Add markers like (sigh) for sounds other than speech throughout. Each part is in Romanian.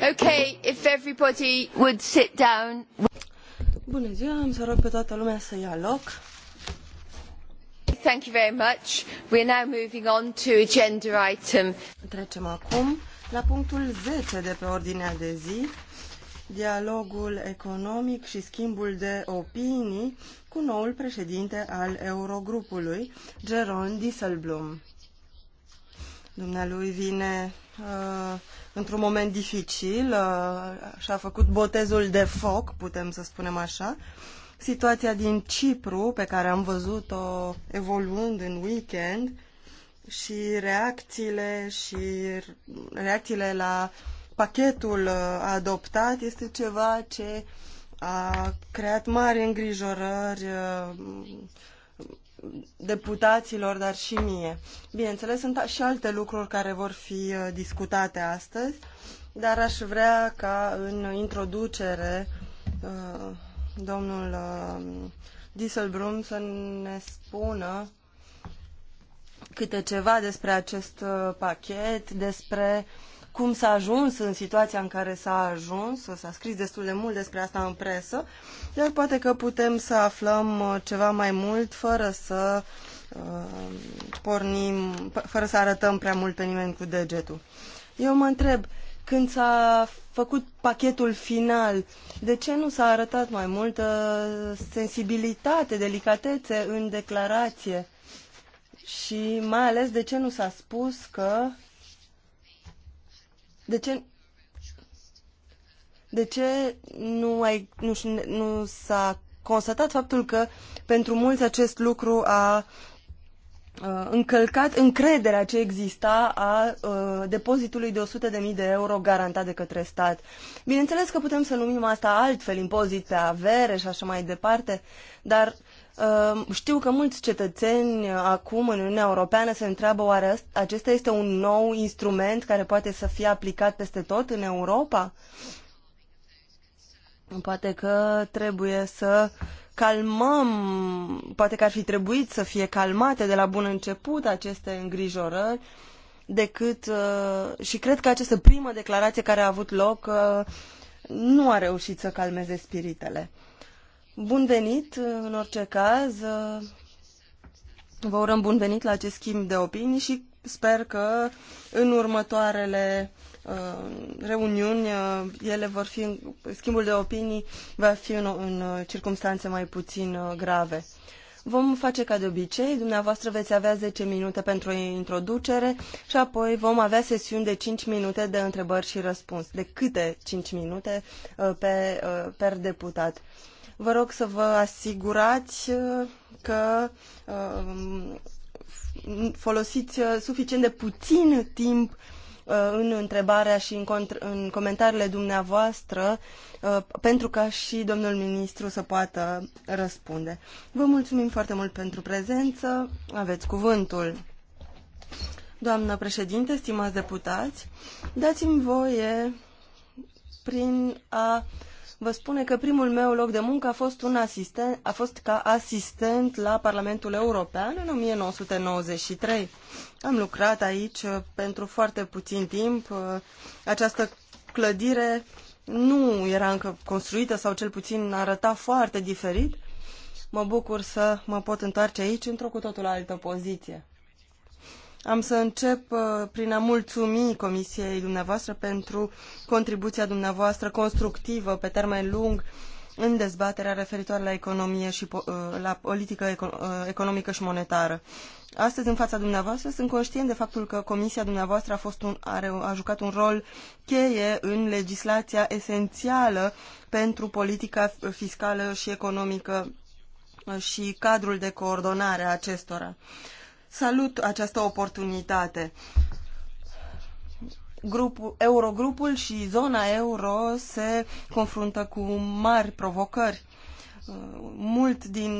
Okay, if everybody would sit down. Bună ziua, am să rog pe toată lumea să ia loc. Thank you very much. We are now moving on to agenda item. Trecem acum la punctul 10 de pe ordinea de zi, dialogul economic și schimbul de opinii cu noul președinte al Eurogrupului, Jeron Dieselblum. Dumnealui vine uh, într-un moment dificil uh, și-a făcut botezul de foc, putem să spunem așa. Situația din Cipru, pe care am văzut-o evoluând în weekend, și reacțiile și reacțiile la pachetul uh, adoptat este ceva ce a creat mari îngrijorări uh, deputaților, dar și mie. Bineînțeles, sunt și alte lucruri care vor fi uh, discutate astăzi, dar aș vrea ca în introducere uh, domnul uh, Dieselbrum să ne spună câte ceva despre acest pachet, despre uh, cum s-a ajuns în situația în care s-a ajuns, s-a scris destul de mult despre asta în presă, iar poate că putem să aflăm uh, ceva mai mult fără să uh, pornim, fără să arătăm prea mult pe nimeni cu degetul. Eu mă întreb, când s-a făcut pachetul final, de ce nu s-a arătat mai multă uh, sensibilitate, delicatețe în declarație? Și mai ales de ce nu s-a spus că de ce, de ce nu, ai, nu, nu s-a constatat faptul că pentru mulți acest lucru a încălcat încrederea ce exista a depozitului de 100.000 de euro garantat de către stat. Bineînțeles că putem să numim asta altfel, impozit pe avere și așa mai departe, dar Ehm, știu că mulți cetățeni uh, acum în Uniunea Europeană se întreabă oare acesta este un nou instrument care poate să fie aplicat peste tot în Europa? Poate că trebuie să calmăm, poate că ar fi trebuit să fie calmate de la bun început aceste îngrijorări decât uh, și cred că această primă declarație care a avut loc uh, nu a reușit să calmeze spiritele. Bun venit, în orice caz. Vă urăm bun venit la acest schimb de opinii și sper că în următoarele uh, reuniuni, uh, ele vor fi, schimbul de opinii va fi în, în uh, circunstanțe mai puțin grave. Vom face ca de obicei, dumneavoastră veți avea 10 minute pentru introducere și apoi vom avea sesiuni de 5 minute de întrebări și răspuns, de câte 5 minute pe, pe deputat. Vă rog să vă asigurați uh, că uh, folosiți uh, suficient de puțin timp în întrebarea și în, în comentariile dumneavoastră pentru ca și domnul ministru să poată răspunde. Vă mulțumim foarte mult pentru prezență. Aveți cuvântul. Doamnă președinte, stimați deputați, dați-mi voie prin a vă spune că primul meu loc de muncă a fost, un asistent, a fost ca asistent la Parlamentul European în 1993. Am lucrat aici uh, pentru foarte puțin timp. Uh, această clădire nu era încă construită sau cel puțin arăta foarte diferit. Mă bucur să mă pot întoarce aici într-o cu totul altă poziție. Am să încep uh, prin a mulțumi Comisiei dumneavoastră pentru contribuția dumneavoastră constructivă pe termen lung în dezbaterea referitoare la economie și uh, la politică uh, economică și monetară. Astăzi, în fața dumneavoastră, sunt conștient de faptul că comisia dumneavoastră a, fost un, are, a jucat un rol cheie în legislația esențială pentru politica fiscală și economică și cadrul de coordonare a acestora. Uh, Salut această oportunitate. Grupul, Eurogrupul și zona euro se confruntă cu mari provocări mult din,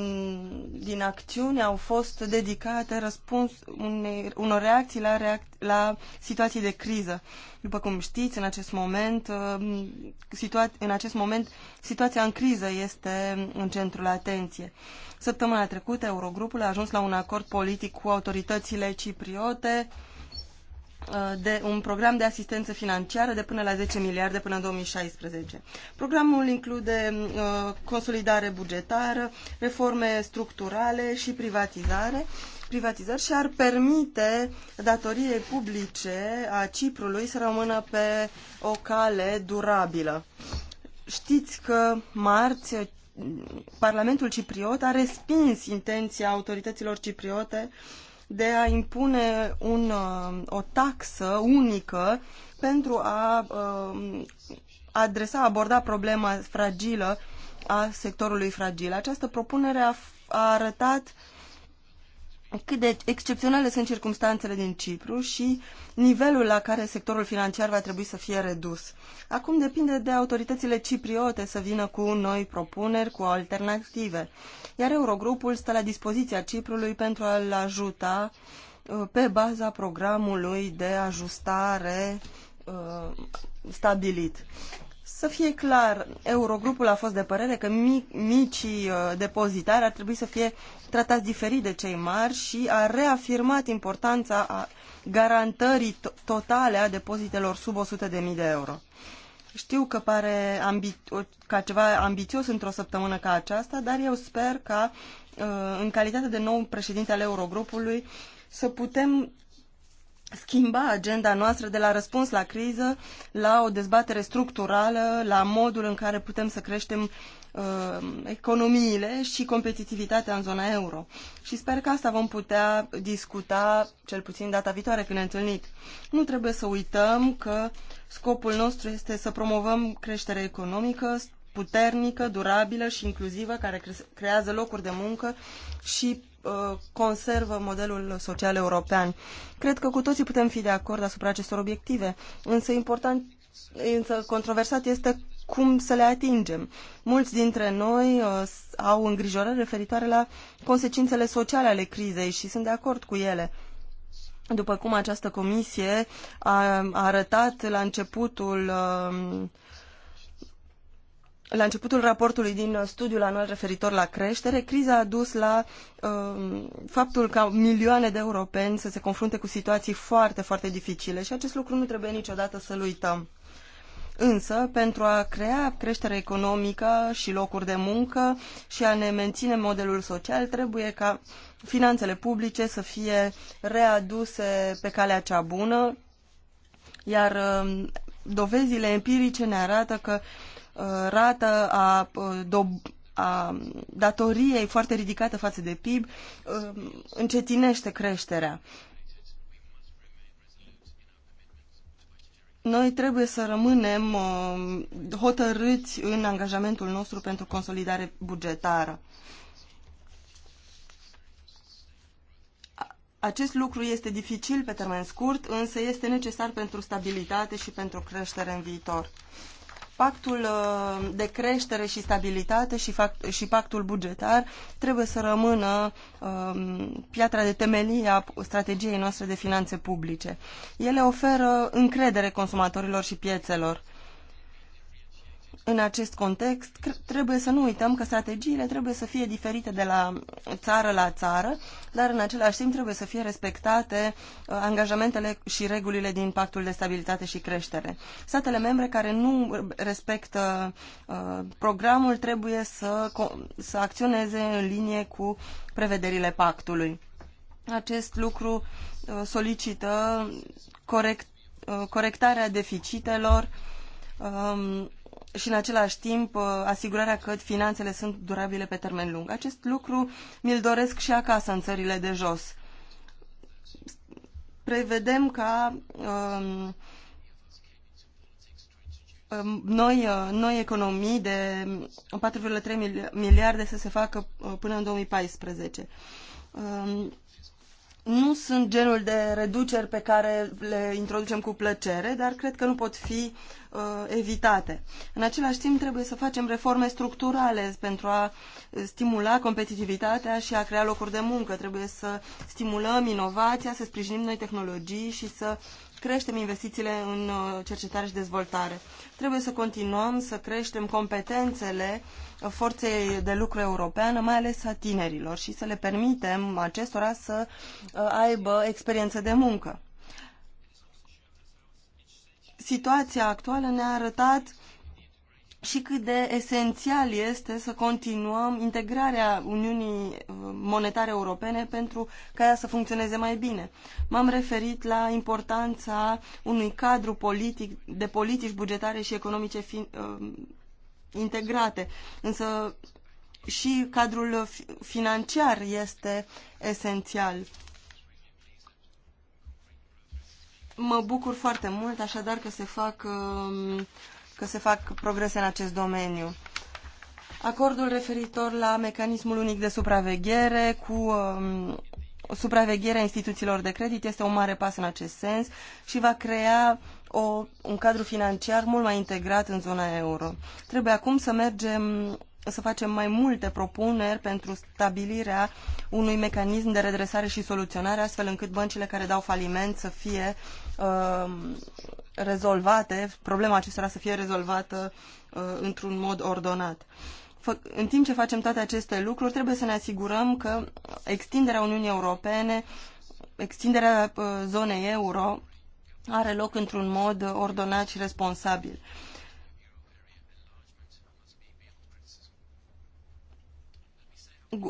din acțiuni au fost dedicate răspuns unei, unor reacții la, reac- la situații de criză. După cum știți, în acest moment, uh, situa- în acest moment situația în criză este în centrul atenției. Săptămâna trecută, Eurogrupul a ajuns la un acord politic cu autoritățile cipriote Uh, de un program de asistență financiară de până la 10 miliarde până în 2016. Programul include uh, consolidare bugetară, reforme structurale și privatizare, privatizări și ar permite datoriei publice a Ciprului să rămână pe o cale durabilă. Știți că marți uh, Parlamentul cipriot a respins intenția autorităților cipriote uh, de a impune un, uh, o taxă unică pentru a uh, adresa, aborda problema fragilă a sectorului fragil. Această propunere a, a arătat uh, cât de excepționale sunt circumstanțele din Cipru și nivelul la care sectorul financiar va trebui să fie redus. Acum depinde de autoritățile cipriote să vină cu noi propuneri, cu alternative, iar Eurogrupul stă la dispoziția Ciprului pentru a-l ajuta uh, pe baza programului de ajustare uh, stabilit. Să fie clar, Eurogrupul a fost de părere că micii uh, depozitari ar trebui să fie tratați diferit de cei mari și a reafirmat importanța a garantării totale a depozitelor sub 100.000 de euro. Știu că pare ambi- ca ceva ambițios într-o săptămână ca aceasta, dar eu sper ca, uh, în calitate de nou președinte al Eurogrupului, să putem schimba agenda noastră de la răspuns la criză la o dezbatere structurală, la modul în care putem să creștem uh, economiile și competitivitatea în zona euro. Și sper că asta vom putea discuta cel puțin data viitoare când ne întâlnit. Nu trebuie să uităm că scopul nostru este să promovăm creșterea economică puternică, durabilă și inclusivă, care creează locuri de muncă și Uh, conservă modelul social european. Cred că cu toții putem fi de acord asupra acestor obiective, însă important, însă controversat este cum să le atingem. Mulți dintre noi uh, au îngrijorări referitoare la consecințele sociale ale crizei și sunt de acord cu ele. După cum această comisie a, a arătat la începutul uh, la începutul raportului din studiul anual referitor la creștere, criza a dus la uh, faptul ca milioane de europeni să se confrunte cu situații foarte, foarte dificile și acest lucru nu trebuie niciodată să-l uităm. Însă, pentru a crea creștere economică și locuri de muncă și a ne menține modelul social, trebuie ca finanțele publice să fie readuse pe calea cea bună, iar uh, dovezile empirice ne arată că uh, Uh, rată a, uh, a datoriei foarte ridicată față de PIB uh, încetinește creșterea. Noi trebuie să rămânem hotărâți în angajamentul nostru pentru consolidare bugetară. Acest lucru este dificil pe termen scurt, însă este necesar pentru stabilitate și pentru creștere în viitor. Pactul uh, de creștere și stabilitate și, fact, și pactul bugetar trebuie să rămână um, piatra de temelie a strategiei noastre de finanțe publice. Ele oferă încredere consumatorilor și piețelor. În acest context, trebuie să nu uităm că strategiile trebuie să fie diferite de la țară la țară, dar în același timp trebuie să fie respectate uh, angajamentele și regulile din Pactul de Stabilitate și Creștere. Statele membre care nu respectă uh, programul trebuie să, să acționeze în linie cu prevederile pactului. Acest lucru uh, solicită corect, corectarea deficitelor, um, și în același timp uh, asigurarea că finanțele sunt durabile pe termen lung. Acest lucru mi-l doresc și acasă în țările de jos. Prevedem ca um, um noi, uh, noi economii de 4,3 miliarde să se facă uh, până în 2014. Um, nu sunt genul de reduceri pe care le introducem cu plăcere, dar cred că nu pot fi uh, evitate. În același timp, trebuie să facem reforme structurale pentru a stimula competitivitatea și a crea locuri de muncă. Trebuie să stimulăm inovația, să sprijinim noi tehnologii și să creștem investițiile în uh, cercetare și dezvoltare. Trebuie să continuăm să creștem competențele forței de lucru europeană, mai ales a tinerilor, și să le permitem acestora să uh, aibă experiență de muncă. Situația actuală ne-a arătat și cât de esențial este să continuăm integrarea Uniunii uh, Monetare Europene pentru ca ea să funcționeze mai bine. M-am referit la importanța unui cadru politic, de politici bugetare și economice fi, uh, integrate, însă și cadrul financiar este esențial. Mă bucur foarte mult, așadar, că se fac uh, că se fac progrese în acest domeniu. Acordul referitor la mecanismul unic de supraveghere cu um, supravegherea instituțiilor de credit este un mare pas în acest sens și va crea o, un cadru financiar mult mai integrat în zona euro. Trebuie acum să mergem să facem mai multe propuneri pentru stabilirea unui mecanism de redresare și soluționare, astfel încât băncile care dau faliment să fie uh, Um, rezolvate, problema acestora să fie rezolvată uh, într-un mod ordonat. în timp ce facem toate aceste lucruri, trebuie să ne asigurăm că extinderea Uniunii Europene, extinderea uh, zonei euro, are loc într-un mod ordonat și responsabil. Uh,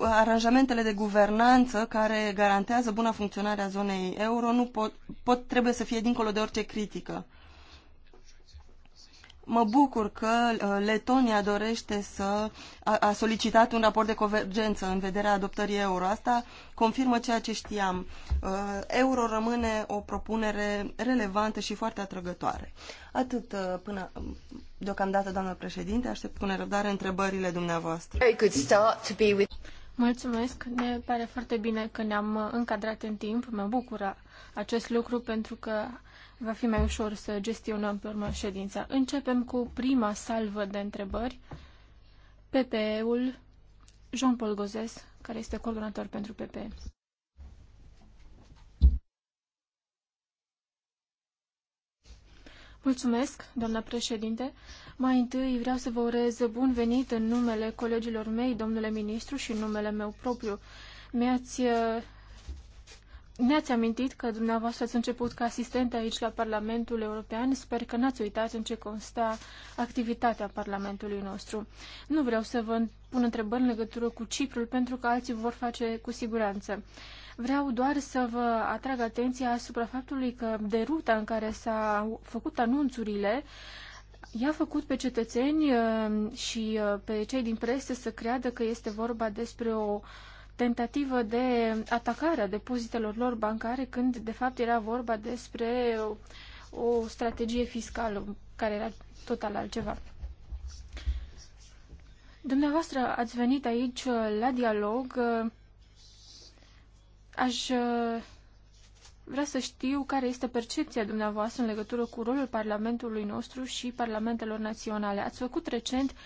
aranjamentele de guvernanță care garantează buna funcționare a zonei euro nu pot, pot, trebuie să fie dincolo de orice critică. Mă bucur că uh, Letonia dorește să a, a solicitat un raport de convergență în vederea adoptării euro. Asta confirmă ceea ce știam. Uh, euro rămâne o propunere relevantă și foarte atrăgătoare. Atât uh, până um, deocamdată, doamnă președinte, aștept cu nerăbdare întrebările dumneavoastră. Mulțumesc, ne pare foarte bine că ne-am încadrat în timp. Mă bucură acest lucru pentru că va fi mai ușor să gestionăm pe urmă ședința. Începem cu prima salvă de întrebări. PPE-ul Jean-Paul Gozes, care este coordonator pentru PPE. Mulțumesc, doamna președinte. Mai întâi vreau să vă urez bun venit în numele colegilor mei, domnule ministru, și în numele meu propriu. Mi-ați uh, ne-ați amintit că dumneavoastră ați început ca asistent aici la Parlamentul European. Sper că n-ați uitat în ce consta activitatea Parlamentului nostru. Nu vreau să vă pun întrebări în legătură cu Ciprul, pentru că alții vor face cu siguranță. Vreau doar să vă atrag atenția asupra faptului că de ruta în care s-au făcut anunțurile, i-a făcut pe cetățeni uh, și uh, pe cei din presă să creadă că este vorba despre o uh, tentativă de atacare a depozitelor lor bancare, când de fapt era vorba despre o strategie fiscală care era total altceva. Dumneavoastră ați venit aici uh, la dialog. Uh, aș uh, vrea să știu care este percepția dumneavoastră în legătură cu rolul Parlamentului nostru și Parlamentelor naționale. Ați făcut recent uh,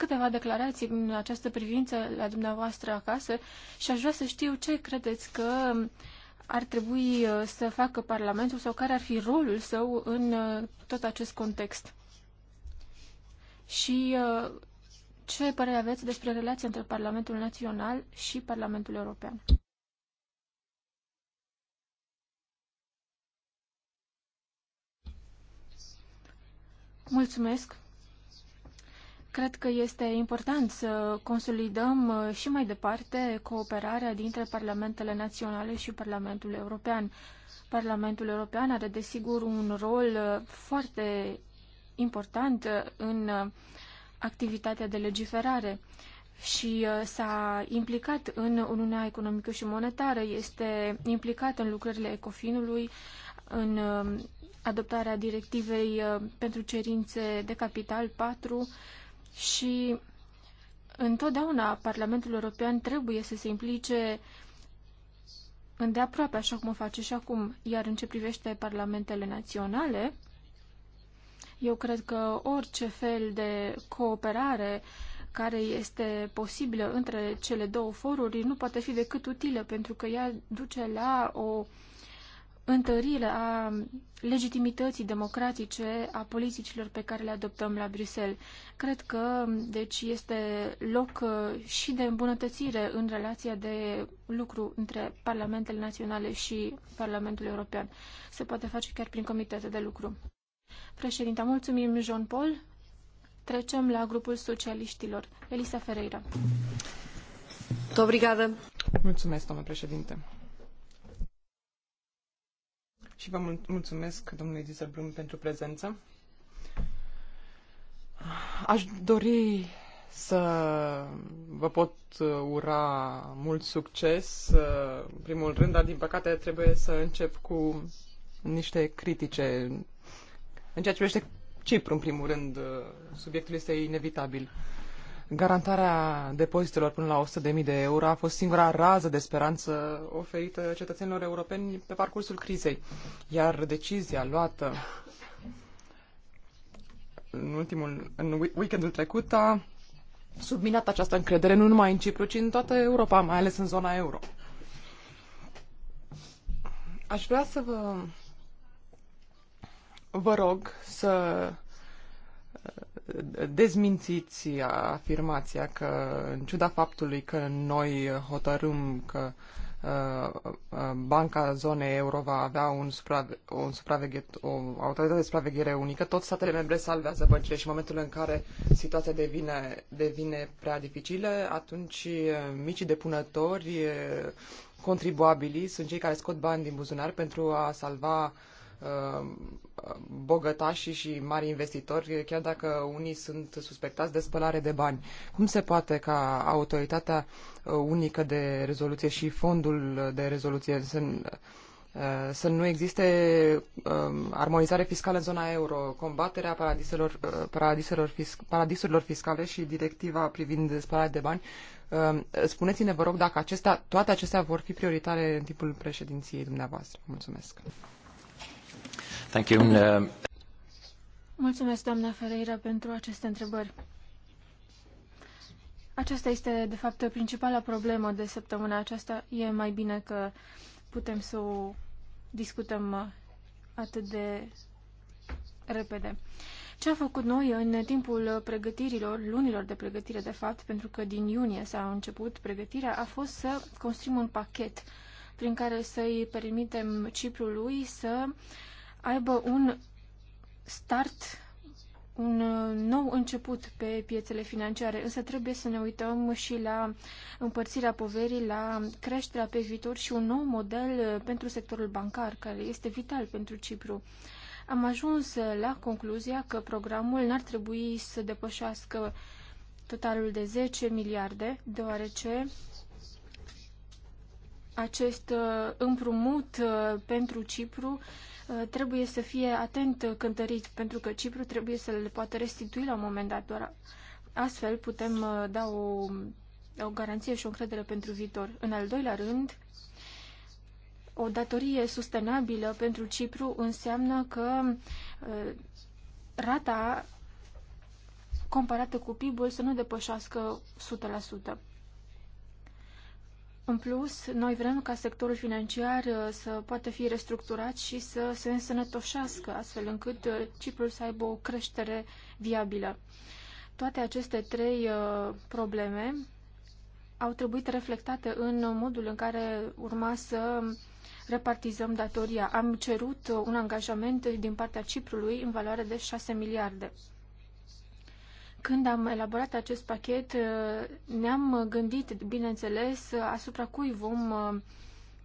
câteva declarații în această privință la dumneavoastră acasă și aș vrea să știu ce credeți că ar trebui uh, să facă Parlamentul sau care ar fi rolul său în uh, tot acest context. Și uh, ce părere aveți despre relația între Parlamentul Național și Parlamentul European? Mulțumesc. Cred că este important să consolidăm uh, și mai departe cooperarea dintre parlamentele naționale și Parlamentul European. Parlamentul European are desigur un rol uh, foarte important uh, în activitatea de legiferare și s-a implicat în Uniunea Economică și Monetară, este implicat în lucrările Ecofinului, în um, adoptarea directivei pentru cerințe de capital 4 și întotdeauna Parlamentul European trebuie să se implice îndeaproape, așa cum o face și acum. Iar în ce privește parlamentele naționale, eu cred că orice fel de cooperare care este posibilă între cele două foruri nu poate fi decât utilă, pentru că ea duce la o uh, întărire a legitimității democratice a politicilor pe care le adoptăm la Bruxelles. Cred că, deci, este loc uh, și de îmbunătățire în relația de lucru între Parlamentele Naționale și Parlamentul European. Se poate face chiar prin comitete de lucru. Președinte, mulțumim, Jean-Paul. Trecem la grupul socialiștilor. Elisa Ferreira. Obrigada. Mulțumesc, domnule președinte și vă mulțumesc domnului Dieselblum pentru prezență. Aș dori să vă pot ura mult succes, în primul rând, dar din păcate trebuie să încep cu niște critice. În ceea ce privește Cipru, în primul rând, subiectul este inevitabil. Garantarea depozitelor până la 100.000 de euro a fost singura rază de speranță oferită cetățenilor europeni pe parcursul crizei, iar decizia luată în, ultimul, în weekendul trecut a subminat această încredere nu numai în Cipru, ci în toată Europa, mai ales în zona euro. Aș vrea să vă, vă rog să dezmințiți afirmația că, în ciuda faptului că noi hotărâm că uh, uh Banca Zonei Euro va avea un suprave, un supraveghe, o autoritate de supraveghere unică, tot statele membre salvează băncile și în momentul în care situația devine, devine prea dificilă, atunci uh, micii depunători, uh, contribuabilii, sunt cei care scot bani din buzunar pentru a salva uh, Uh, bogătașii și mari investitori, chiar dacă unii sunt suspectați de spălare de bani. Cum se poate ca autoritatea uh, unică de rezoluție și fondul de rezoluție să, uh, să nu existe um, armonizare fiscală în zona euro, combaterea paradiselor, paradiselor, paradisurilor fiscale și directiva privind spălarea de bani? Um, spuneți-ne, vă rog, dacă acestea, toate acestea vor fi prioritare în timpul președinției dumneavoastră. Mulțumesc! Um, Mulțumesc, doamna Ferreira, pentru aceste întrebări. Aceasta este, de fapt, principala problemă de săptămâna aceasta. E mai bine că putem să o discutăm atât de repede. Ce a făcut noi în timpul pregătirilor, lunilor de pregătire, de fapt, pentru că din iunie s-a început pregătirea, a fost să construim un pachet prin care să-i permitem Ciprului să uh, aibă un start, un nou început pe piețele financiare, însă trebuie să ne uităm și la împărțirea poverii, la creșterea pe viitor și un nou model pentru sectorul bancar, care este vital pentru Cipru. Am ajuns la concluzia că programul n-ar trebui să depășească totalul de 10 miliarde, deoarece acest uh, împrumut uh, pentru Cipru Uh, trebuie să fie atent cântărit, pentru că Cipru trebuie să le poată restitui la un moment dat. Doar astfel putem uh, da o, o garanție și o încredere pentru viitor. În al doilea rând, o datorie sustenabilă pentru Cipru înseamnă că uh, rata comparată cu PIB-ul să nu depășească 100%. În plus, noi vrem ca sectorul financiar uh, să poată fi restructurat și să se însănătoșească, astfel încât uh, Ciprul să aibă o creștere viabilă. Toate aceste trei uh, probleme au trebuit reflectate în modul în care urma să repartizăm datoria. Am cerut un angajament din partea Ciprului în valoare de 6 miliarde. Când am elaborat acest pachet, uh, ne-am gândit, bineînțeles, asupra cui vom uh,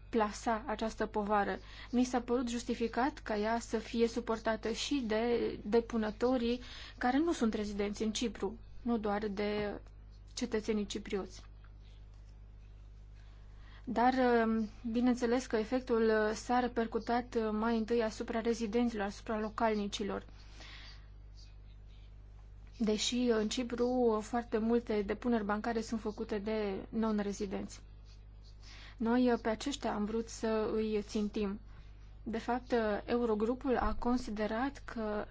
plasa această povară. Mi s-a părut justificat ca ea să fie suportată și de depunătorii care nu sunt rezidenți în Cipru, nu doar de cetățenii ciprioți. Dar, uh, bineînțeles că efectul s-a repercutat mai întâi asupra rezidenților, asupra localnicilor deși în Cipru foarte multe depuneri bancare sunt făcute de non-rezidenți. Noi uh, pe aceștia am vrut să îi țintim. De fapt, uh, Eurogrupul a considerat că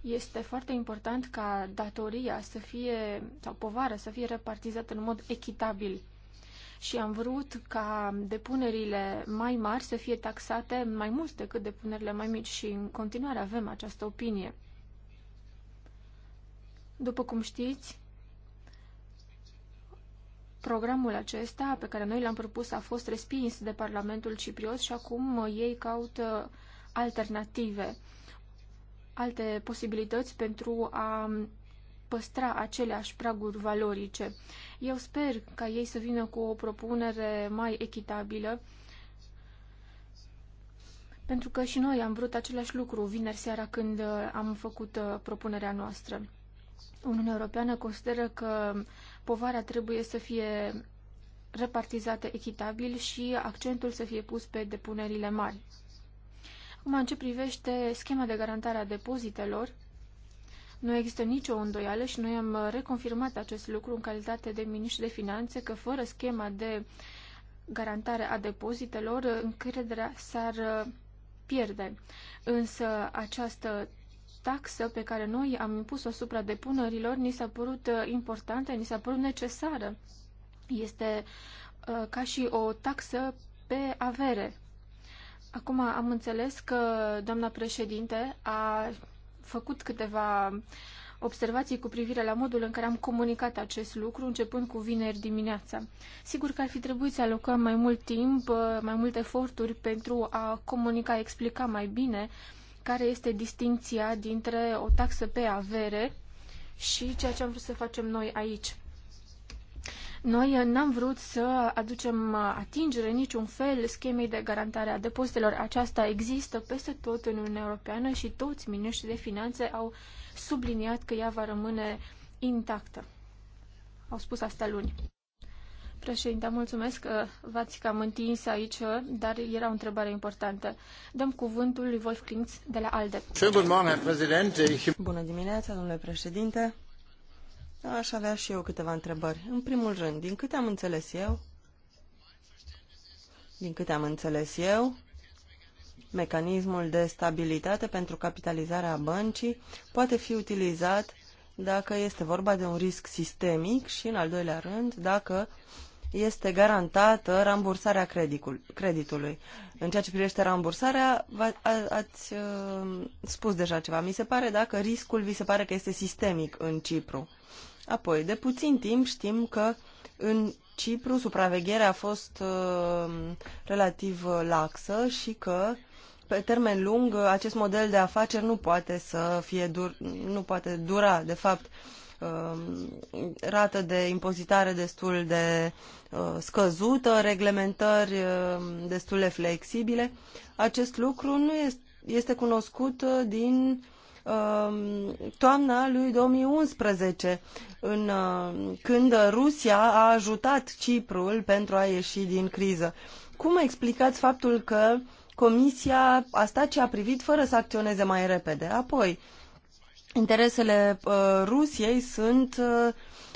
este foarte important ca datoria să fie, sau povara să fie repartizată în mod echitabil. Și am vrut ca depunerile mai mari să fie taxate mai mult decât depunerile mai mici și în continuare avem această opinie. După cum știți, programul acesta pe care noi l-am propus a fost respins de Parlamentul Ciprios și acum ei caută alternative, alte posibilități pentru a păstra aceleași praguri valorice. Eu sper ca ei să vină cu o propunere mai echitabilă, pentru că și noi am vrut același lucru vineri seara când am făcut uh, propunerea noastră. Uniunea Europeană consideră că povara trebuie să fie repartizată echitabil și accentul să fie pus pe depunerile mari. Acum, în ce privește schema de garantare a depozitelor, nu există nicio îndoială și noi am reconfirmat acest lucru în calitate de ministru de finanțe că fără schema de garantare a depozitelor, încrederea s-ar pierde. Însă această taxă pe care noi am impus-o asupra depunerilor ni s-a părut uh, importantă, ni s-a părut necesară. Este uh, ca și o taxă pe avere. Acum am înțeles că doamna președinte a făcut câteva observații cu privire la modul în care am comunicat acest lucru, începând cu vineri dimineața. Sigur că ar fi trebuit să alocăm mai mult timp, uh, mai multe eforturi pentru a comunica, explica mai bine uh, care este distinția dintre o taxă pe avere și ceea ce am vrut să facem noi aici. Noi uh, n-am vrut să aducem uh, atingere niciun fel schemei de garantare a depozitelor. Aceasta există peste tot în Uniunea Europeană și toți miniștrii de finanțe au subliniat că ea va rămâne intactă. Au spus asta luni. Președinte, mulțumesc că v-ați cam întins aici, dar era o întrebare importantă. Dăm cuvântul lui Wolf Klintz de la ALDE. Bună dimineața, domnule președinte. Aș avea și eu câteva întrebări. În primul rând, din câte am înțeles eu, din câte am înțeles eu, mecanismul de stabilitate pentru capitalizarea băncii poate fi utilizat dacă este vorba de un risc sistemic și, în al doilea rând, dacă este garantată rambursarea creditului. În ceea ce privește rambursarea, a, ați uh, spus deja ceva. Mi se pare dacă riscul vi se pare că este sistemic în Cipru. Apoi, de puțin timp știm că în Cipru supravegherea a fost uh, relativ uh, laxă și că pe termen lung acest model de afaceri nu poate să fie dur, nu poate dura. De fapt, uh, uh, rată de impozitare destul de uh, scăzută, reglementări uh, destul de flexibile. Acest lucru nu este, este cunoscut uh, din um, toamna lui 2011, în, uh, când Rusia a ajutat Ciprul pentru a ieși din criză. Cum explicați faptul că Comisia a stat și a privit fără să acționeze mai repede? Apoi, uh, interesele uh, Rusiei sunt uh,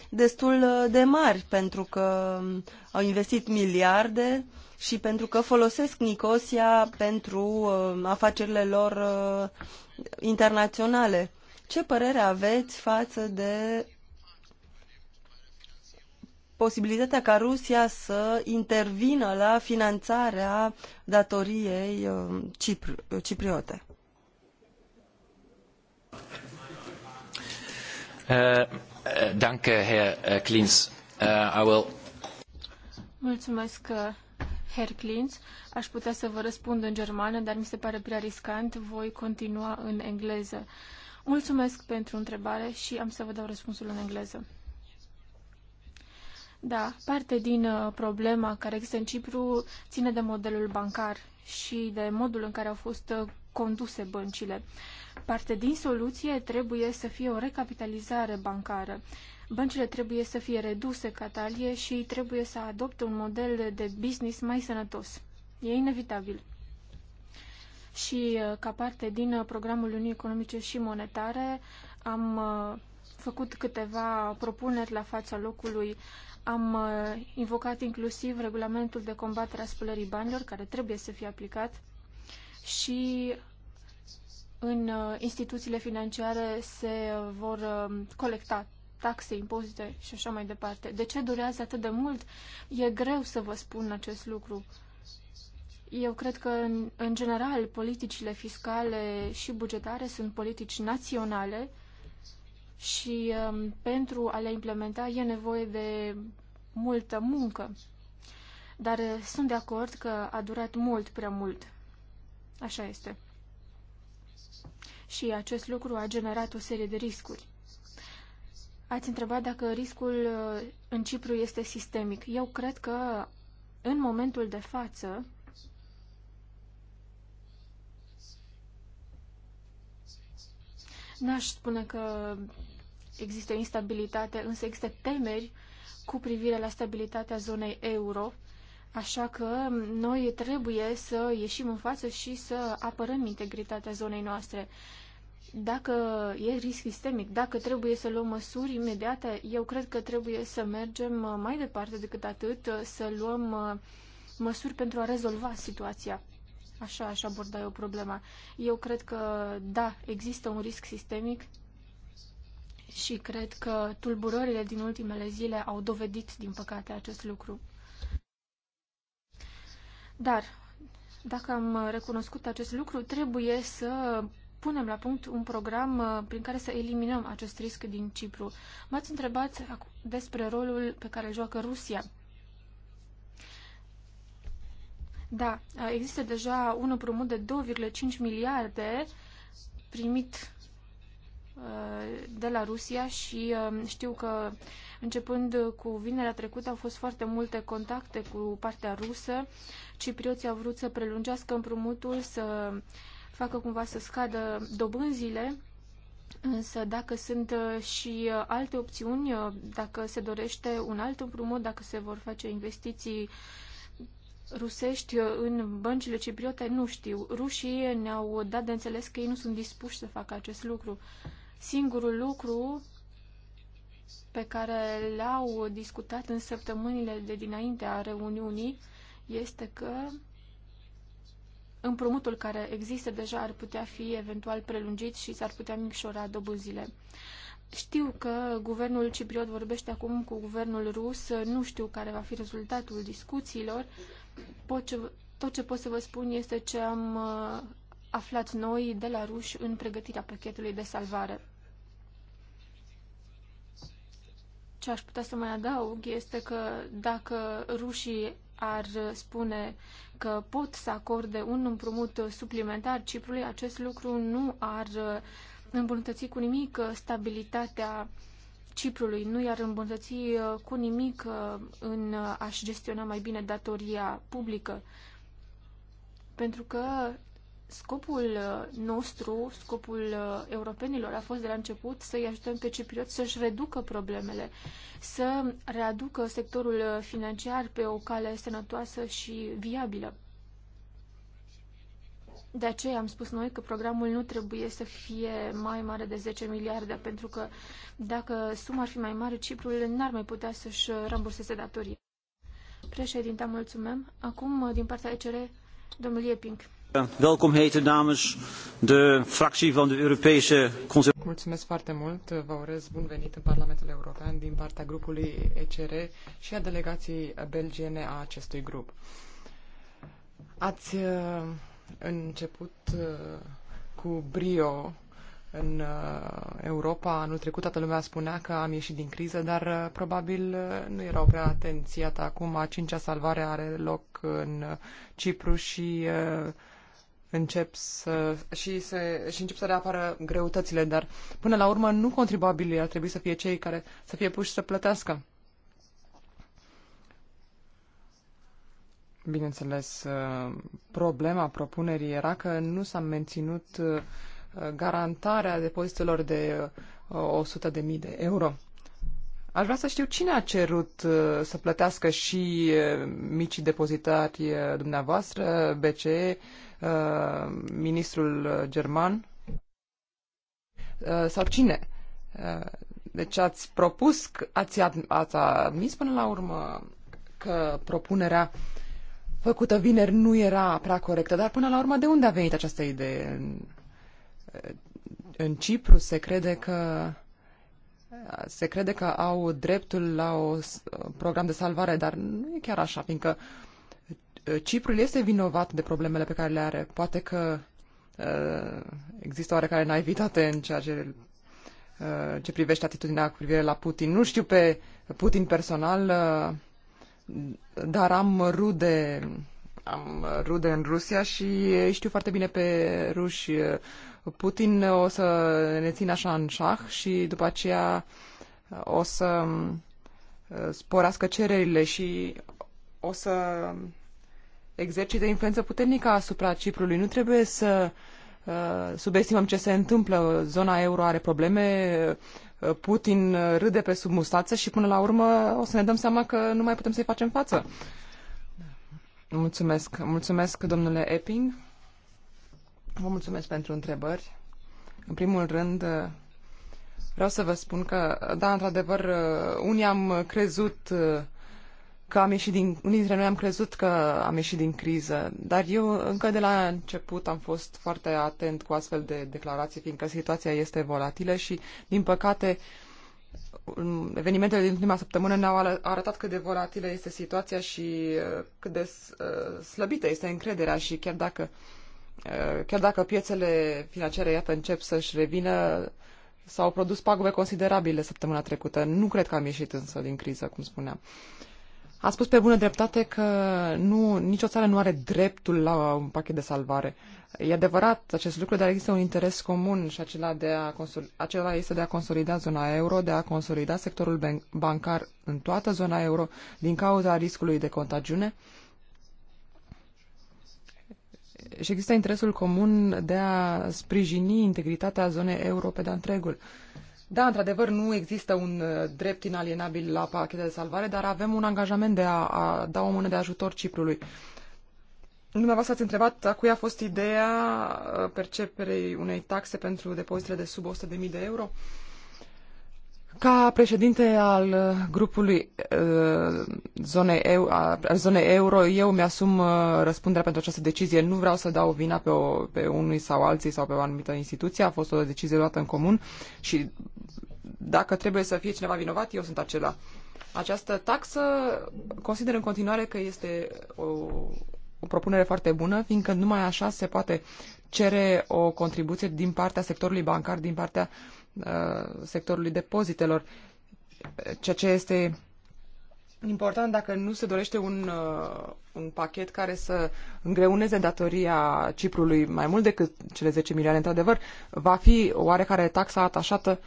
destul uh, de mari pentru că um, au investit miliarde și pentru că folosesc Nicosia pentru um, afacerile lor internaționale. Ce părere aveți față de posibilitatea ca Rusia să intervină la finanțarea datoriei um, cipriote? Uh, uh, danke, Herr uh, Klins. I will... Mulțumesc, Herr Klintz. Aș putea să vă răspund în germană, dar mi se pare prea riscant. Voi continua în engleză. Mulțumesc pentru întrebare și am să vă dau răspunsul în engleză. Da, parte din problema care există în Cipru ține de modelul bancar și de modul în care au fost conduse băncile. Uh, Parte din soluție trebuie să fie o recapitalizare bancară. Băncile trebuie să fie reduse ca talie și trebuie să adopte un model de business mai sănătos. E inevitabil. Și uh, ca parte din uh, programul Uniunii Economice și Monetare am uh, făcut câteva propuneri la fața locului. Am invocat inclusiv regulamentul de combatere a spălării banilor, care trebuie să fie aplicat, și în uh, instituțiile financiare se uh, vor um, colecta taxe, impozite și așa mai departe. De ce durează atât de mult? E greu să vă spun acest lucru. Eu cred că, în, în general, politicile fiscale și bugetare sunt politici naționale și um, pentru a le implementa e nevoie de multă muncă. Dar uh, sunt de acord că a durat mult prea mult. Așa este și acest lucru a generat o serie de riscuri. Ați întrebat dacă riscul uh, în Cipru este sistemic. Eu cred că în momentul de față n-aș spune că există instabilitate, însă există temeri cu privire la stabilitatea zonei euro Așa că noi trebuie să ieșim în față și să apărăm integritatea zonei noastre. Dacă e risc sistemic, dacă trebuie să luăm măsuri imediate, eu cred că trebuie să mergem mai departe decât atât, să luăm uh, măsuri pentru a rezolva situația. Așa aș aborda eu problema. Eu cred că, da, există un risc sistemic și cred că tulburările din ultimele zile au dovedit, din păcate, acest lucru. Dar, dacă am recunoscut acest lucru, trebuie să punem la punct un program uh, prin care să eliminăm acest risc din Cipru. M-ați întrebat despre rolul pe care îl joacă Rusia. Da, uh, există deja un împrumut de 2,5 miliarde primit uh, de la Rusia și um, știu că începând cu vinerea trecută au fost foarte multe contacte cu partea rusă ciprioții au vrut să prelungească împrumutul, să facă cumva să scadă dobânzile, însă dacă sunt uh, și uh, alte opțiuni, uh, dacă se dorește un alt împrumut, dacă se vor face investiții rusești în băncile cipriote, nu știu. Rușii ne-au dat de înțeles că ei nu sunt dispuși să facă acest lucru. Singurul lucru pe care l-au discutat în săptămânile de dinainte a reuniunii este că împrumutul care există deja ar putea fi eventual prelungit și s-ar putea micșora dobânzile. Știu că guvernul cipriot vorbește acum cu guvernul rus, nu știu care va fi rezultatul discuțiilor. Pot ce, tot ce pot să vă spun este ce am uh, aflat noi de la ruși în pregătirea pachetului de salvare. Ce aș putea să mai adaug este că dacă rușii ar spune că pot să acorde un împrumut suplimentar Ciprului, acest lucru nu ar îmbunătăți cu nimic stabilitatea Ciprului, nu i-ar îmbunătăți uh, cu nimic uh, în a-și gestiona mai bine datoria publică. Pentru că Scopul uh, nostru, scopul uh, europenilor a fost de la început să-i ajutăm pe ciprioți să-și reducă problemele, să readucă sectorul uh, financiar pe o cale sănătoasă și viabilă. De aceea am spus noi că programul nu trebuie să fie mai mare de 10 miliarde, pentru că dacă suma ar fi mai mare, Ciprul n-ar mai putea să-și ramburseze datoria. Președinta, mulțumim. Acum, din partea ECR, domnul Ieping. Welkom heten namens de fractie van de Europese Conservatie. Mulțumesc foarte mult. Vă urez bun venit în Parlamentul European din partea grupului ECR și a delegației belgiene a acestui grup. Ați uh, început uh, cu brio în uh, Europa. Anul trecut toată lumea spunea că am ieșit din criză, dar probabil nu erau prea atențiată. Acum a cincea salvare are loc în Cipru și încep să, și, se, și încep să reapară greutățile, dar până la urmă nu contribuabilii ar trebui să fie cei care să fie puși să plătească. Bineînțeles, problema propunerii era că nu s-a menținut uh, garantarea depozitelor de 100.000 uh, de euro. Aș vrea să știu cine a cerut uh, să plătească și micii depozitari dumneavoastră, BCE, Uh, ministrul uh, german? Uh, sau cine? Deci ați propus, ați, ați admis până la urmă că propunerea făcută vineri nu era prea corectă, dar până la urmă de unde a venit această idee? În, în Cipru se crede că se crede că au dreptul la un program de salvare, dar nu e chiar așa, fiindcă uh, Eh, Ciprul este vinovat de problemele pe care le are. Poate că uh, există oarecare naivitate în ceea ce, uh, ce privește atitudinea cu privire la Putin. Nu știu pe Putin personal, uh, dar am rude am rude în Rusia și știu foarte bine pe ruși. Putin o să ne țină așa în șah și după aceea o să sporească cererile și o să exercită influență puternică asupra Ciprului. Nu trebuie să uh, subestimăm ce se întâmplă. Zona euro are probleme, uh, Putin uh, râde pe sub mustață și până la urmă o să ne dăm seama că nu mai putem să-i facem față. Da. Mulțumesc. Mulțumesc, domnule Epping. Vă mulțumesc pentru întrebări. În primul rând, uh, vreau să vă spun că, da, într-adevăr, unii am crezut că am ieșit din... Unii dintre noi am crezut că am ieșit din criză, dar eu încă de la început am fost foarte atent cu astfel de declarații, fiindcă situația este volatilă și, din păcate, evenimentele din ultima săptămână ne-au arătat cât de volatilă este situația și uh, cât de uh, slăbită este încrederea și chiar dacă, uh, chiar dacă piețele financiare, iată, încep să-și revină, s-au produs pagube considerabile săptămâna trecută. Nu cred că am ieșit însă din criză, cum spuneam. Uh, a spus pe bună dreptate că nu, nicio țară nu are dreptul la un pachet de salvare. E adevărat acest lucru, dar există un interes comun și acela, de a acela este de a consolida zona euro, de a consolida sectorul bancar în toată zona euro din cauza riscului de contagiune. Și există interesul comun de a sprijini integritatea zonei euro pe de-a întregul. Uh, da, într-adevăr, nu există un uh, drept inalienabil la pachete de salvare, dar avem un angajament de a, a da o mână de ajutor Ciprului. Dumneavoastră ați întrebat a cui a fost ideea uh, perceperei unei taxe pentru depozitele de sub 100.000 de euro. Uh, ca președinte al uh, grupului uh, zonei, eu, zonei euro, eu mi-asum uh, răspunderea pentru această decizie. Nu vreau să dau vina pe, o, pe unui sau alții sau pe o anumită instituție. A fost o decizie luată în comun și dacă trebuie să fie cineva vinovat, eu sunt acela. Această taxă consider în continuare că este o, o propunere foarte bună, fiindcă numai așa se poate cere o contribuție din partea sectorului bancar, din partea uh, Uh, sectorului depozitelor, ceea ce este important dacă nu se dorește un, uh, un pachet care să îngreuneze datoria Ciprului mai mult decât cele 10 milioane, într-adevăr, va fi oarecare taxa atașată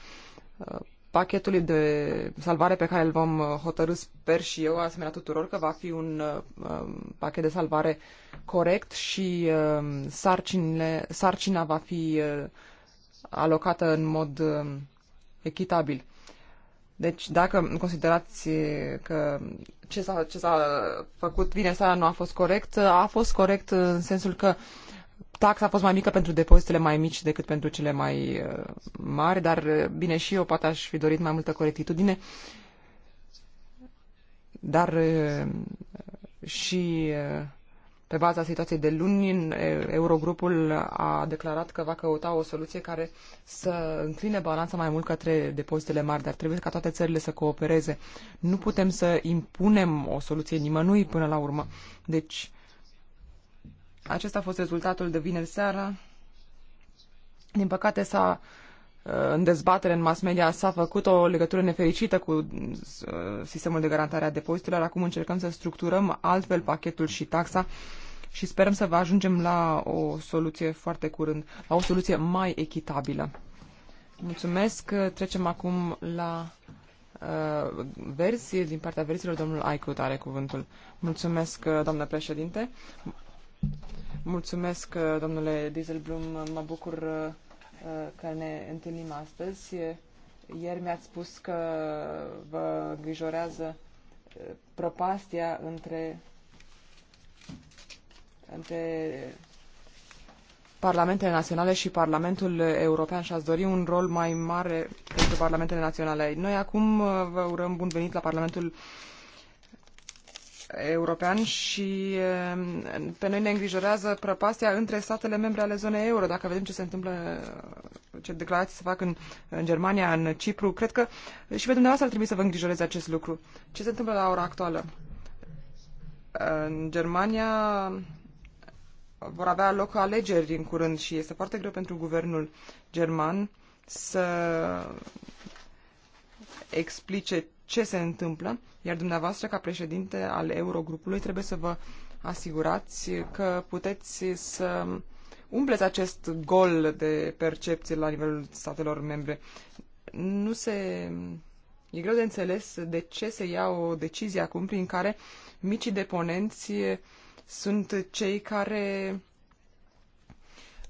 uh, pachetului de salvare pe care îl vom hotărâ, sper și eu, asemenea tuturor, că va fi un um, pachet de salvare corect și sarcinile, sarcina va fi alocată în mod um, echitabil. Deci dacă considerați că ce s-a, ce s-a făcut vineri nu a fost corect, a fost corect în sensul că taxa a fost mai mică pentru depozitele mai mici decât pentru cele mai uh, mari, dar uh, bine și eu poate aș fi dorit mai multă corectitudine. Dar uh, și pe baza situației de luni, Eurogrupul a declarat că va căuta o soluție care să încline balanța mai mult către depozitele mari, dar trebuie ca toate țările să coopereze. Nu putem să impunem o soluție nimănui până la urmă. Deci, acesta a fost rezultatul de vineri seara. Din păcate s-a uh, în dezbatere în mass media s-a făcut o legătură nefericită cu uh, sistemul de garantare a depozitelor. Acum încercăm să structurăm altfel pachetul și taxa și sperăm să vă ajungem la o soluție foarte curând, la o soluție mai echitabilă. Mulțumesc. Trecem acum la uh, versi. Din partea versilor, domnul Aicut are cuvântul. Mulțumesc, uh, doamnă președinte. Mulțumesc, uh, domnule Dieselblum. Mă bucur uh, Uh, că ne întâlnim astăzi. Ieri mi-ați spus că vă îngrijorează uh, propastia între, între Parlamentele Naționale și Parlamentul European și ați dori un rol mai mare pentru Parlamentele Naționale. Noi acum uh, vă urăm bun venit la Parlamentul european și eh, pe noi ne îngrijorează prăpastia între statele membre ale zonei euro. Dacă vedem ce se întâmplă, ce declarații se fac în, în Germania, în Cipru, cred că și pe dumneavoastră ar trebui să vă îngrijoreze acest lucru. Ce se întâmplă la ora actuală? În Germania vor avea loc alegeri în curând și este foarte greu pentru guvernul german să explice ce se întâmplă, iar dumneavoastră, ca președinte al Eurogrupului, trebuie să vă asigurați că puteți să umpleți acest gol de percepție la nivelul statelor membre. Nu se... E greu de înțeles de ce se ia o decizie acum prin care micii deponenți sunt cei care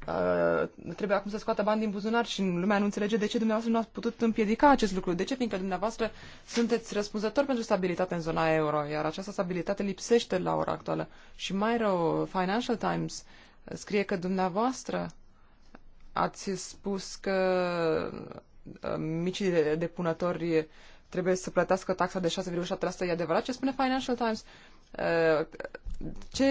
uh, trebuie acum să scoată bani din buzunar și lumea nu înțelege de ce dumneavoastră nu ați putut împiedica acest lucru. De ce? Fiindcă dumneavoastră sunteți răspunzători pentru stabilitate în zona euro, iar această stabilitate lipsește la ora actuală. Și mai rău, Financial Times scrie că dumneavoastră ați spus că uh, micii depunători trebuie să plătească taxa de 6,7%. E adevărat ce spune Financial Times? Uh, ce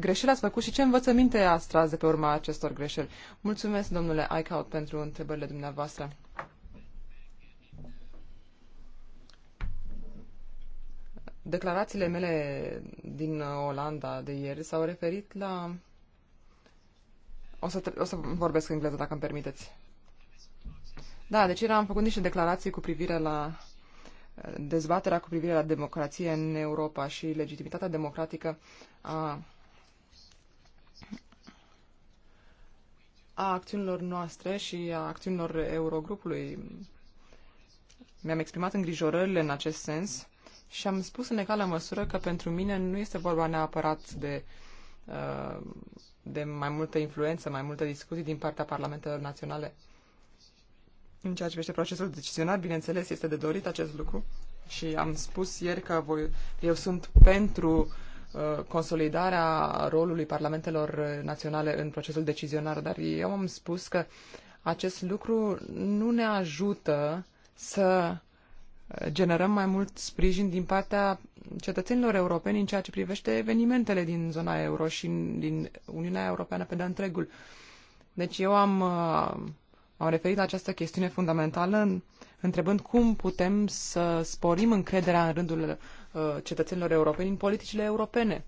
greșeli ați făcut și ce învățăminte ați tras de pe urma acestor greșeli? Mulțumesc, domnule Eichhout, pentru întrebările dumneavoastră. Declarațiile mele din Olanda de ieri s-au referit la... O să, o să vorbesc în engleză, dacă îmi permiteți. Da, deci eram făcut niște declarații cu privire la dezbaterea cu privire la democrație în Europa și legitimitatea democratică a, a acțiunilor noastre și a acțiunilor Eurogrupului. Mi-am exprimat îngrijorările în acest sens și am spus în egală măsură că pentru mine nu este vorba neapărat de uh, de mai multă influență, mai multă discuții din partea parlamentelor naționale în ceea ce privește procesul decizional, bineînțeles, este de dorit acest lucru și am spus ieri că voi, eu sunt pentru uh, consolidarea rolului parlamentelor naționale în procesul decizionar, dar eu am spus că acest lucru nu ne ajută să uh, generăm mai mult sprijin din partea cetățenilor europeni în ceea ce privește evenimentele din zona euro și din Uniunea Europeană pe de întregul. Deci eu am uh, am referit la această chestiune fundamentală întrebând cum putem să sporim încrederea în rândul uh, cetățenilor europeni în politicile europene,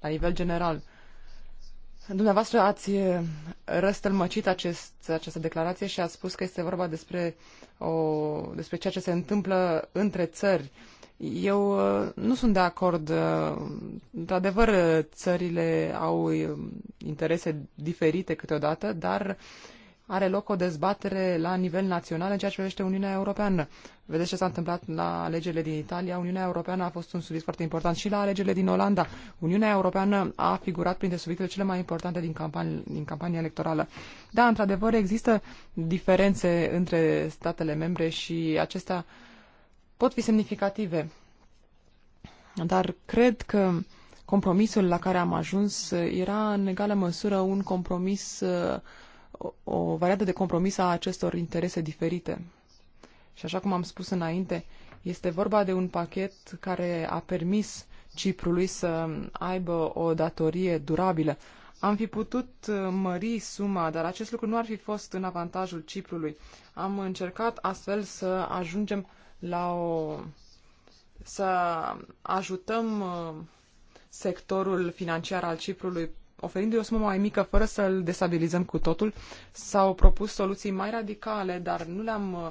la nivel general. Dumneavoastră ați uh, răstălmăcit acest, această declarație și ați spus că este vorba despre, o, despre ceea ce se întâmplă între țări. Eu uh, nu sunt de acord. Într-adevăr, țările au interese diferite câteodată, dar are loc o dezbatere la nivel național în ceea ce privește Uniunea Europeană. Vedeți ce s-a întâmplat la alegerile din Italia. Uniunea Europeană a fost un subiect foarte important și la alegerile din Olanda. Uniunea Europeană a figurat printre subiectele cele mai importante din, campanie, din campania electorală. Da, într-adevăr, există diferențe între statele membre și acestea pot fi semnificative. Dar cred că compromisul la care am ajuns era în egală măsură un compromis uh, o variantă de compromis a acestor interese diferite. Și așa cum am spus înainte, este vorba de un pachet care a permis Ciprului să aibă o datorie durabilă. Am fi putut uh, mări suma, dar acest lucru nu ar fi fost în avantajul Ciprului. Am încercat astfel să ajungem la o. să ajutăm uh, sectorul financiar al Ciprului oferindu-i o sumă mai mică fără să-l destabilizăm cu totul. S-au propus soluții mai radicale, dar nu le-am uh,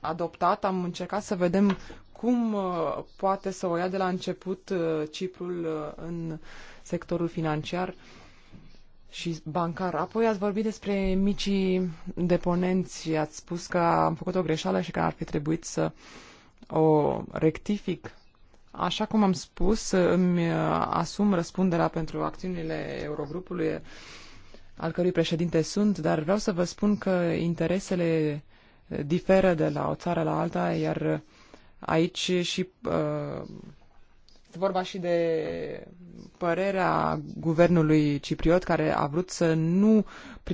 adoptat. Am încercat să vedem cum uh, poate să o ia de la început uh, Ciprul în sectorul financiar și bancar. Apoi ați vorbit despre micii deponenți și ați spus că am făcut o greșeală și că ar fi trebuit să o rectific. Așa cum am spus, îmi uh, asum răspunderea pentru acțiunile Eurogrupului al cărui președinte sunt, dar vreau să vă spun că interesele diferă de la o țară la alta, iar aici și uh, vorba și de părerea guvernului cipriot care a vrut să nu,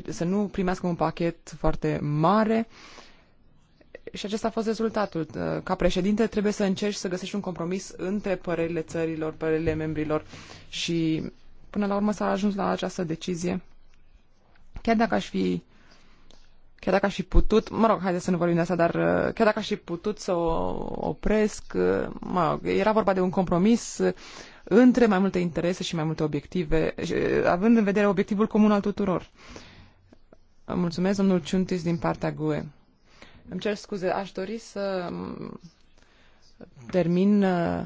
să nu primească un pachet foarte mare uh, și acesta a fost rezultatul. Uh, ca președinte trebuie să încerci să găsești un compromis între părerile țărilor, părerile membrilor și până la urmă s-a ajuns la această decizie. Chiar dacă aș fi chiar dacă aș fi putut, mă rog, haideți să nu vorbim de asta, dar uh, chiar dacă aș fi putut să o opresc, uh, mă rog, era vorba de un compromis între mai multe interese și mai multe obiective, având în vedere obiectivul comun al tuturor. Mulțumesc, domnul Ciuntis, din partea GUE. Îmi cer scuze, aș dori să termin. Uh,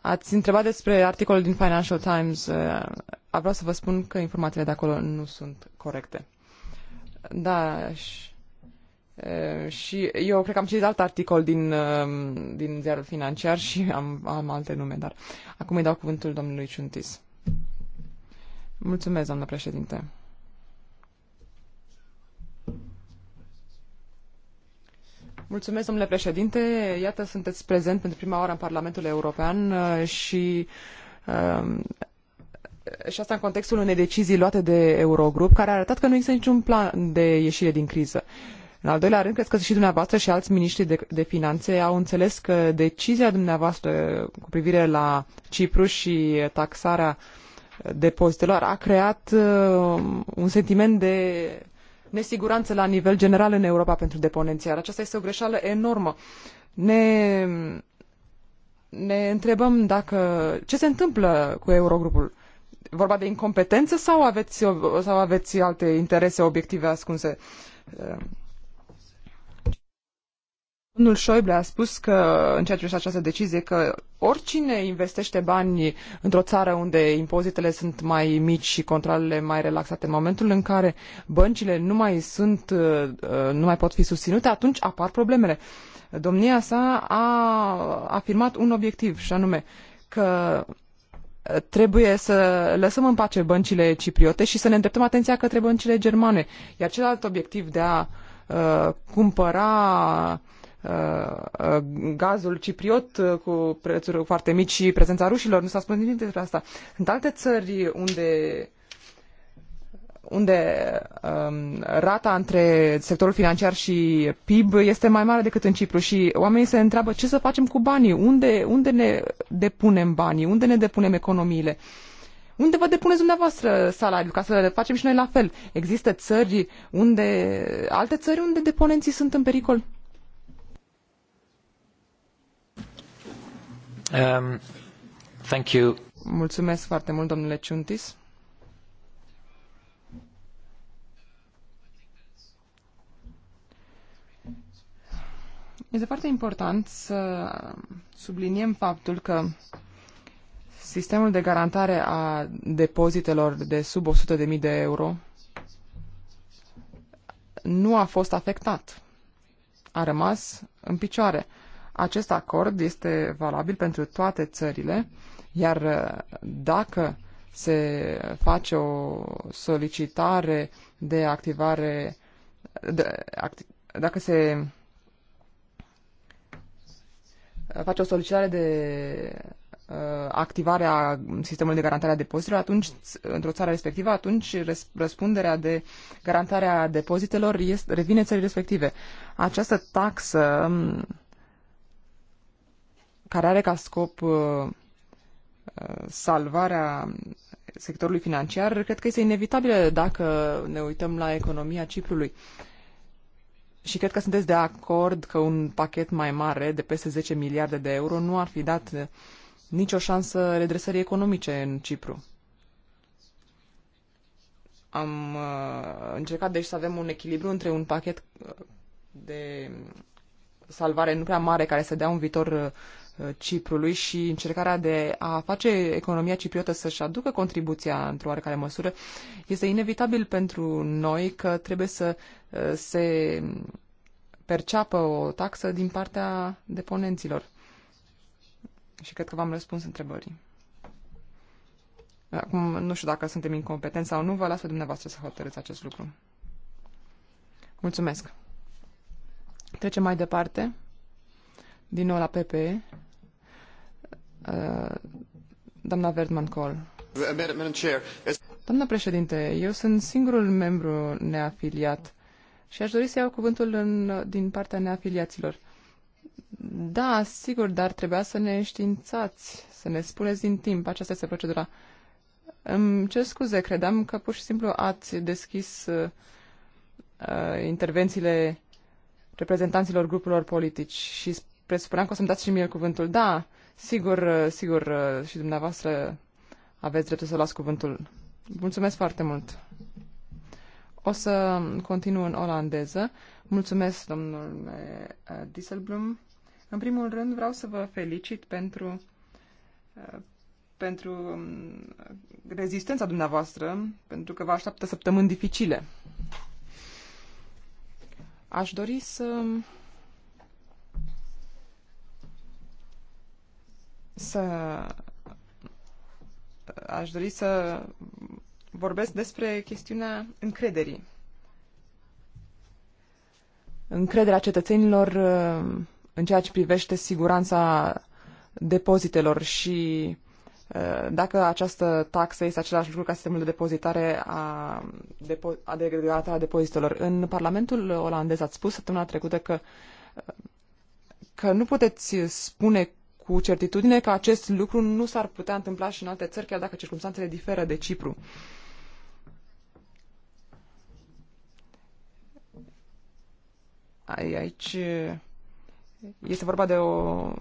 ați întrebat despre articolul din Financial Times. Uh, vreau să vă spun că informațiile de acolo nu sunt corecte. Da, și, uh, și eu cred că am citit alt articol din, din ziarul financiar și (laughs) am, am alte nume, dar acum îi dau cuvântul domnului Ciuntis. Mulțumesc, doamnă președinte. Mulțumesc, domnule președinte. Iată, sunteți prezent pentru prima oară în Parlamentul European uh, și um, și asta în contextul unei decizii luate de Eurogrup, care a arătat că nu există niciun plan de ieșire din criză. În al doilea rând, cred că și dumneavoastră și alți miniștri de, de finanțe au înțeles că decizia dumneavoastră cu privire la Cipru și taxarea depozitelor a creat uh, un sentiment de nesiguranță la nivel general în Europa pentru deponenți, iar aceasta este o greșeală enormă. Ne, ne întrebăm dacă ce se întâmplă cu Eurogrupul. Vorba de incompetență sau aveți, sau aveți alte interese obiective ascunse? Domnul Schäuble a spus că, în ceea ce privește această decizie, că oricine investește bani într-o țară unde impozitele sunt mai mici și controlele mai relaxate, în momentul în care băncile nu mai sunt, uh, uh, nu mai pot fi susținute, atunci apar problemele. Domnia sa a afirmat un obiectiv, și anume că uh, trebuie să lăsăm în pace băncile cipriote și să ne îndreptăm atenția către băncile germane. Iar celălalt obiectiv de a uh, cumpăra Uh, gazul cipriot uh, cu prețuri foarte mici și prezența rușilor. Nu s-a spus nimic despre asta. Sunt alte țări unde unde um, rata între sectorul financiar și PIB este mai mare decât în Cipru și oamenii se întreabă ce să facem cu banii, unde, unde ne depunem banii, unde ne depunem economiile. Unde vă depuneți dumneavoastră salariul ca să facem și noi la fel? Există țări unde, alte țări unde deponenții sunt în pericol? Um, Mulțumesc foarte mult, domnule Ciuntis. Este foarte important să subliniem faptul că sistemul de garantare a depozitelor de sub 100.000 de euro nu a fost afectat. A rămas în picioare. Acest acord este valabil pentru toate țările, iar uh, dacă se face o solicitare de activare, de, acti, dacă se face o solicitare de uh, activare a sistemului de garantare a depozitelor, atunci, într-o țară respectivă, atunci răspunderea de garantare a depozitelor este, revine țării respective. Această taxă care are ca scop uh, uh, salvarea sectorului financiar, cred că este inevitabilă dacă ne uităm la economia Ciprului. Și cred că sunteți de acord că un pachet mai mare de peste 10 miliarde de euro nu ar fi dat uh, nicio șansă redresării economice în Cipru. Am uh, încercat deci să avem un echilibru între un pachet de salvare nu prea mare care să dea un viitor Uh, Ciprului și încercarea de a face economia cipriotă să-și aducă contribuția într-o oarecare măsură, este inevitabil pentru noi că trebuie să uh, se perceapă o taxă din partea deponenților. Și cred că v-am răspuns întrebării. Acum, nu știu dacă suntem incompetenți sau nu, vă las pe dumneavoastră să hotărâți acest lucru. Mulțumesc. Trecem mai departe din nou la PP, uh, doamna Verdman Col. Doamna președinte, eu sunt singurul membru neafiliat și aș dori să iau cuvântul în, din partea neafiliaților. Da, sigur, dar trebuia să ne științați, să ne spuneți din timp. Aceasta este procedura. Îmi cer scuze, credeam că pur și simplu ați deschis uh, uh intervențiile reprezentanților grupurilor politici și presupuneam că o să-mi dați și mie cuvântul. Da, sigur, uh, sigur, uh, și dumneavoastră aveți dreptul să luați cuvântul. Mulțumesc foarte mult. O să continu în olandeză. Mulțumesc, domnul uh, Dieselblum. În primul rând, vreau să vă felicit pentru, pentru um, rezistența dumneavoastră, pentru că vă așteaptă săptămâni dificile. Aș dori să să aș dori să vorbesc despre chestiunea încrederii. Încrederea cetățenilor uh, în ceea ce privește siguranța depozitelor și uh, dacă această taxă este același lucru ca sistemul de depozitare a, depo- a depozitelor. În Parlamentul olandez ați spus săptămâna trecută că, uh, că nu puteți spune cu certitudine că acest lucru nu s-ar putea întâmpla și în alte țări, chiar dacă circunstanțele diferă de Cipru. Aici eh, este vorba de o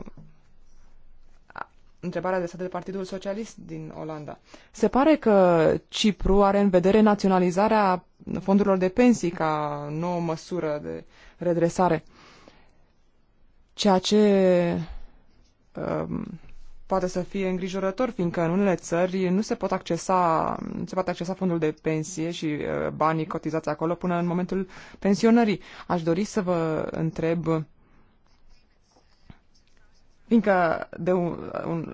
întrebare adresată de Partidul Socialist din Olanda. Se pare că Cipru are în vedere naționalizarea fondurilor de pensii ca nouă măsură de redresare, ceea ce Um, poate să fie îngrijorător, fiindcă în unele țări nu se pot accesa, nu se poate accesa fondul de pensie și uh, banii cotizați acolo până în momentul pensionării. Aș dori să vă întreb, fiindcă de, un,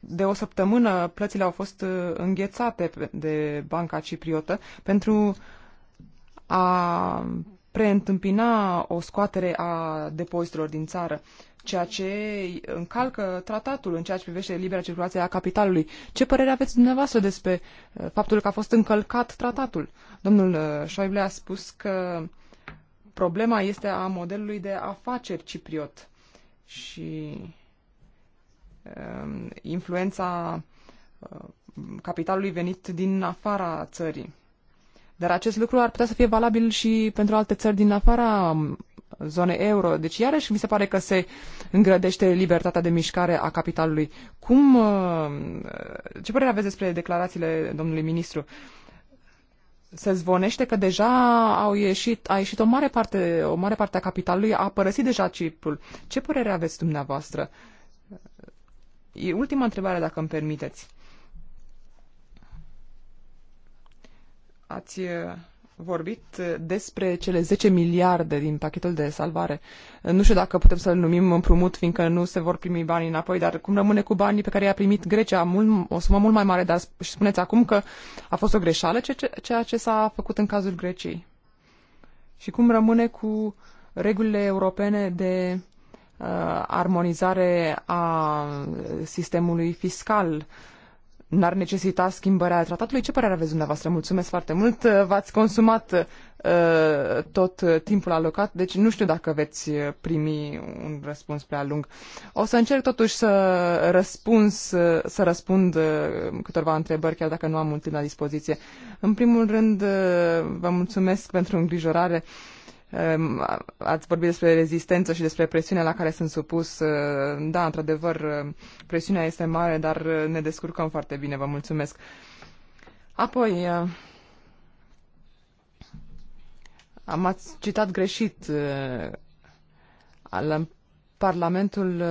de o săptămână plățile au fost uh, înghețate de Banca Cipriotă pentru a preîntâmpina o scoatere a depozitelor din țară. Uh, ceea ce încalcă tratatul în ceea ce privește libera circulație a capitalului. Ce părere aveți dumneavoastră despre uh, faptul că a fost încălcat tratatul? Domnul uh, Schäuble a spus că problema este a modelului de afaceri cipriot și um, influența uh, capitalului venit din afara țării. Dar acest lucru ar putea să fie valabil și pentru alte țări din afara um, zonei euro. Deci iarăși mi se pare că se îngrădește libertatea de mișcare a capitalului. Cum, uh, ce părere aveți despre declarațiile domnului ministru? se zvonește că deja au ieșit, a ieșit o mare parte, o mare parte a capitalului, a părăsit deja Ciprul. Ce părere aveți dumneavoastră? E ultima întrebare, dacă îmi permiteți. Ați uh, vorbit despre cele 10 miliarde din pachetul de salvare. Nu știu dacă putem să-l numim împrumut, fiindcă nu se vor primi banii înapoi, dar cum rămâne cu banii pe care i-a primit Grecia? Mult, o sumă mult mai mare, dar și spuneți acum că a fost o greșeală ceea ce s-a făcut în cazul Greciei. Și cum rămâne cu regulile europene de uh, armonizare a uh, sistemului fiscal? Uh, n-ar necesita schimbarea tratatului. Ce părere aveți dumneavoastră? Mulțumesc foarte mult. V-ați consumat uh, tot timpul alocat, deci nu știu dacă veți primi un răspuns prea lung. O să încerc totuși să, răspuns, să răspund uh, câteva întrebări, chiar dacă nu am mult timp la dispoziție. În primul rând, uh, vă mulțumesc pentru îngrijorare. Uh, Ehm, ați vorbit despre rezistență și despre presiunea la care sunt supus. Ehm, da, într-adevăr, ehm, presiunea este mare, dar eh, ne descurcăm foarte bine. Vă mulțumesc. Apoi, am ați citat greșit al Parlamentul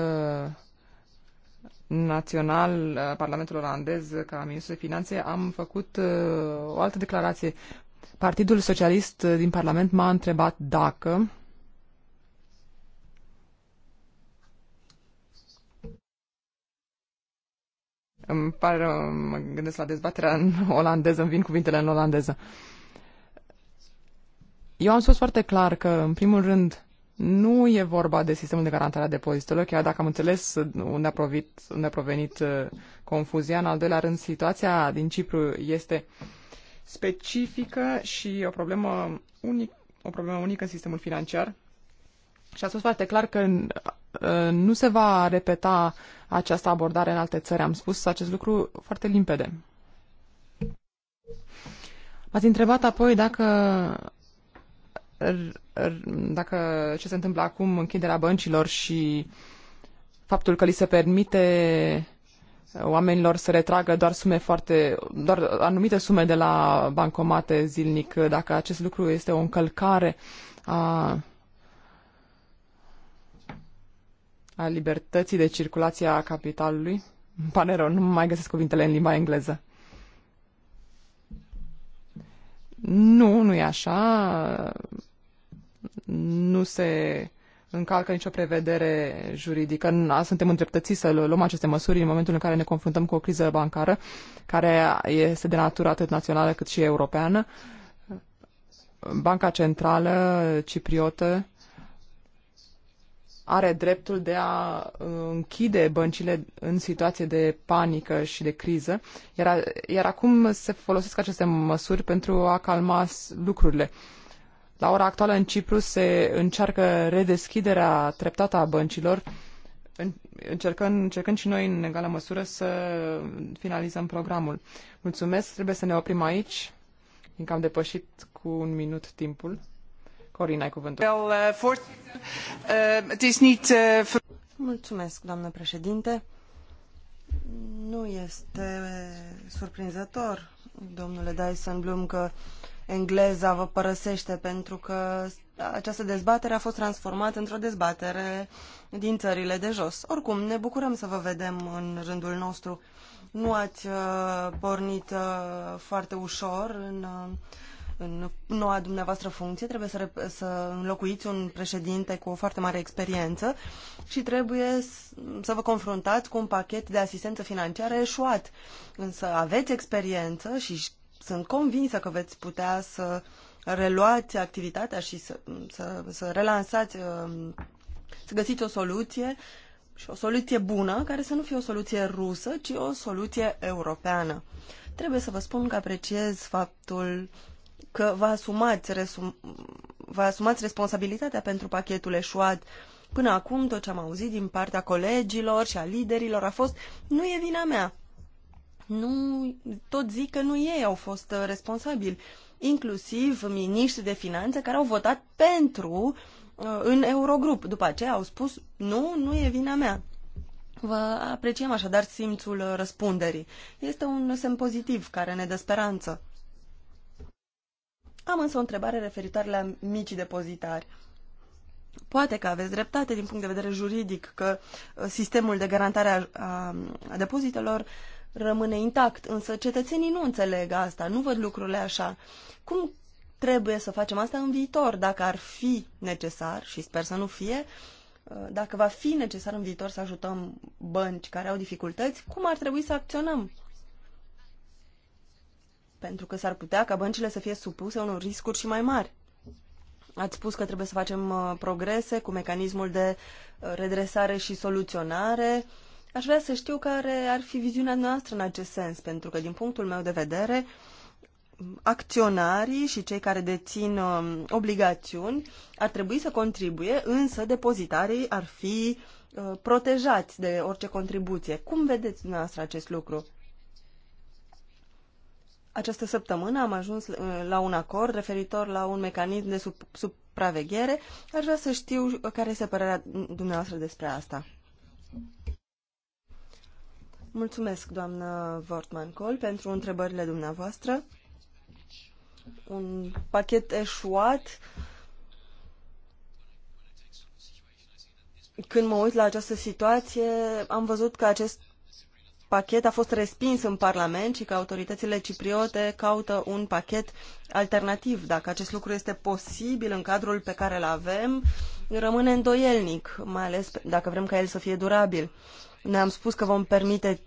Național, Parlamentul Olandez, ca Ministru de Finanțe, am făcut o altă declarație. Partidul Socialist din Parlament m-a întrebat dacă îmi par, mă gândesc la dezbaterea în olandeză, îmi vin cuvintele în olandeză. Eu am spus foarte clar că, în primul rând, nu e vorba de sistemul de garantare a depozitelor, chiar dacă am înțeles unde a, provit, unde a provenit uh, confuzia. În al doilea rând, situația din Cipru este uh, specifică și o problemă, unic, o problemă unică în sistemul financiar. Și a spus foarte clar că uh, nu se va repeta această abordare în alte țări. Am spus acest lucru foarte limpede. M-ați întrebat apoi dacă dacă ce se întâmplă acum, închiderea băncilor și faptul că li se permite oamenilor să retragă doar sume foarte, doar anumite sume de la bancomate zilnic, dacă acest lucru este o încălcare a, a libertății de circulație a capitalului. Îmi pare rău, nu mai găsesc cuvintele în limba engleză. Nu, nu e așa. Nu se încalcă nicio prevedere juridică. Suntem îndreptățiți să luăm aceste măsuri în momentul în care ne confruntăm cu o criză bancară care este de natură atât națională cât și europeană. Banca Centrală Cipriotă are dreptul de a uh, închide băncile în situație de panică și de criză, iar, iar acum se folosesc aceste măsuri pentru a calma lucrurile. Uh, la ora actuală în Cipru se încearcă redeschiderea treptată a băncilor, încercând, încercând și noi în egală măsură să finalizăm programul. Mulțumesc, trebuie să ne oprim aici, fiindcă am depășit cu un minut timpul. Corina, ai cuvântul. Uh, uh, uh, Mulțumesc, doamnă președinte. Nu este surprinzător, domnule Dyson Blum, că uh, engleza vă părăsește pentru că această dezbatere a fost transformată într-o dezbatere din țările de jos. Oricum, ne bucurăm să vă vedem în rândul nostru. Nu ați uh, pornit uh, foarte ușor în, uh, în noua dumneavoastră funcție. Trebuie să, să înlocuiți un președinte cu o foarte mare experiență și trebuie să vă confruntați cu un pachet de asistență financiară eșuat. Însă aveți experiență și sunt convinsă că veți putea să reluați activitatea și să, să, să relansați, um, să găsiți o soluție și o soluție bună, care să nu fie o soluție rusă, ci o soluție europeană. Trebuie să vă spun că apreciez faptul că vă asumați, resum, vă asumați responsabilitatea pentru pachetul eșuat. Până acum, tot ce am auzit din partea colegilor și a liderilor a fost, nu e vina mea, nu, tot zic că nu ei au fost uh, responsabili, inclusiv miniștri de finanțe care au votat pentru uh, în Eurogrup. După aceea au spus, nu, nu e vina mea. Vă apreciem așadar simțul uh, răspunderii. Este un semn pozitiv care ne dă speranță. Am însă o întrebare referitoare la micii depozitari. Poate că aveți dreptate din punct de vedere juridic că sistemul de garantare a, a, a depozitelor rămâne intact, însă cetățenii nu înțeleg asta, nu văd lucrurile așa. Cum trebuie să facem asta în viitor, dacă ar fi necesar, și sper să nu fie, uh, dacă va fi necesar în viitor să ajutăm bănci care au dificultăți, cum ar trebui să acționăm? Pentru că s-ar putea ca băncile să fie supuse unor riscuri și mai mari. Ați spus că trebuie să facem uh, progrese cu mecanismul de uh, redresare și soluționare, Aș vrea să știu care ar fi viziunea noastră în acest sens, pentru că, din punctul meu de vedere, acționarii și cei care dețin um, obligațiuni ar trebui să contribuie, însă depozitarii ar fi uh, protejați de orice contribuție. Cum vedeți dumneavoastră acest lucru? Această săptămână am ajuns uh, la un acord referitor la un mecanism de supraveghere. Aș vrea să știu care este părerea dumneavoastră despre asta. Mulțumesc, doamnă Wortman-Col, pentru întrebările dumneavoastră. Un pachet eșuat. Când mă uit la această situație, am văzut că acest pachet a fost respins în Parlament și că autoritățile cipriote caută un pachet alternativ. Dacă acest lucru este posibil în cadrul pe care îl avem, rămâne îndoielnic, mai ales dacă vrem ca el să fie durabil. Ne-am spus că vom permite,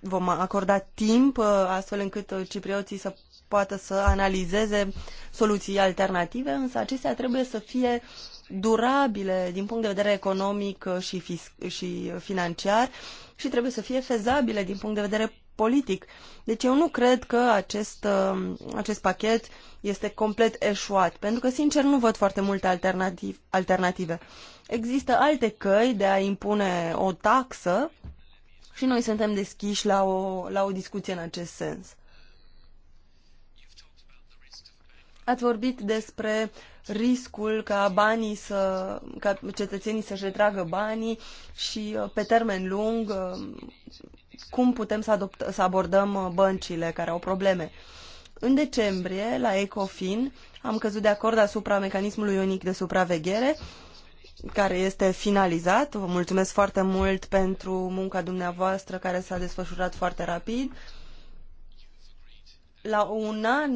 vom acorda timp uh, astfel încât uh, ciprioții să poată să analizeze soluții alternative, însă acestea trebuie să fie durabile din punct de vedere economic uh, și, și financiar și trebuie să fie fezabile din punct de vedere politic. Deci eu nu cred că acest, um, acest pachet este complet eșuat, pentru că, sincer, nu văd foarte multe alternativ, alternative. Există alte căi de a impune o taxă și noi suntem deschiși la o, la o discuție în acest sens. Ați vorbit despre riscul ca banii să, ca cetățenii să-și retragă banii și uh, pe termen lung um, cum putem să, adopt, să abordăm uh, băncile care au probleme. În decembrie, la ECOFIN, am căzut de acord asupra mecanismului unic de supraveghere, care este finalizat. Vă mulțumesc foarte mult pentru munca dumneavoastră care s-a desfășurat foarte rapid. La un an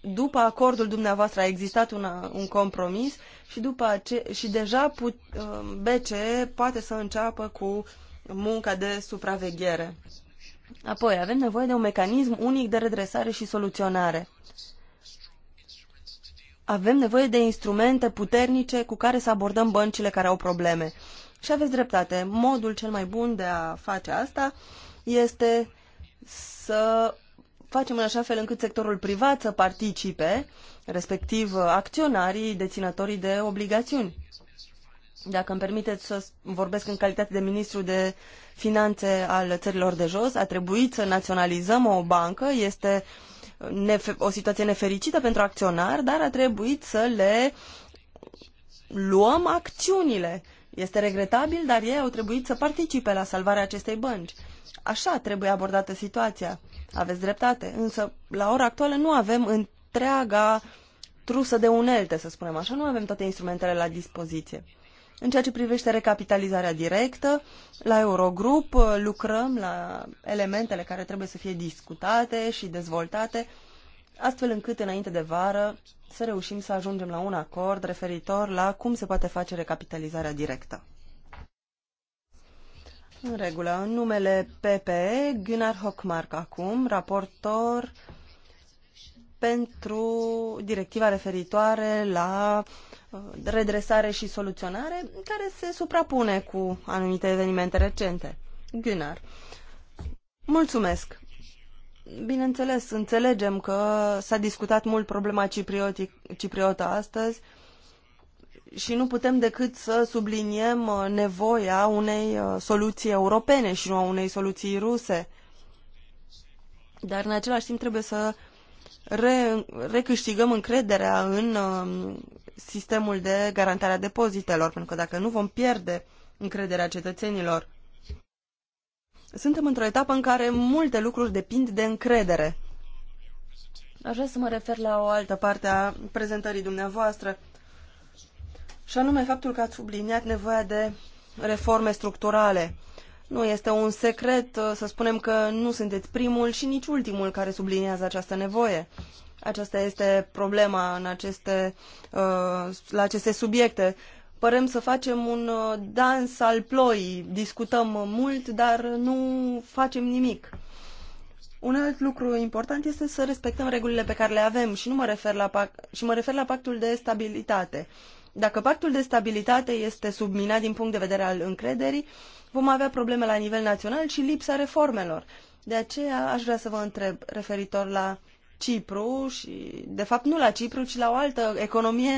după acordul dumneavoastră a existat una, un compromis și, după ace- și deja put, uh, BCE poate să înceapă cu uh, munca de supraveghere. Apoi, avem nevoie de un mecanism unic de redresare și soluționare. Avem nevoie de instrumente puternice cu care să abordăm băncile care au probleme. Și aveți dreptate, modul cel mai bun de a face asta este să facem în așa fel încât sectorul privat să participe, respectiv acționarii, deținătorii de obligațiuni. Dacă îmi permiteți să vorbesc în calitate de ministru de finanțe al țărilor de jos, a trebuit să naționalizăm o bancă, este o situație nefericită pentru acționar, dar a trebuit să le luăm acțiunile. Este regretabil, dar ei au trebuit să participe la salvarea acestei bănci. Așa trebuie abordată situația. Aveți dreptate, însă la ora actuală nu avem întreaga trusă de unelte, să spunem așa, nu avem toate instrumentele la dispoziție. În ceea ce privește recapitalizarea directă, la Eurogrup uh, lucrăm la elementele care trebuie să fie discutate și dezvoltate, astfel încât înainte de vară să reușim să ajungem la un acord referitor la cum se poate face recapitalizarea directă. În regulă, în numele PPE, Gunnar Hockmark acum, raportor pentru directiva referitoare la uh, Uh, redresare și soluționare, care se suprapune cu anumite evenimente recente. Gunnar. Mulțumesc. Bineînțeles, înțelegem că s-a discutat mult problema cipriotă astăzi și nu putem decât să subliniem uh, nevoia unei uh, soluții europene și nu a unei soluții ruse. Dar în același timp trebuie să re, recâștigăm încrederea în um, sistemul de garantare a depozitelor, pentru că dacă nu vom pierde încrederea cetățenilor. Suntem într-o etapă în care multe lucruri depind de încredere. Aș vrea să mă refer la o altă parte a prezentării dumneavoastră, și anume faptul că ați subliniat nevoia de reforme structurale. Nu este un secret să spunem că nu sunteți primul și nici ultimul care subliniază această nevoie. Aceasta este problema în aceste, uh, la aceste subiecte. Părem să facem un uh, dans al ploii. Discutăm mult, dar nu facem nimic. Un alt lucru important este să respectăm regulile pe care le avem și, nu mă refer la pac- și mă refer la pactul de stabilitate. Dacă pactul de stabilitate este subminat din punct de vedere al încrederii, vom avea probleme la nivel național și lipsa reformelor. De aceea aș vrea să vă întreb referitor la Cipru și, de fapt, nu la Cipru, ci la o altă economie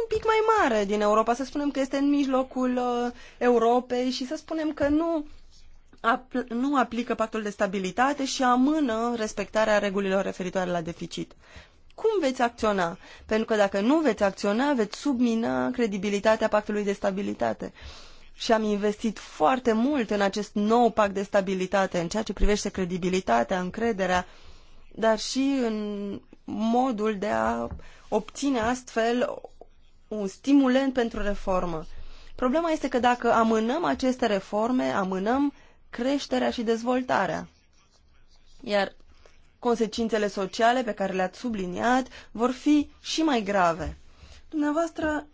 un pic mai mare din Europa, să spunem că este în mijlocul uh, Europei și să spunem că nu, apl- nu aplică pactul de stabilitate și amână respectarea regulilor referitoare la deficit. Cum veți acționa? Pentru că dacă nu veți acționa, veți submina credibilitatea pactului de stabilitate. Și am investit foarte mult în acest nou pact de stabilitate, în ceea ce privește credibilitatea, încrederea, uh, dar și în modul de a obține astfel un stimulent pentru reformă. Problema este că dacă amânăm aceste reforme, amânăm creșterea și dezvoltarea. Iar consecințele sociale pe care le-ați subliniat vor fi și mai grave. Dumneavoastră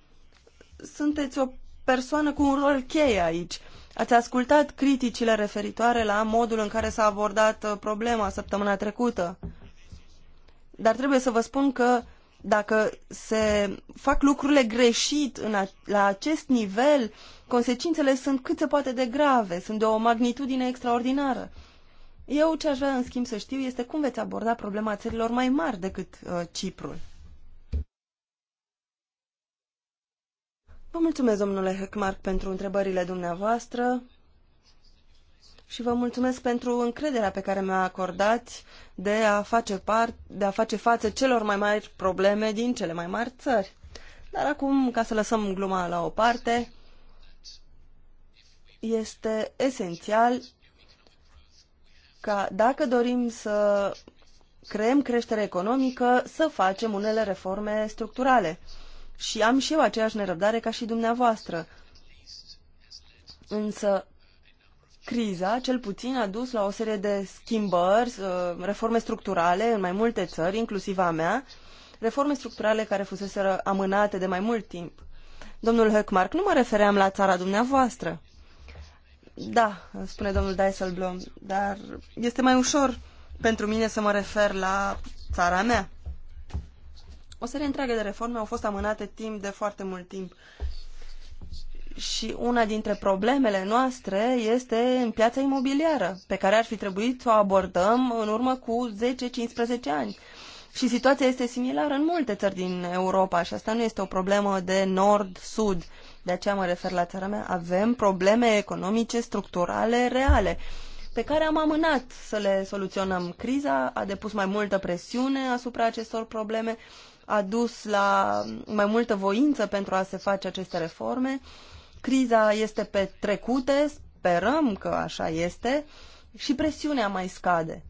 sunteți o persoană cu un rol cheie aici. Ați ascultat criticile referitoare la modul în care s-a abordat uh, problema săptămâna trecută. Dar trebuie să vă spun că dacă se fac lucrurile greșit în a, la acest nivel, consecințele sunt cât se poate de grave, sunt de o magnitudine extraordinară. Eu ce aș vrea în schimb să știu este cum veți aborda problema țărilor mai mari decât uh, Ciprul. Vă mulțumesc, domnule Heckmark, pentru întrebările dumneavoastră și vă mulțumesc pentru încrederea pe care mi-a acordat de a face, part, de a face față celor mai mari probleme din cele mai mari țări. Dar acum, ca să lăsăm gluma la o parte, este esențial ca dacă dorim să creăm creștere economică, să facem unele reforme structurale și am și eu aceeași nerăbdare ca și dumneavoastră. Însă, criza, cel puțin, a dus la o serie de schimbări, uh, reforme structurale în mai multe țări, inclusiv a mea, reforme structurale care fusese amânate de mai mult timp. Domnul Höckmark, nu mă refeream la țara dumneavoastră. Da, spune domnul Dijsselbloem, dar este mai ușor pentru mine să mă refer la țara mea. O serie întreagă de reforme au fost amânate timp de foarte mult timp. Și una dintre problemele noastre este în piața imobiliară, pe care ar fi trebuit să o abordăm în urmă cu 10-15 ani. Și situația este similară în multe țări din Europa și asta nu este o problemă de nord-sud. De aceea mă refer la țara mea. Avem probleme economice, structurale, reale, pe care am amânat să le soluționăm. Criza a depus mai multă presiune asupra acestor probleme a dus la mai multă voință pentru a se face aceste reforme. Criza este pe trecute, sperăm că așa este, și presiunea mai scade.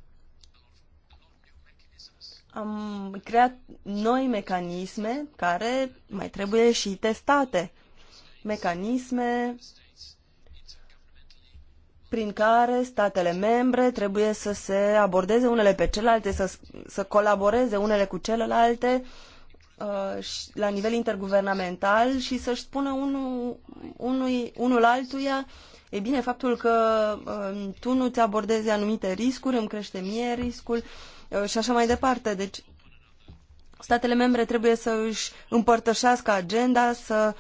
Am creat noi mecanisme care mai trebuie și testate. Mecanisme prin care statele membre trebuie să se abordeze unele pe celelalte, să, să colaboreze unele cu celelalte uh, la nivel interguvernamental și să-și spună unul, unui, unul altuia E bine, faptul că uh, tu nu-ți abordezi anumite riscuri, îmi crește mie riscul uh, și așa mai departe. Deci, statele membre trebuie să își împărtășească agenda, să uh,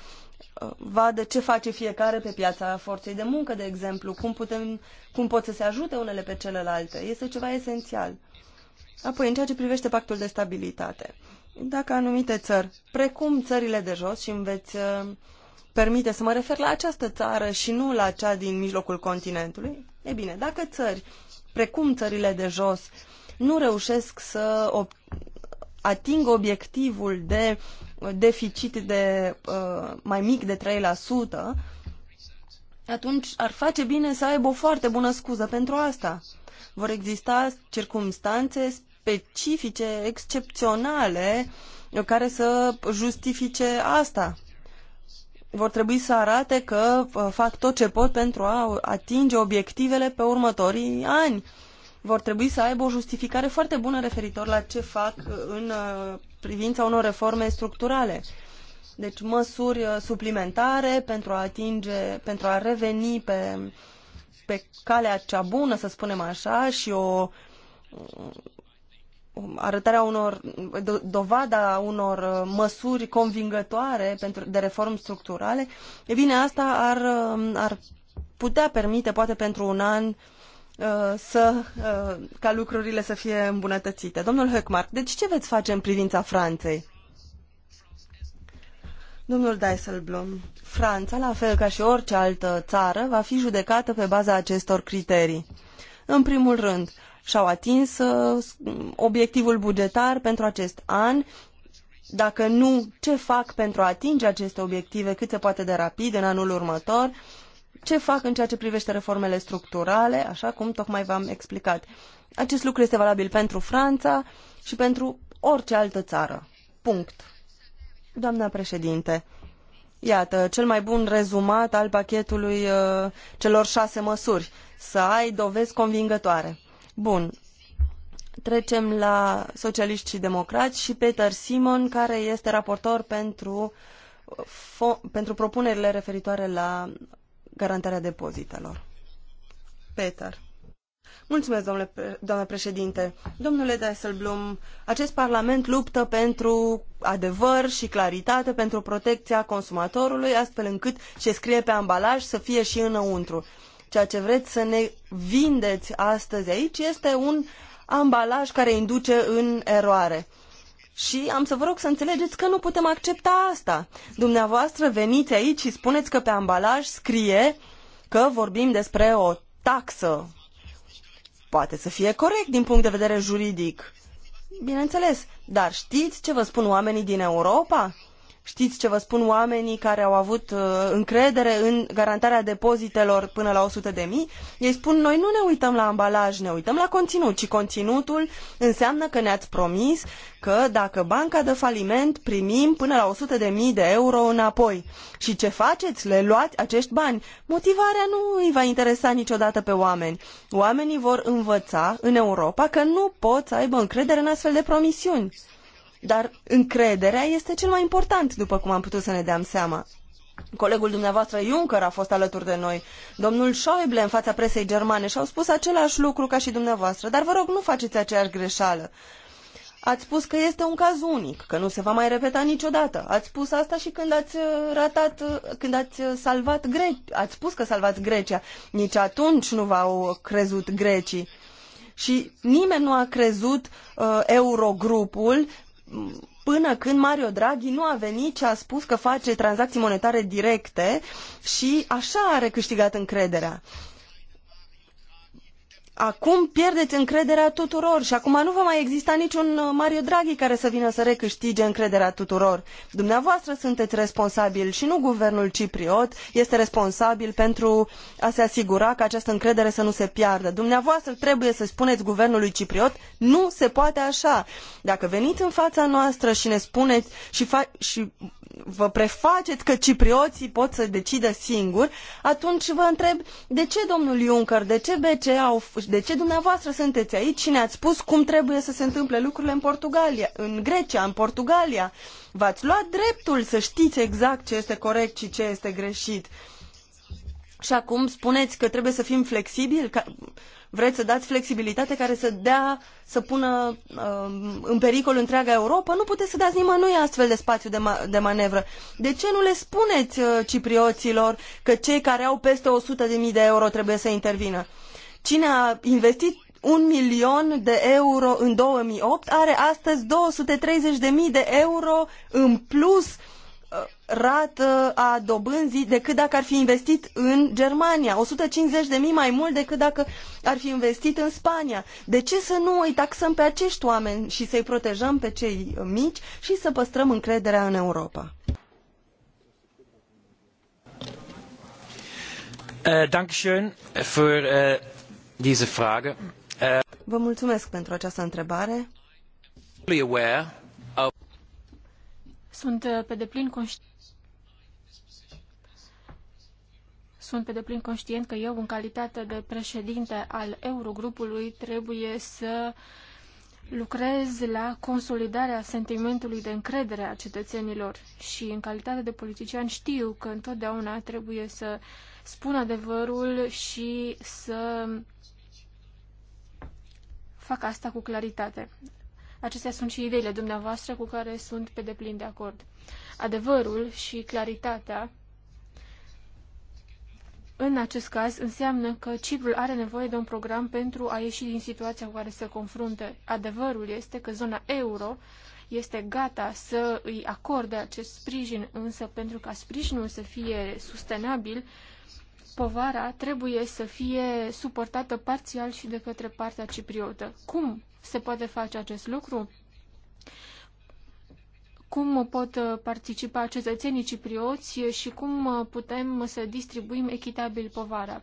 vadă ce face fiecare pe piața forței de muncă, de exemplu, cum, putem, cum pot să se ajute unele pe celelalte. Este ceva esențial. Apoi, în ceea ce privește pactul de stabilitate, dacă anumite țări, precum țările de jos, și îmi veți uh, permite să mă refer la această țară și nu la cea din mijlocul continentului, e bine, dacă țări, precum țările de jos, nu reușesc să atingă obiectivul de uh, deficit de uh, mai mic de 3%, atunci ar face bine să aibă o foarte bună scuză pentru asta. Vor exista circumstanțe specifice, excepționale, care să justifice asta. Vor trebui să arate că uh, fac tot ce pot pentru a atinge obiectivele pe următorii ani. Vor trebui să aibă o justificare foarte bună referitor la ce fac uh, în uh, privința unor reforme structurale. Deci măsuri uh, suplimentare pentru a atinge, pentru a reveni pe, pe calea cea bună, să spunem așa, și o arătarea unor, do, dovada unor uh, măsuri convingătoare pentru, de reforme structurale, e bine, asta ar, um, ar putea permite, poate pentru un an, uh, Uh, să, uh, ca lucrurile să fie îmbunătățite. Domnul Höckmark, deci ce veți face în privința Franței? Domnul Dijsselbloem, Franța, la fel ca și orice altă țară, va fi judecată pe baza acestor criterii. În primul rând, și-au atins uh, obiectivul bugetar pentru acest an. Dacă nu, ce fac pentru a atinge aceste obiective cât se poate de rapid în anul următor? Uh, ce fac în ceea ce privește reformele structurale, așa cum tocmai v-am explicat. Acest lucru este valabil pentru Franța și pentru orice altă țară. Punct. Doamna președinte, iată, cel mai bun rezumat al pachetului uh, celor șase măsuri. Să ai dovezi convingătoare. Bun. Trecem la socialiști și democrați și Peter Simon, care este raportor pentru, uh, pentru propunerile referitoare la garantarea depozitelor. Peter. Mulțumesc, domnule, doamne președinte. Domnule Dijsselbloem, acest parlament luptă pentru adevăr și claritate, pentru protecția consumatorului, astfel încât ce scrie pe ambalaj să fie și înăuntru. Ceea ce vreți să ne vindeți astăzi aici este un ambalaj care induce în eroare și am să vă rog să înțelegeți că nu putem accepta asta. Dumneavoastră veniți aici și spuneți că pe ambalaj scrie că vorbim despre o taxă. Poate să fie corect din punct de vedere juridic. Bineînțeles, dar știți ce vă spun oamenii din Europa? Știți ce vă spun oamenii care au avut uh, încredere în garantarea depozitelor până la 100 de mii? Ei spun, noi nu ne uităm la ambalaj, ne uităm la conținut și conținutul înseamnă că ne-ați promis că dacă banca dă faliment, primim până la 100 de mii de euro înapoi. Și ce faceți? Le luați acești bani. Motivarea nu îi va interesa niciodată pe oameni. Oamenii vor învăța în Europa că nu pot să aibă încredere în astfel de promisiuni. Dar încrederea este cel mai important, după cum am putut să ne dăm seama. Colegul dumneavoastră Juncker a fost alături de noi, domnul Schäuble în fața presei germane și au spus același lucru ca și dumneavoastră, dar vă rog nu faceți aceeași greșeală. Ați spus că este un caz unic, că nu se va mai repeta niciodată. Ați spus asta și când ați uh, ratat, uh, când ați uh, salvat Grecia, ați spus că salvați Grecia. Nici atunci nu v-au crezut grecii. Și nimeni nu a crezut uh, Eurogrupul până când Mario Draghi nu a venit și a spus că face tranzacții monetare directe și așa a recâștigat încrederea. Acum pierdeți încrederea tuturor și acum nu va mai exista niciun uh, Mario Draghi care să vină să recâștige încrederea tuturor. Dumneavoastră sunteți responsabil și nu guvernul cipriot este responsabil pentru a se asigura că această încredere să nu se piardă. Dumneavoastră trebuie să spuneți guvernului cipriot nu se poate așa. Dacă veniți în fața noastră și ne spuneți și, și vă prefaceți că ciprioții pot să decidă singuri, atunci vă întreb de ce domnul Juncker, de ce BCE au, de ce dumneavoastră sunteți aici și ne-ați spus cum trebuie să se întâmple lucrurile în Portugalia, în Grecia, în Portugalia. V-ați luat dreptul să știți exact ce este corect și ce este greșit. Și acum spuneți că trebuie să fim flexibili, că vreți să dați flexibilitate care să dea, să pună uh, în pericol întreaga Europa? Nu puteți să dați nimănui astfel de spațiu de, ma- de manevră. De ce nu le spuneți uh, ciprioților că cei care au peste 100.000 de euro trebuie să intervină? Cine a investit un milion de euro în 2008 are astăzi 230.000 de euro în plus uh, rată a dobânzii decât dacă ar fi investit în Germania. 150 de mii mai mult decât dacă ar fi investit în Spania. De ce să nu îi taxăm pe acești oameni și să-i protejăm pe cei mici și să păstrăm încrederea în Europa? Eh, eh, eh, Vă mulțumesc pentru această întrebare. Sunt pe deplin conștient Sunt pe deplin conștient că eu, în calitate de președinte al Eurogrupului, trebuie să lucrez la consolidarea sentimentului de încredere a cetățenilor și, în calitate de politician, știu că întotdeauna trebuie să spun adevărul și să fac asta cu claritate. Acestea sunt și ideile dumneavoastră cu care sunt pe deplin de acord. Adevărul și claritatea în acest caz înseamnă că Ciprul are nevoie de un program pentru a ieși din situația cu care se confruntă. Adevărul este că zona euro este gata să îi acorde acest sprijin, însă pentru ca sprijinul să fie sustenabil, povara trebuie să fie suportată parțial și de către partea cipriotă. Cum se poate face acest lucru? cum pot uh, participa cetățenii ciprioți și cum uh, putem să distribuim echitabil povara.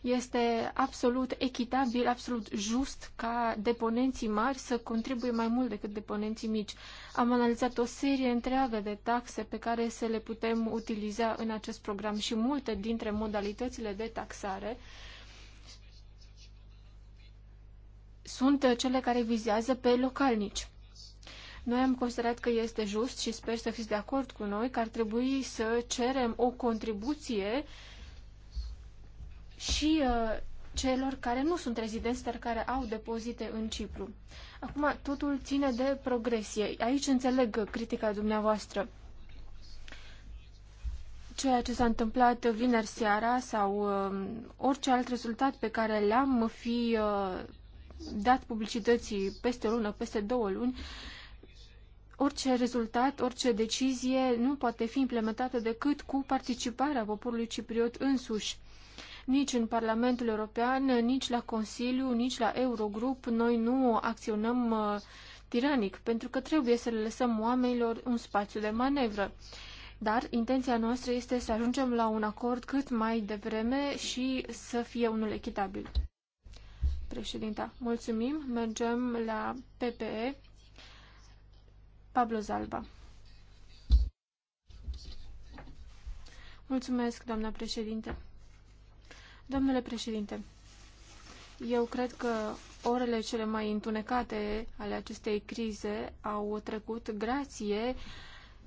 Este absolut echitabil, absolut just ca deponenții mari să contribuie mai mult decât deponenții mici. Am analizat o serie întreagă de taxe pe care să le putem utiliza în acest program și multe dintre modalitățile de taxare sunt cele care vizează pe localnici. Noi am considerat că este just și sper să fiți de acord cu noi că ar trebui să cerem o contribuție și uh, celor care nu sunt rezidenți, dar care au depozite în Cipru. Acum, totul ține de progresie. Aici înțeleg critica dumneavoastră. Ceea ce s-a întâmplat vineri seara sau uh, orice alt rezultat pe care l-am fi uh, dat publicității peste o lună, peste două luni, uh, orice rezultat, orice decizie nu poate fi implementată decât cu participarea poporului cipriot însuși. Nici în Parlamentul European, nici la Consiliu, nici la Eurogrup noi nu acționăm uh, tiranic, pentru că trebuie să le lăsăm oamenilor un spațiu de manevră. Dar intenția noastră este să ajungem la un acord cât mai devreme și să fie unul echitabil. Președinta, mulțumim. Mergem la PPE. Pablo Zalba. Mulțumesc, doamna președinte. Domnule președinte, eu cred că orele cele mai întunecate ale acestei crize au trecut grație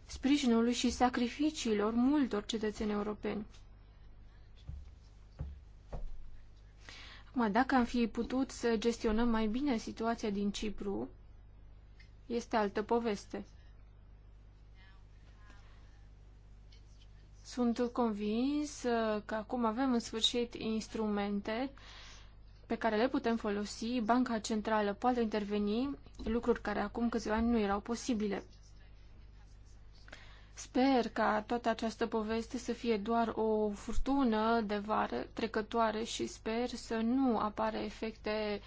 sprijinului și sacrificiilor multor cetățeni europeni. Acum, dacă am fi putut să gestionăm mai bine situația din Cipru, este altă poveste. Sunt convins uh, că acum avem în sfârșit instrumente pe care le putem folosi, Banca Centrală poate interveni, lucruri care acum câțiva ani nu erau posibile. Sper ca toată această poveste să fie doar o furtună de vară trecătoare și sper să nu apare efecte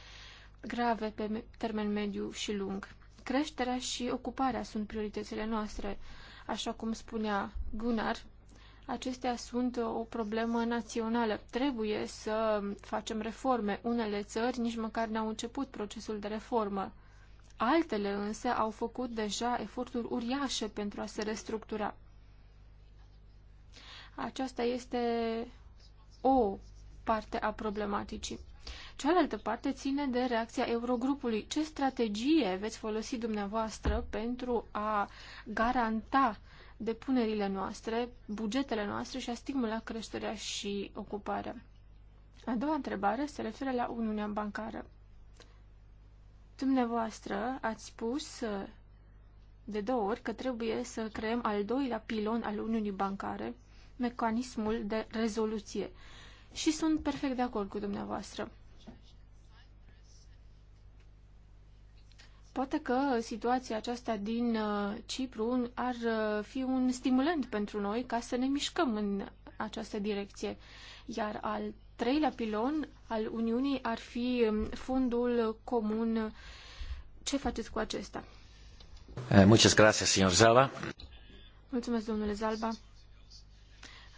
grave pe termen mediu și lung creșterea și ocuparea sunt prioritățile noastre. Așa cum spunea Gunnar, acestea sunt o problemă națională. Trebuie să facem reforme. Unele țări nici măcar n-au început procesul de reformă. Altele însă au făcut deja eforturi uriașe pentru a se restructura. Aceasta este o parte a problematicii. Cealaltă parte ține de reacția Eurogrupului. Ce strategie veți folosi dumneavoastră pentru a garanta depunerile noastre, bugetele noastre și a stimula creșterea și ocuparea? A doua întrebare se referă la Uniunea Bancară. Dumneavoastră ați spus uh, de două ori că trebuie să creăm al doilea pilon al Uniunii Bancare, mecanismul de rezoluție. Și sunt perfect de acord cu dumneavoastră. Poate că situația aceasta din uh, Cipru ar uh, fi un stimulant pentru noi ca să ne mișcăm în această direcție. Iar al treilea pilon al Uniunii ar fi um, fondul comun. Ce faceți cu acesta? Eh, muchas gracias, señor Zalba. Mulțumesc, domnule Zalba.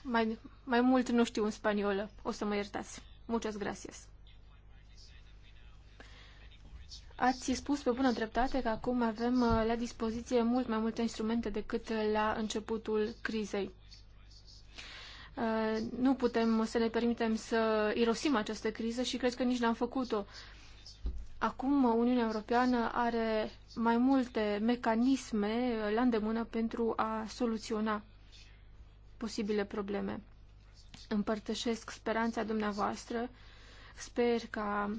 Mai, mai mult nu știu în spaniolă. O să mă iertați. Muchas gracias. Ați spus pe bună dreptate că acum avem uh, la dispoziție mult mai multe instrumente decât la începutul crizei. Uh, nu putem să ne permitem să irosim această criză și cred că nici n-am făcut-o. Acum uh, Uniunea Europeană are mai multe mecanisme la îndemână pentru a soluționa posibile probleme. Împărtășesc speranța dumneavoastră. Sper ca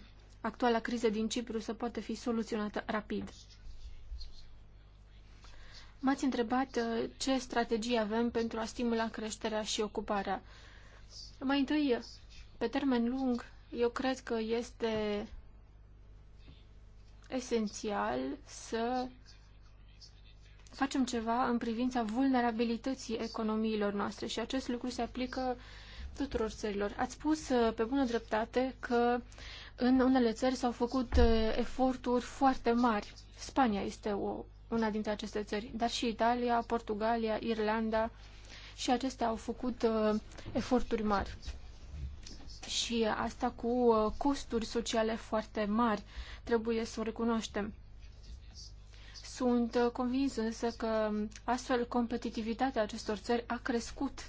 actuala criză din Cipru să poată fi soluționată rapid. M-ați întrebat uh, ce strategie avem pentru a stimula creșterea și ocuparea. Mai întâi, pe termen lung, eu cred că este esențial să facem ceva în privința vulnerabilității economiilor noastre și acest lucru se aplică tuturor țărilor. Ați spus uh, pe bună dreptate că în unele țări s-au făcut uh, eforturi foarte mari. Spania este o, una dintre aceste țări, dar și Italia, Portugalia, Irlanda și acestea au făcut uh, eforturi mari. Și asta cu uh, costuri sociale foarte mari, trebuie să o recunoaștem. Sunt uh, convins însă că um, astfel competitivitatea acestor țări a crescut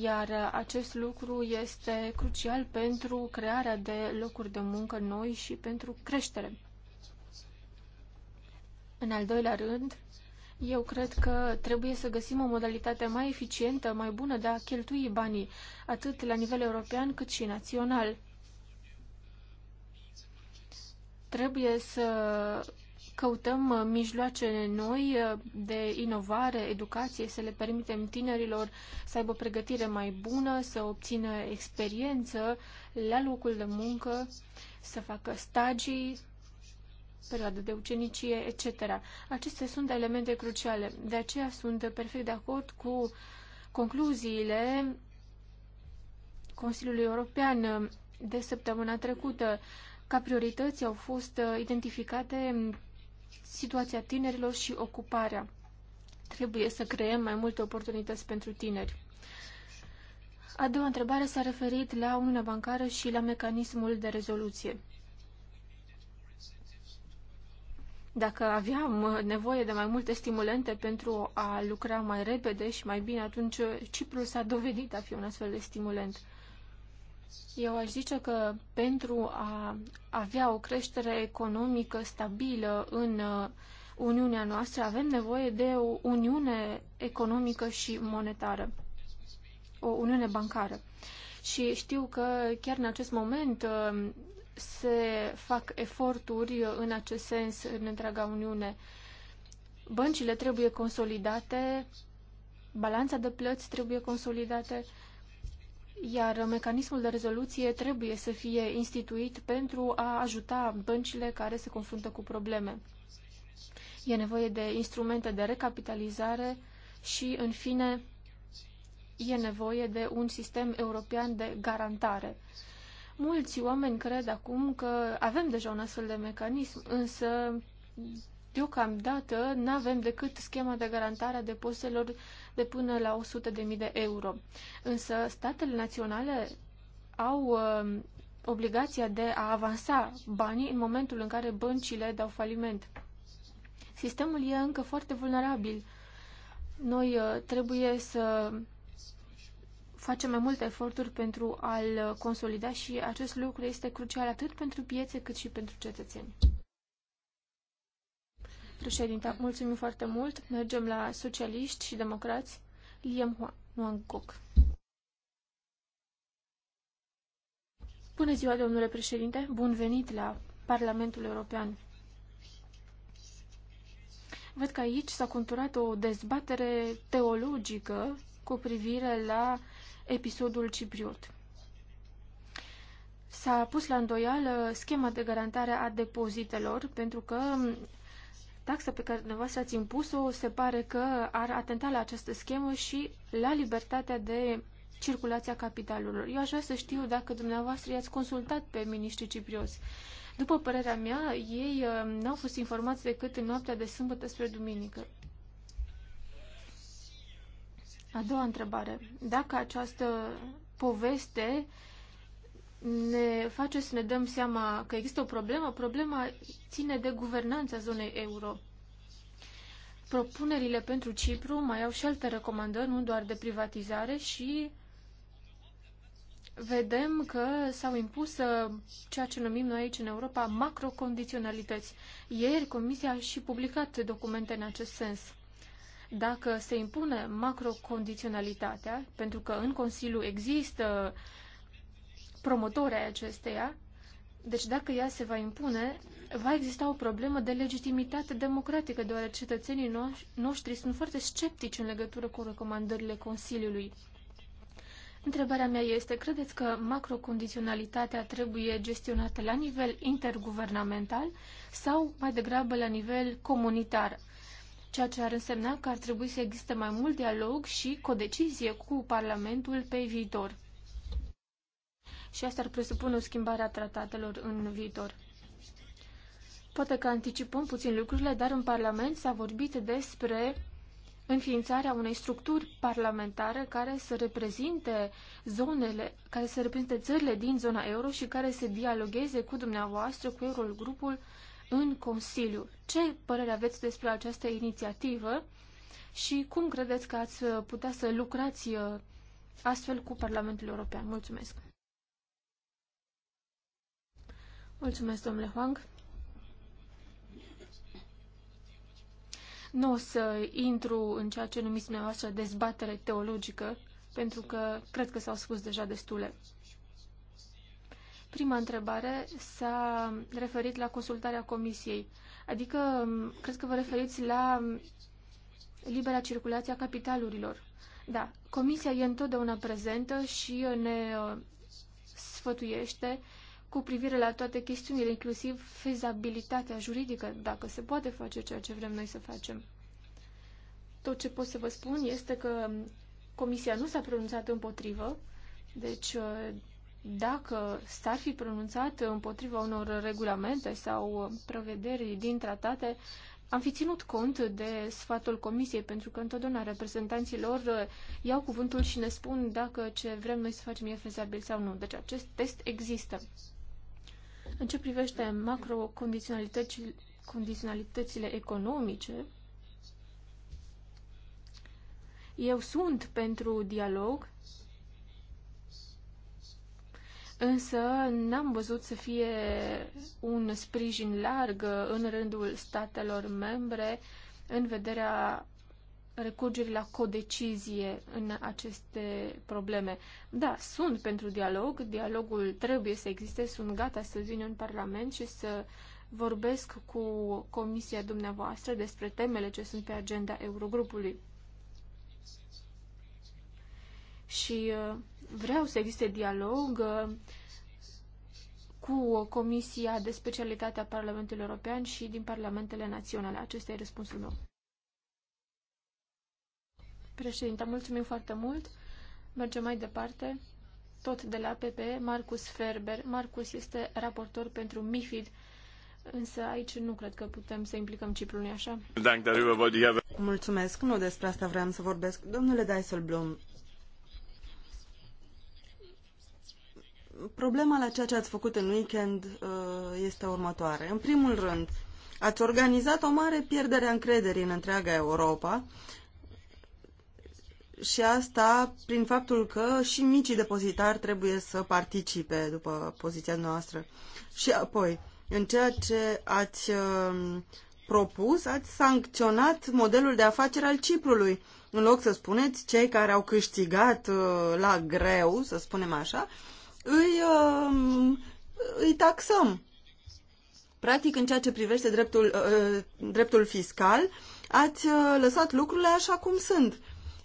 iar acest lucru este crucial pentru crearea de locuri de muncă noi și pentru creștere. În al doilea rând, eu cred că trebuie să găsim o modalitate mai eficientă, mai bună de a cheltui banii, atât la nivel european cât și național. Trebuie să căutăm uh, mijloace noi uh, de inovare, educație, să le permitem tinerilor să aibă pregătire mai bună, să obțină experiență la locul de muncă, să facă stagii, perioadă de ucenicie, etc. Acestea sunt elemente cruciale. De aceea sunt perfect de acord cu concluziile Consiliului European de săptămâna trecută. Ca priorități au fost uh, identificate situația tinerilor și ocuparea. Trebuie să creăm mai multe oportunități pentru tineri. A doua întrebare s-a referit la Uniunea Bancară și la mecanismul de rezoluție. Dacă aveam nevoie de mai multe stimulente pentru a lucra mai repede și mai bine, atunci Ciprul s-a dovedit a fi un astfel de stimulent. Eu aș zice că pentru a avea o creștere economică stabilă în uh, Uniunea noastră avem nevoie de o uniune economică și monetară, o uniune bancară. Și știu că chiar în acest moment uh, se fac eforturi în acest sens în întreaga Uniune. Băncile trebuie consolidate, balanța de plăți trebuie consolidate, iar mecanismul de rezoluție trebuie să fie instituit pentru a ajuta băncile care se confruntă cu probleme. E nevoie de instrumente de recapitalizare și, în fine, e nevoie de un sistem european de garantare. Mulți oameni cred acum că avem deja un astfel de mecanism, însă deocamdată nu avem decât schema de garantare a depozitelor de până la 100.000 de euro. Însă statele naționale au um, obligația de a avansa banii în momentul în care băncile dau faliment. Sistemul e încă foarte vulnerabil. Noi uh, trebuie să facem mai multe eforturi pentru a-l consolida și acest lucru este crucial atât pentru piețe cât și pentru cetățeni. Președinte, mulțumim foarte mult. Mergem la socialiști și democrați. Liam Huangkok. Bună ziua, domnule președinte. Bun venit la Parlamentul European. Văd că aici s-a conturat o dezbatere teologică cu privire la episodul cipriot. S-a pus la îndoială schema de garantare a depozitelor, pentru că Taxa pe care dumneavoastră ați impus-o se pare că ar atenta la această schemă și la libertatea de circulația capitalurilor. Eu aș vrea să știu dacă dumneavoastră i-ați consultat pe miniștrii ciprioți. După părerea mea, ei uh, n-au fost informați decât în noaptea de sâmbătă spre duminică. A doua întrebare. Dacă această poveste uh, ne face să ne dăm seama că există o problemă. Problema ține de guvernanța zonei euro. Propunerile pentru Cipru mai au și alte recomandări, nu doar de privatizare și vedem că s-au impus uh, ceea ce numim noi aici în Europa macrocondiționalități. Ieri Comisia a și publicat documente în acest sens. Dacă se impune macrocondiționalitatea, pentru că în Consiliu există uh, promotori ai acesteia, deci dacă ea se va impune, va exista o problemă de legitimitate democratică, deoarece cetățenii noștri sunt foarte sceptici în legătură cu recomandările Consiliului. Întrebarea mea este, credeți că macrocondiționalitatea trebuie gestionată la nivel interguvernamental sau mai degrabă la nivel comunitar? Ceea ce ar însemna că ar trebui să existe mai mult dialog și codecizie cu Parlamentul pe viitor și asta ar presupune o schimbare a tratatelor în viitor. Poate că anticipăm puțin lucrurile, dar în Parlament s-a vorbit despre înființarea unei structuri parlamentare care să reprezinte zonele, care să reprezinte țările din zona euro și care să dialogueze cu dumneavoastră, cu grupul în Consiliu. Ce părere aveți despre această inițiativă și cum credeți că ați putea să lucrați uh, astfel cu Parlamentul European? Mulțumesc! Mulțumesc, domnule Huang. Nu o să intru în ceea ce numiți dumneavoastră dezbatere teologică, pentru că cred că s-au spus deja destule. Prima întrebare s-a referit la consultarea comisiei, adică cred că vă referiți la libera circulație a capitalurilor. Da, comisia e întotdeauna prezentă și ne uh, sfătuiește cu privire la toate chestiunile, inclusiv fezabilitatea juridică, dacă se poate face ceea ce vrem noi să facem. Tot ce pot să vă spun este că Comisia nu s-a pronunțat împotrivă, deci uh, dacă s-ar fi pronunțat împotriva unor regulamente sau prevederi din tratate, am fi ținut cont de sfatul Comisiei, pentru că întotdeauna reprezentanții lor uh, iau cuvântul și ne spun dacă ce vrem noi să facem e fezabil sau nu. Deci acest test există. În ce privește macrocondiționalitățile economice, eu sunt pentru dialog, însă n-am văzut să fie un sprijin larg în rândul statelor membre în vederea recurgeri la codecizie în aceste probleme. Da, sunt pentru dialog, dialogul trebuie să existe, sunt gata să vin în Parlament și să vorbesc cu comisia dumneavoastră despre temele ce sunt pe agenda Eurogrupului. Și uh, vreau să existe dialog uh, cu Comisia de Specialitate a Parlamentului European și din Parlamentele Naționale. Acesta e răspunsul meu. Președinte, mulțumim foarte mult. Mergem mai departe. Tot de la PP, Marcus Ferber. Marcus este raportor pentru MIFID. Însă aici nu cred că putem să implicăm Ciprul, nu așa? Mulțumesc, nu despre asta vreau să vorbesc. Domnule Dijsselbloem, problema la ceea ce ați făcut în weekend uh, este următoare. În primul rând, ați organizat o mare pierdere a încrederii în întreaga Europa și asta prin faptul că și micii depozitari trebuie să participe după poziția noastră. Și apoi, în ceea ce ați um, propus, ați sancționat modelul de afacere al Ciprului. În loc să spuneți cei care au câștigat uh, la greu, să spunem așa, îi, um, îi taxăm. Practic, în ceea ce privește dreptul, uh, uh, dreptul fiscal, ați lăsat lucrurile așa cum sunt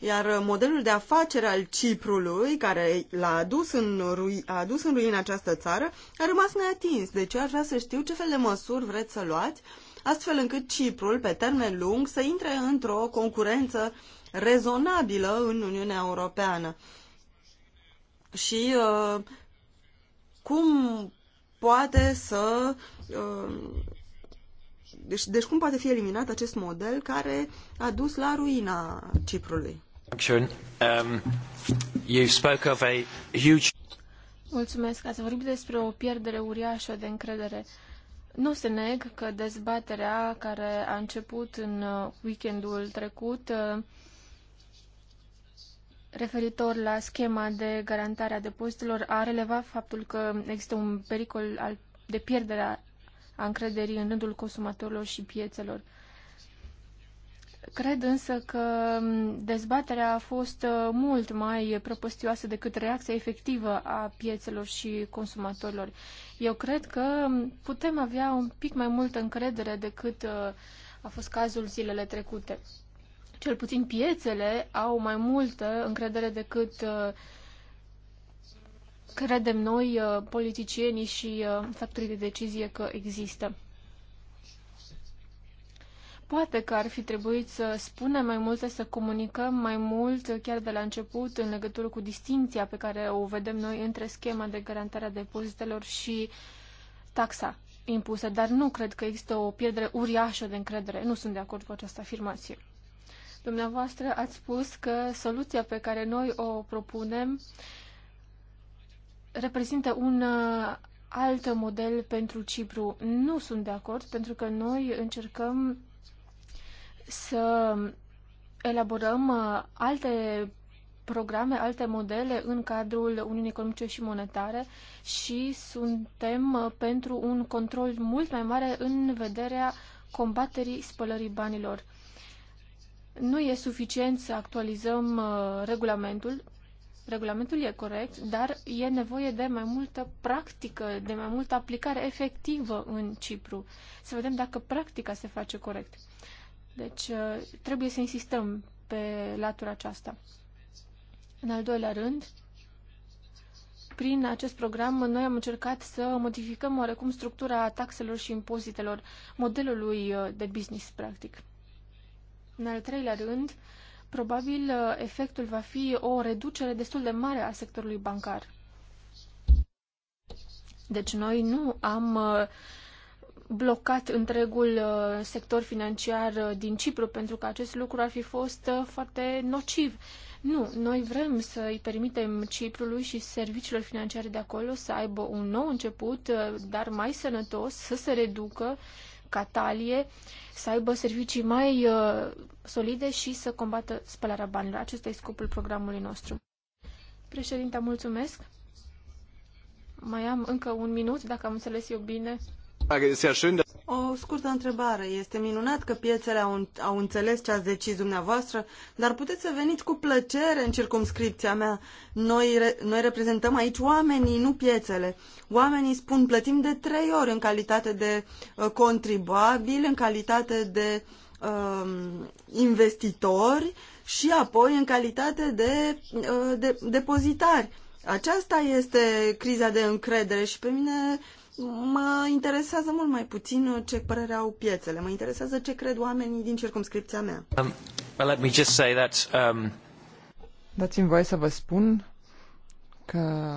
iar modelul de afacere al Ciprului, care l-a adus în, rui, a adus în ruină această țară, a rămas neatins. Deci eu aș vrea să știu ce fel de măsuri vreți să luați, astfel încât Ciprul, pe termen lung, să intre într-o concurență rezonabilă în Uniunea Europeană. Și uh, cum poate să. Uh, deci, deci cum poate fi eliminat acest model care a dus la ruina Ciprului? Ähm, Mulțumesc. Ați vorbit despre o pierdere uriașă de încredere. Nu se neg că dezbaterea care a început în uh, weekendul trecut uh, referitor la schema de garantare a depozitelor a relevat faptul că există un pericol de pierdere a încrederii în rândul consumatorilor și piețelor. Cred însă că dezbaterea a fost uh, mult mai prăpăstioasă decât reacția efectivă a piețelor și consumatorilor. Eu cred că putem avea un pic mai multă încredere decât uh, a fost cazul zilele trecute. Cel puțin piețele au mai multă încredere decât uh, credem noi, politicienii și factorii de decizie că există. Poate că ar fi trebuit să spunem mai multe, să comunicăm mai mult chiar de la început în legătură cu distinția pe care o vedem noi între schema de garantare a depozitelor și taxa impusă, dar nu cred că există o pierdere uriașă de încredere. Nu sunt de acord cu această afirmație. Dumneavoastră ați spus că soluția pe care noi o propunem reprezintă un uh, alt model pentru Cipru. Nu sunt de acord, pentru că noi încercăm să elaborăm uh, alte programe, alte modele în cadrul Uniunii Economice și Monetare și suntem uh, pentru un control mult mai mare în vederea combaterii spălării banilor. Nu e suficient să actualizăm uh, regulamentul, regulamentul e corect, dar e nevoie de mai multă practică, de mai multă aplicare efectivă în Cipru. Să vedem dacă practica se face corect. Deci uh, trebuie să insistăm pe latura aceasta. În al doilea rând, prin acest program noi am încercat să modificăm oarecum structura taxelor și impozitelor modelului uh, de business, practic. În al treilea rând, probabil uh, efectul va fi o reducere destul de mare a sectorului bancar. Deci noi nu am blocat întregul uh, sector financiar uh, din Cipru, pentru că acest lucru ar fi fost uh, foarte nociv. Nu, noi vrem să îi permitem Ciprului și serviciilor financiare de acolo să aibă un nou început, dar mai sănătos, să se reducă ca talie, să aibă servicii mai solide și să combată spălarea banilor. Acesta e scopul programului nostru. Președinte, mulțumesc. Mai am încă un minut, dacă am înțeles eu bine. O scurtă întrebare. Este minunat că piețele au, au înțeles ce ați decis dumneavoastră, dar puteți să veniți cu plăcere în circumscripția mea. Noi, re, noi reprezentăm aici oamenii, nu piețele. Oamenii spun plătim de trei ori în calitate de uh, contribuabil, în calitate de uh, investitori și apoi în calitate de, uh, de depozitari. Aceasta este criza de încredere și pe mine uh, mă interesează mult mai puțin ce părere au piețele. Mă interesează ce cred oamenii din circumscripția mea. Um, well, let me just say that, um... Dați-mi voie să vă spun că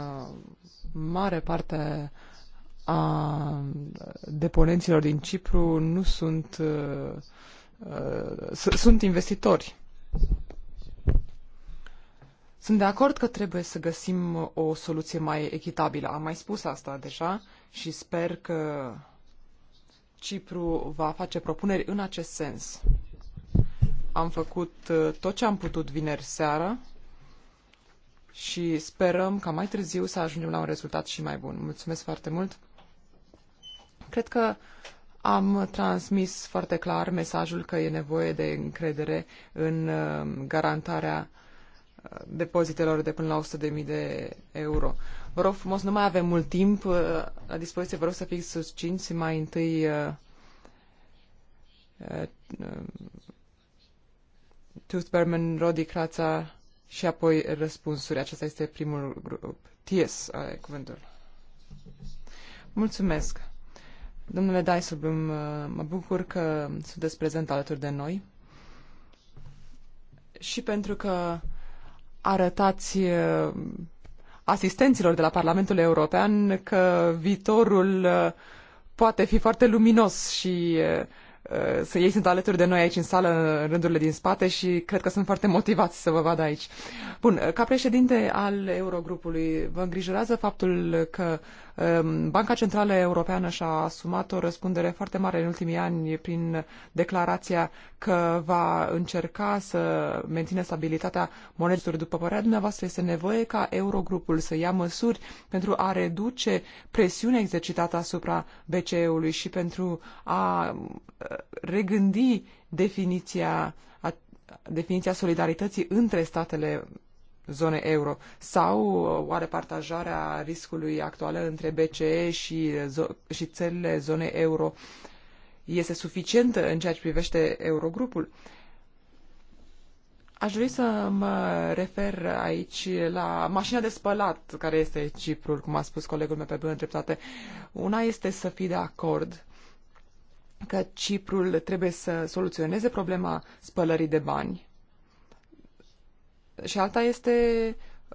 mare parte a deponenților din Cipru nu sunt uh, uh sunt investitori. Sunt de acord că trebuie să găsim o soluție mai echitabilă. Am mai spus asta deja și sper că Cipru va face propuneri în acest sens. Am făcut uh, tot ce am putut vineri seara și sperăm ca mai târziu să ajungem la un rezultat și mai bun. Mulțumesc foarte mult! Cred că am transmis foarte clar mesajul că e nevoie de încredere în uh, garantarea uh, depozitelor de până la 100.000 de euro. Vă rog frumos, nu mai avem mult timp uh, la dispoziție, vă rog să fiți susținți mai întâi uh, uh, Toothberman, Rodi Crața și apoi răspunsuri. Acesta este primul grup. TS, cuvântul. Mulțumesc. Domnule Dijsselbloem, mă bucur că sunteți prezent alături de noi și pentru că arătați asistenților de la Parlamentul European că viitorul uh, poate fi foarte luminos și uh, uh, să ei sunt alături de noi aici în sală, în rândurile din spate și cred că sunt foarte motivați să vă vadă aici. Bun, ca președinte al Eurogrupului, vă îngrijorează faptul că Ehm, Banca Centrală Europeană și-a asumat o răspundere foarte mare în ultimii ani prin declarația că va încerca să mențină stabilitatea monedei. După părerea dumneavoastră, este nevoie ca Eurogrupul să ia măsuri pentru a reduce presiunea exercitată asupra BCE-ului și pentru a eh, regândi definiția definiția solidarității între statele zone euro? Sau uh, oare partajarea riscului actual între BCE și, și țările zone euro este suficientă în ceea ce privește Eurogrupul? Aș dori să mă refer aici la mașina de spălat, care este Ciprul, cum a spus colegul meu pe bună dreptate. Una este să fii de acord că Ciprul trebuie să soluționeze problema spălării de bani și alta este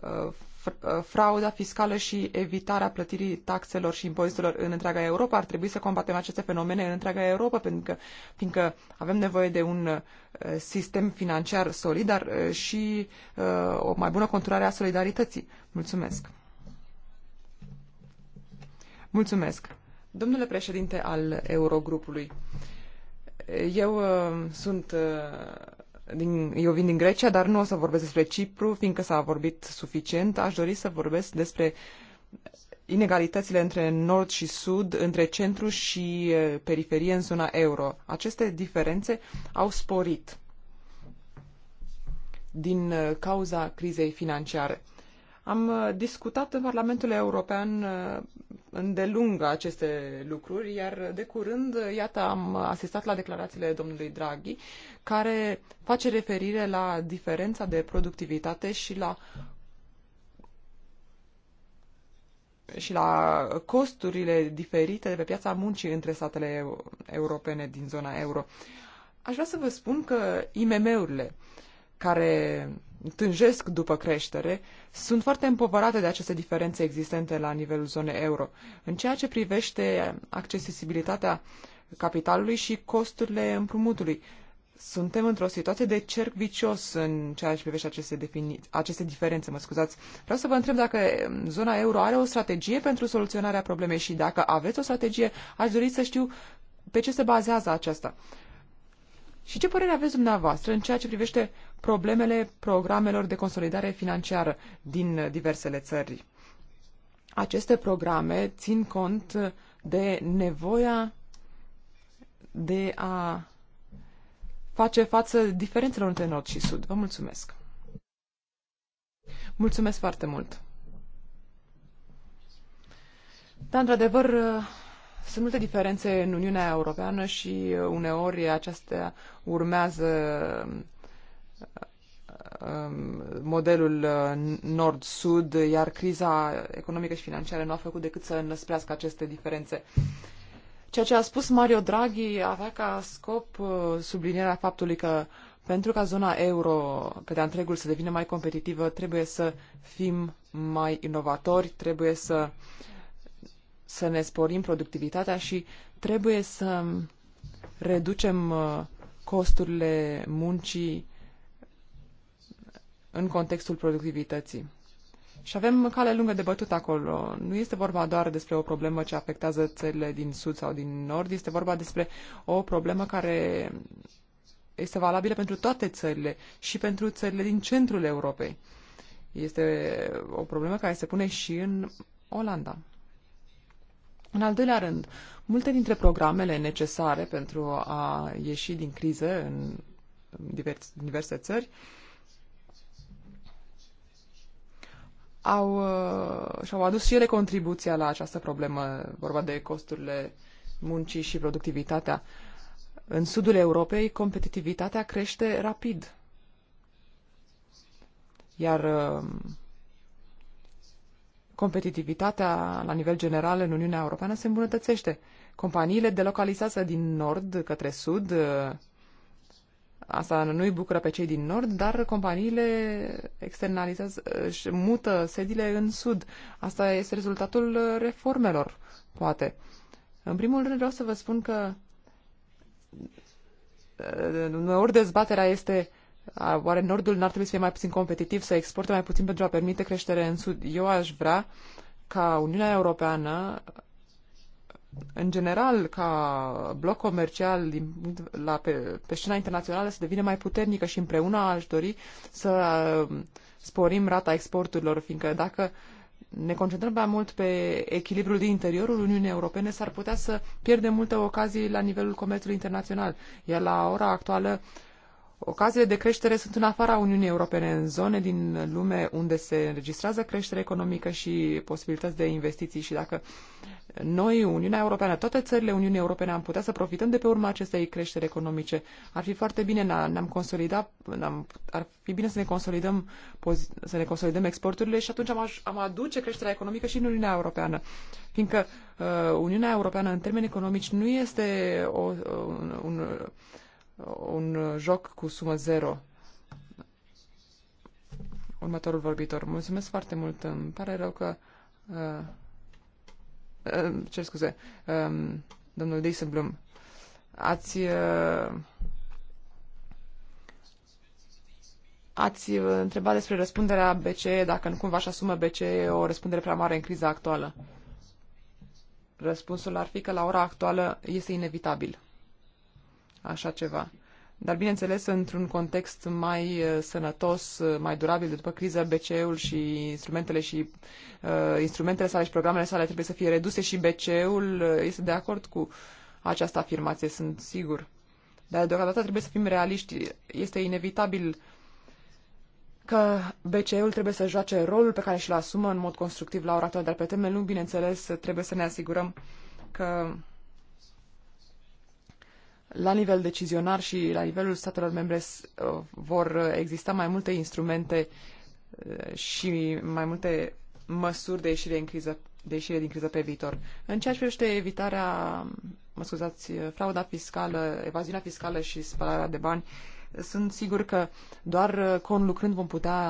uh, uh, frauda fiscală și evitarea plătirii taxelor și impozitelor în întreaga Europa. Ar trebui să combatem aceste fenomene în întreaga Europa, pentru că, fiindcă avem nevoie de un uh, sistem financiar solid, dar și o mai bună conturare a solidarității. Mulțumesc! Mulțumesc! Domnule președinte al Eurogrupului, eu sunt din, eu vin din Grecia, dar nu o să vorbesc despre Cipru, fiindcă s-a vorbit suficient. Aș dori să vorbesc despre inegalitățile între nord și sud, între centru și periferie în zona euro. Aceste diferențe au sporit din cauza crizei financiare. Am uh, discutat în Parlamentul European uh, îndelung aceste lucruri, iar de curând, uh, iată, am asistat la declarațiile domnului Draghi, care face referire la diferența de productivitate și la și la costurile diferite de pe piața muncii între statele europene din zona euro. Aș vrea să vă spun că IMM-urile care tânjesc după creștere, sunt foarte împovărate de aceste diferențe existente la nivelul zonei euro. În ceea ce privește accesibilitatea capitalului și costurile împrumutului, suntem într-o situație de cerc vicios în ceea ce privește aceste, defini- aceste diferențe, mă scuzați. Vreau să vă întreb dacă mm, zona euro are o strategie pentru soluționarea problemei și dacă aveți o strategie, aș dori să știu pe ce se bazează aceasta. Și ce părere aveți dumneavoastră în ceea ce privește problemele programelor de consolidare financiară din diversele țări? Aceste programe țin cont de nevoia de a face față diferențelor între nord și sud. Vă mulțumesc! Mulțumesc foarte mult! Dar, într-adevăr, sunt multe diferențe în Uniunea Europeană și uh, uneori acestea urmează um, um, modelul uh, nord-sud, iar criza economică și financiară nu a făcut decât să înăsprească aceste diferențe. Ceea ce a spus Mario Draghi avea ca scop uh, sublinierea faptului că pentru ca zona euro pe de întregul să devină mai competitivă, trebuie să fim mai inovatori, trebuie să uh, să ne sporim productivitatea și trebuie să reducem uh, costurile muncii în contextul productivității. Și avem cale lungă de bătut acolo. Nu este vorba doar despre o problemă ce afectează țările din sud sau din nord, este vorba despre o problemă care este valabilă pentru toate țările și pentru țările din centrul Europei. Este o problemă care se pune și în Olanda. În al doilea rând, multe dintre programele necesare pentru a ieși din crize în diverse țări au, uh, și-au adus și ele contribuția la această problemă, vorba de costurile muncii și productivitatea. În sudul Europei, competitivitatea crește rapid, iar uh, Competitivitatea la nivel general în Uniunea Europeană se îmbunătățește. Companiile delocalizează din nord către sud. Asta nu îi bucură pe cei din nord, dar companiile externalizează, își mută sediile în sud. Asta este rezultatul reformelor, poate. În primul rând vreau să vă spun că uneori dezbaterea este Oare Nordul n-ar trebui să fie mai puțin competitiv, să exporte mai puțin pentru a permite creștere în Sud? Eu aș vrea ca Uniunea Europeană, în general, ca bloc comercial la, pe, pe scena internațională, să devină mai puternică și împreună aș dori să um, sporim rata exporturilor, fiindcă dacă ne concentrăm mai mult pe echilibrul din interiorul Uniunii Europene, s-ar putea să pierdem multe ocazii la nivelul comerțului internațional. Iar la ora actuală, uh, Ocaziile de creștere sunt în afara Uniunii Europene, în zone din lume unde se înregistrează creștere economică și posibilități de investiții și dacă noi, Uniunea Europeană, toate țările Uniunii Europene am putea să profităm de pe urma acestei creșteri economice, ar fi foarte bine, ne-am consolidat, ne-am, ar fi bine să ne consolidăm, să ne consolidăm exporturile și atunci am, am aduce creșterea economică și în Uniunea Europeană. Fiindcă uh, Uniunea Europeană, în termeni economici, nu este o, un, un un joc cu sumă zero. Următorul vorbitor. Mulțumesc foarte mult. Îmi pare rău că... Uh, uh, cer scuze. uh, domnul Deiseblum, ați... Uh, ați uh, întrebat despre răspunderea BCE, dacă nu cumva își asumă BCE o răspundere prea mare în criza actuală. Răspunsul ar fi că la ora actuală este inevitabil așa ceva. Dar, bineînțeles, într-un context mai uh, sănătos, uh, mai durabil, după criză, BCE-ul și instrumentele și uh, instrumentele sale și programele sale trebuie să fie reduse și BCE-ul uh, este de acord cu această afirmație, sunt sigur. Dar, deocamdată, trebuie să fim realiști. Este inevitabil că BCE-ul trebuie să joace rolul pe care și-l asumă în mod constructiv la ora actuală, dar pe termen lung, bineînțeles, trebuie să ne asigurăm că la nivel decizionar și la nivelul statelor membre uh, vor exista mai multe instrumente uh, și mai multe măsuri de ieșire, în criză, de ieșire din criză pe viitor. În ceea ce privește evitarea, mă scuzați, frauda fiscală, evaziunea fiscală și spălarea de bani, sunt sigur că doar conlucrând vom putea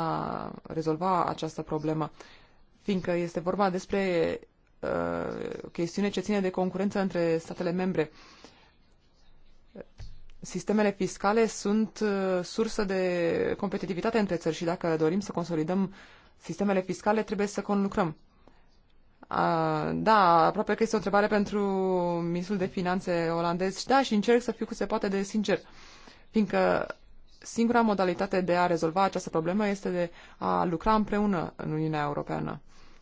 rezolva această problemă, fiindcă este vorba despre uh, chestiune ce ține de concurență între statele membre. Uh, sistemele fiscale sunt uh, sursă de competitivitate între țări și dacă dorim să consolidăm sistemele fiscale, trebuie să conlucrăm. A, da, aproape că este o întrebare pentru ministrul de finanțe olandez și da, și încerc să fiu cât se poate de sincer, fiindcă singura modalitate de a rezolva această problemă este de a lucra împreună în Uniunea Europeană.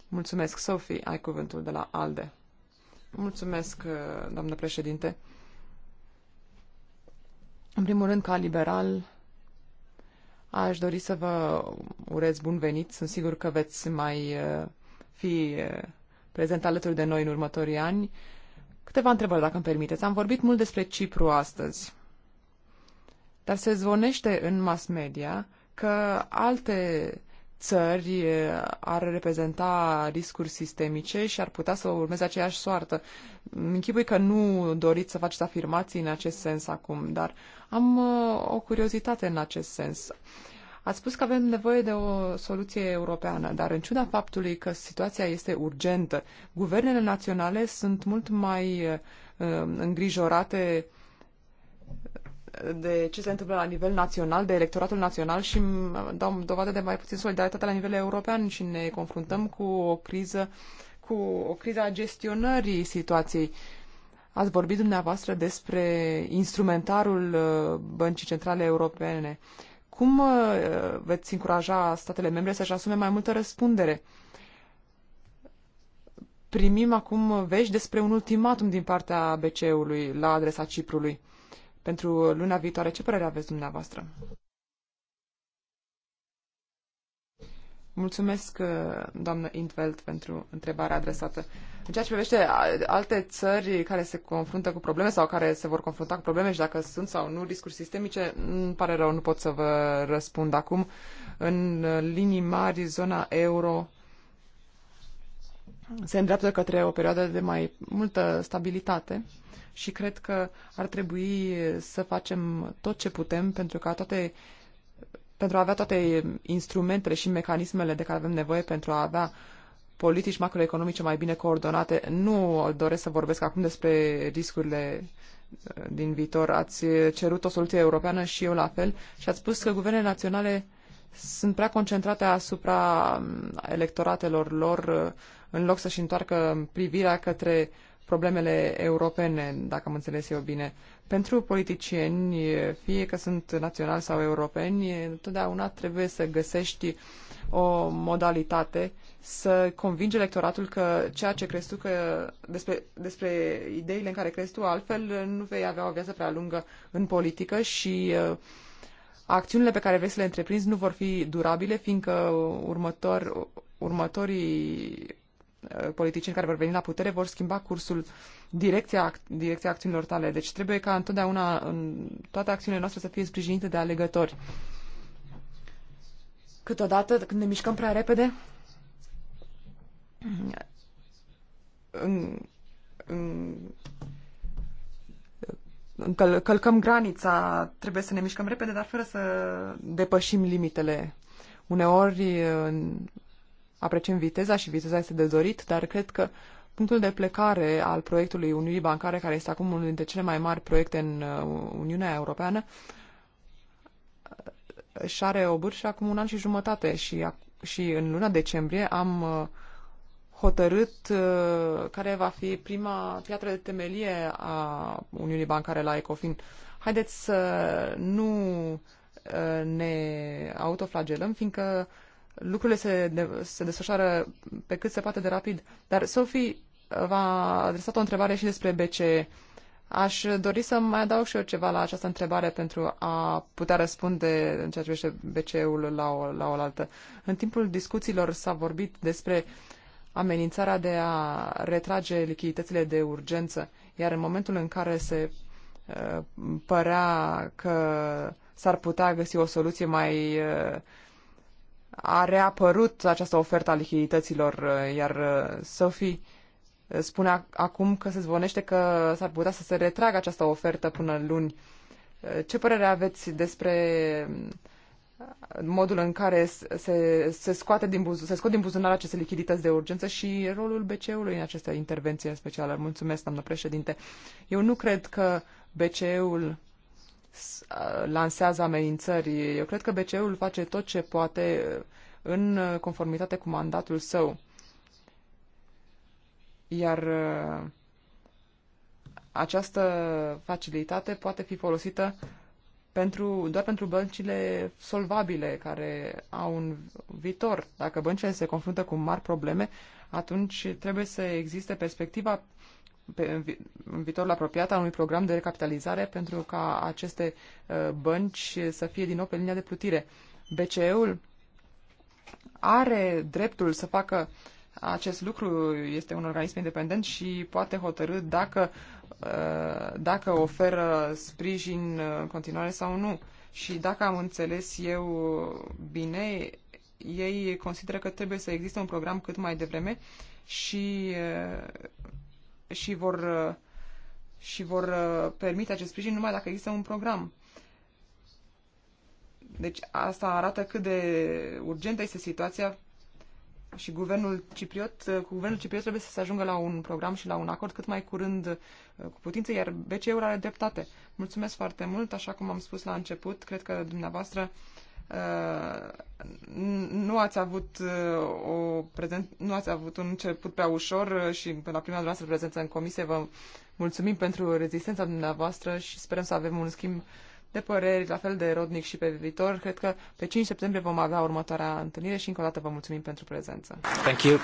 Mulțumesc, Sophie, ai cuvântul de la ALDE. Mulțumesc, uh, doamnă președinte. În primul rând, ca liberal, aș dori să vă urez bun venit. Sunt sigur că veți mai uh, fi uh, prezent alături de noi în următorii ani. Câteva întrebări, dacă îmi permiteți. Am vorbit mult despre Cipru astăzi, dar se zvonește în mass media că alte țări ar reprezenta riscuri sistemice și ar putea să urmeze aceeași soartă. Închipui că nu doriți să faceți afirmații în acest sens acum, dar am o curiozitate în acest sens. Ați spus că avem nevoie de o soluție europeană, dar în ciuda faptului că situația este urgentă, guvernele naționale sunt mult mai îngrijorate de ce se întâmplă la nivel național, de electoratul național și mm, dau dovadă de mai puțin solidaritate la nivel european și ne confruntăm cu o criză, cu o criză a gestionării situației. Ați vorbit dumneavoastră despre instrumentarul uh, Băncii Centrale Europene. Cum uh, veți încuraja statele membre să-și asume mai multă răspundere? primim acum vești despre un ultimatum din partea BCE-ului la adresa Ciprului pentru luna viitoare. Ce părere aveți dumneavoastră? Mulțumesc, uh, doamnă Intveld, pentru întrebarea adresată. În ceea ce privește alte țări care se confruntă cu probleme sau care se vor confrunta cu probleme și dacă sunt sau nu riscuri sistemice, îmi pare rău, nu pot să vă răspund acum. În uh, linii mari, zona euro se îndreaptă către o perioadă de mai multă stabilitate și cred că ar trebui să facem tot ce putem pentru ca toate pentru a avea toate instrumentele și mecanismele de care avem nevoie pentru a avea politici macroeconomice mai bine coordonate. Nu doresc să vorbesc acum despre riscurile uh, din viitor. Ați cerut o soluție europeană și eu la fel și ați spus că guvernele naționale sunt prea concentrate asupra um, electoratelor lor uh, în loc să-și întoarcă privirea către problemele europene, dacă am înțeles eu bine. Pentru politicieni, fie că sunt naționali sau europeni, întotdeauna trebuie să găsești o modalitate să convingi electoratul că ceea ce crezi tu că despre, despre ideile în care crezi tu, altfel nu vei avea o viață prea lungă în politică și uh, acțiunile pe care vrei să le întreprinzi nu vor fi durabile, fiindcă următor, următorii Uh, politicieni care vor veni la putere vor schimba cursul, direcția, direcția acțiunilor tale. Deci trebuie ca întotdeauna în toate acțiunile noastre să fie sprijinite de alegători. Câteodată, când ne mișcăm prea repede, în, în, încăl, călcăm granița, trebuie să ne mișcăm repede, dar fără să depășim limitele. Uneori, în apreciem viteza și viteza este de dorit, dar cred că punctul de plecare al proiectului Uniunii Bancare, care este acum unul dintre cele mai mari proiecte în uh, Uniunea Europeană, uh, și are o și acum un an și jumătate și, și în luna decembrie am uh, hotărât care va fi prima piatră de temelie a Uniunii Bancare la Ecofin. Haideți să nu ne autoflagelăm, fiindcă lucrurile se, de, se desfășoară pe cât se poate de rapid. Dar Sophie v-a adresat o întrebare și despre BCE. Aș dori să mai adaug și eu ceva la această întrebare pentru a putea răspunde în ceea ce privește BCE-ul la, o, la oaltă. În timpul discuțiilor s-a vorbit despre amenințarea de a retrage lichiditățile de urgență, iar în momentul în care se uh, părea că s-ar putea găsi o soluție mai uh, a reapărut această ofertă a lichidităților, uh, iar uh, Sophie uh, spune acum că se zvonește că s-ar putea să se retragă această ofertă până luni. Ce părere aveți despre modul în care se, se, scoate din buzu- se scot din buzunar aceste lichidități de urgență și rolul BCE-ului în această intervenție specială. Mulțumesc, doamnă președinte. Eu nu cred că BCE-ul lansează amenințări. Eu cred că BCE-ul face tot ce poate uh, în uh, conformitate cu mandatul său. Iar uh, această facilitate poate fi folosită pentru, doar pentru băncile solvabile care au un viitor. Dacă băncile se confruntă cu mari probleme, atunci trebuie să existe perspectiva pe, în, vi, în viitorul apropiat al unui program de recapitalizare pentru ca aceste uh, bănci să fie din nou pe linia de plutire. BCE-ul are dreptul să facă acest lucru, este un organism independent și poate hotărâ dacă, uh, dacă oferă sprijin uh, în continuare sau nu. Și dacă am înțeles eu bine, ei consideră că trebuie să existe un program cât mai devreme și uh, și vor, uh, și vor uh, permite acest sprijin numai dacă există un program. Deci asta arată cât de urgentă este situația și guvernul cipriot, uh, cu guvernul cipriot trebuie să se ajungă la un program și la un acord cât mai curând cu putință, iar BCE-ul are dreptate. Mulțumesc foarte mult, așa cum am spus la început, cred că dumneavoastră Uh, nu ați avut uh, o prezent, nu ați avut un început prea ușor uh, și pe la prima noastră prezență în comisie vă mulțumim pentru rezistența dumneavoastră și sperăm să avem un schimb de păreri la fel de rodnic și pe viitor. Cred că pe 5 septembrie vom avea următoarea întâlnire și încă o dată vă mulțumim pentru prezență. Thank you.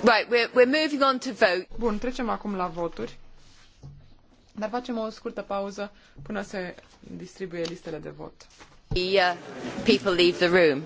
Right, we're, we're moving on to vote. Bun, trecem acum la voturi. Dar facem o scurtă pauză până se distribuie listele de vot. The, uh, people leave the room.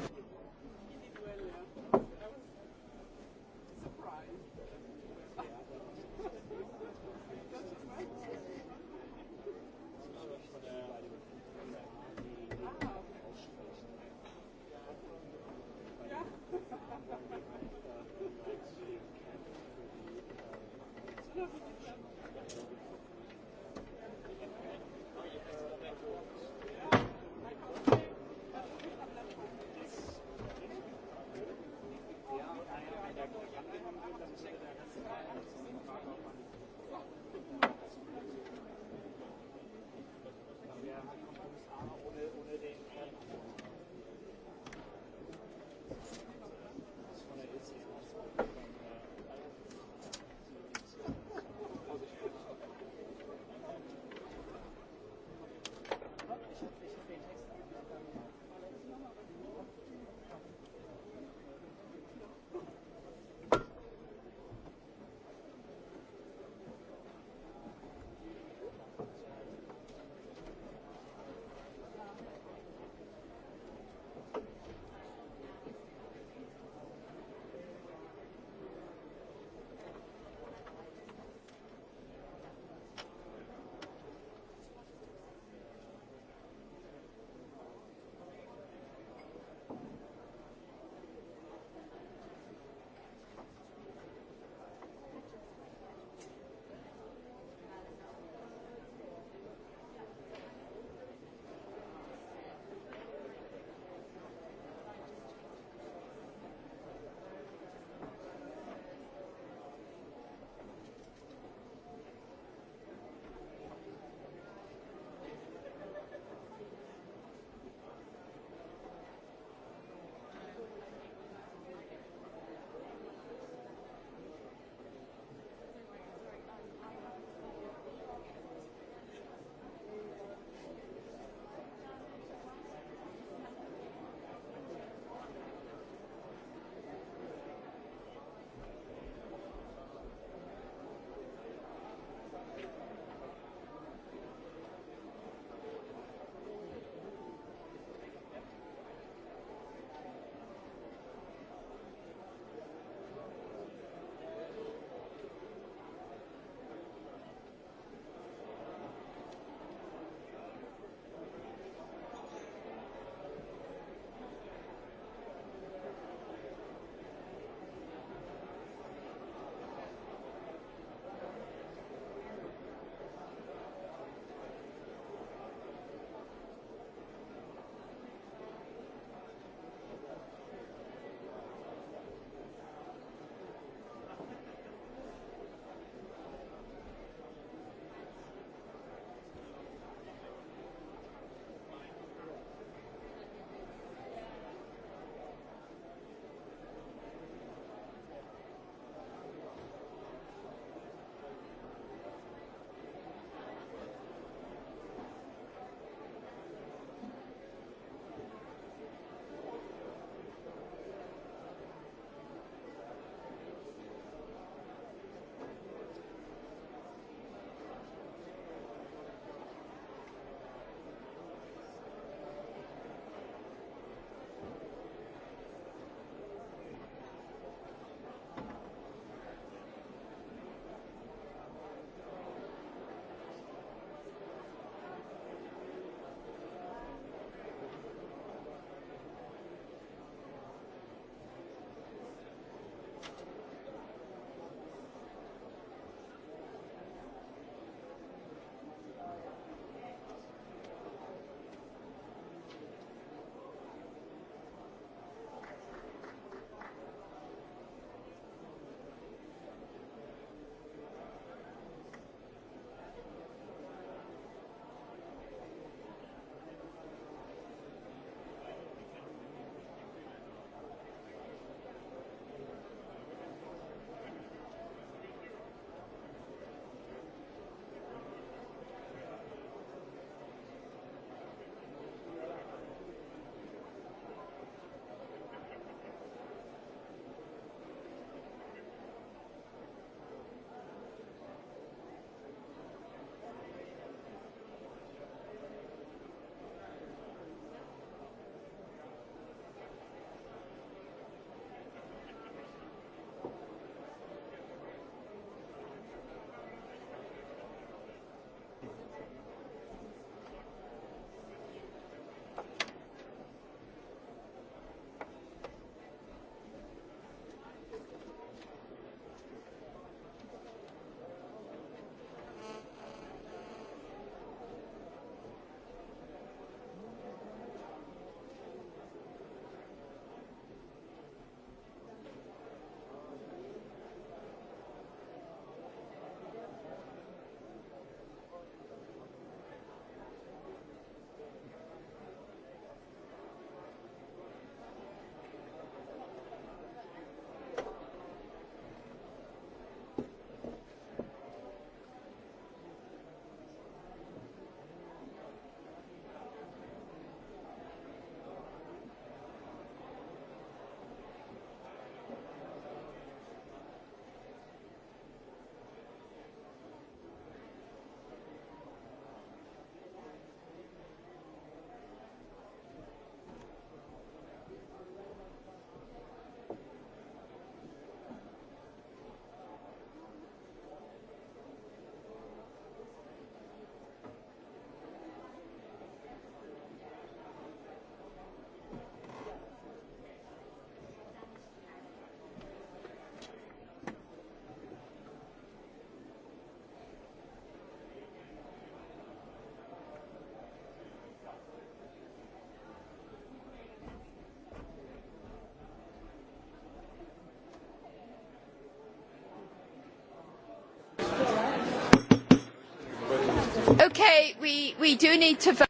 Okay, we, we do need to vote.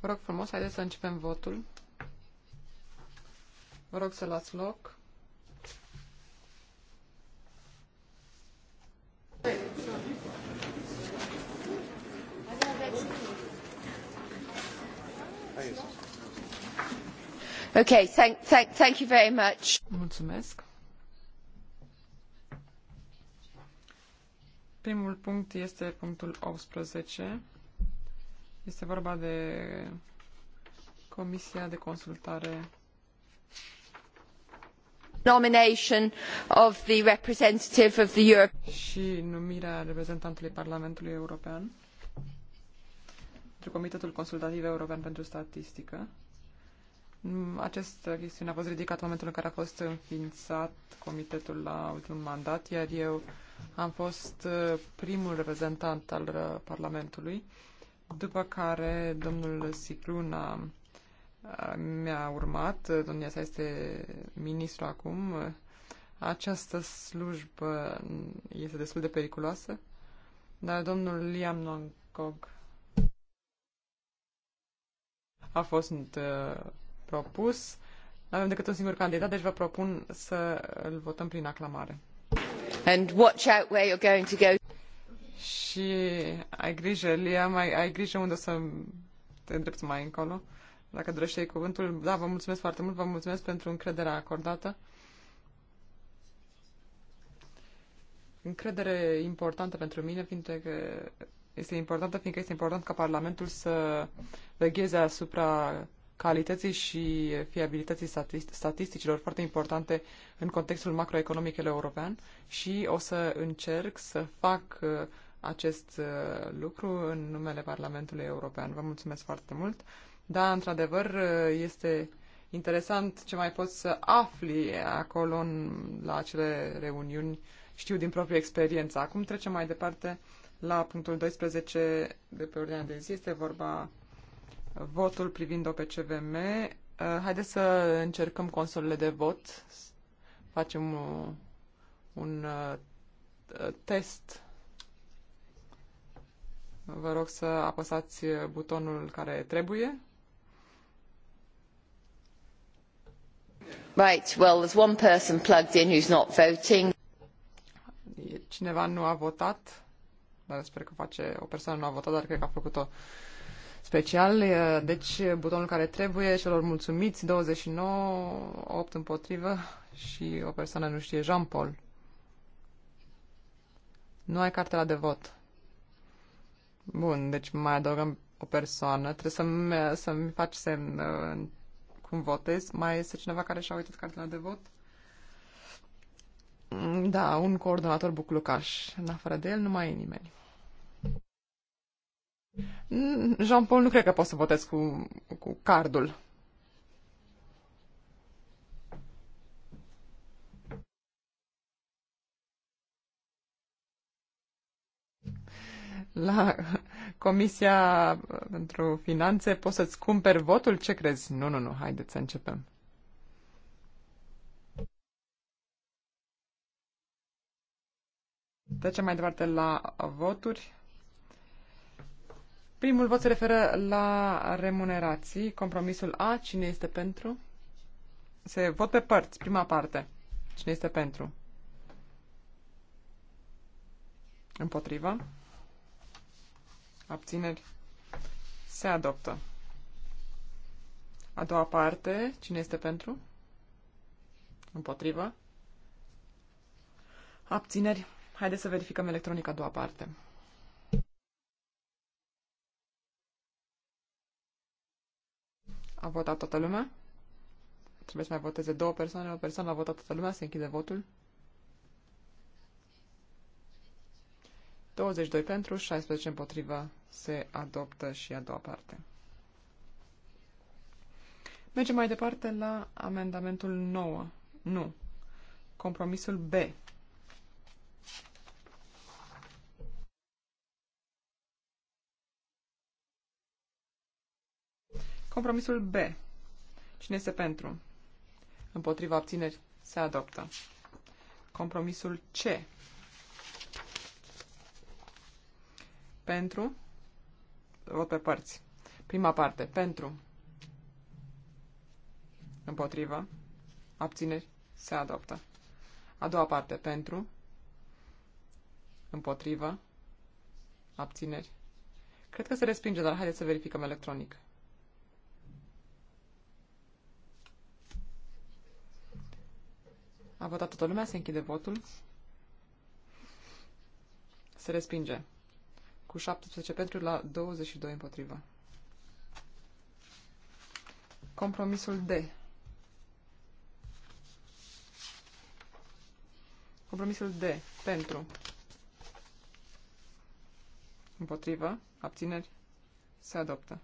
Vă rog frumos, haideți să începem votul. Vă rog să luați loc. Ok, thank, thank, thank you very much. Mulțumesc. Primul punct este punctul 18. Este vorba de Comisia de Consultare nomination of the representative of the Europe și numirea reprezentantului Parlamentului European pentru Comitetul Consultativ European pentru Statistică. Această chestiune a fost ridicată în momentul în care a fost înființat comitetul la ultimul mandat, iar eu am fost uh, primul reprezentant al uh, Parlamentului după care domnul Sicluna uh, mi-a urmat, uh, domnia sa este ministru acum. Această slujbă este destul de periculoasă, dar domnul Liam Nongkog a fost uh, propus. Nu avem decât un singur candidat, deci vă propun să îl votăm prin aclamare. And watch out where you're going to go. Și ai grijă, Lia, mai, ai grijă unde o să te îndrepți mai încolo. Dacă dorești cuvântul, da, vă mulțumesc foarte mult, vă mulțumesc pentru încrederea acordată. Încredere importantă pentru mine, fiindcă este importantă, fiindcă este important ca Parlamentul să vegheze asupra calității și fiabilității statisticilor foarte importante în contextul macroeconomic european și o să încerc să fac acest uh, lucru în numele Parlamentului European. Vă mulțumesc foarte mult. Da, într-adevăr, uh, este interesant ce mai poți să afli acolo în, la acele reuniuni. Știu din proprie experiență. Acum trecem mai departe la punctul 12 de pe ordinea de zi. Este vorba votul privind OPCVM. Uh, haideți să încercăm consolele de vot. Facem un, un test Vă rog să apăsați butonul care trebuie. Right, well, there's one person plugged in who's not voting. Cineva nu a votat, dar sper că face, o persoană nu a votat, dar cred că a făcut-o special. Deci, butonul care trebuie, celor mulțumiți, 29, 8 împotrivă și o persoană nu știe, Jean-Paul. Nu ai cartela de vot. Bun, deci mai adăugăm o persoană. Trebuie să-mi, să-mi faci semn uh, cum votez. Mai este cineva care și-a uitat cartea de vot? Mm, da, un coordonator buclucaș. În afară de el nu mai e nimeni. Mm, Jean-Paul, nu cred că pot să votez cu, cu cardul. la Comisia pentru Finanțe poți să-ți cumperi votul? Ce crezi? Nu, nu, nu, haideți să începem. Trecem mai departe la voturi. Primul vot se referă la remunerații. Compromisul A, cine este pentru? Se vot pe părți, prima parte. Cine este pentru? Împotriva? abțineri, se adoptă. A doua parte, cine este pentru? Împotrivă. Abțineri. Haideți să verificăm electronica a doua parte. A votat toată lumea? Trebuie să mai voteze două persoane. O persoană a votat toată lumea. Se închide votul. 22 pentru, 16 împotriva se adoptă și a doua parte. Mergem mai departe la amendamentul 9. Nu. Compromisul B. Compromisul B. Cine este pentru? Împotriva abțineri se adoptă. Compromisul C. Pentru. o pe părți. Prima parte. Pentru. Împotrivă. Abțineri. Se adoptă. A doua parte. Pentru. Împotrivă. Abțineri. Cred că se respinge, dar haideți să verificăm electronic. A votat toată lumea, se închide votul. Se respinge cu 17 pentru la 22 împotrivă. Compromisul D. Compromisul D. Pentru. Împotrivă. Abțineri. Se adoptă.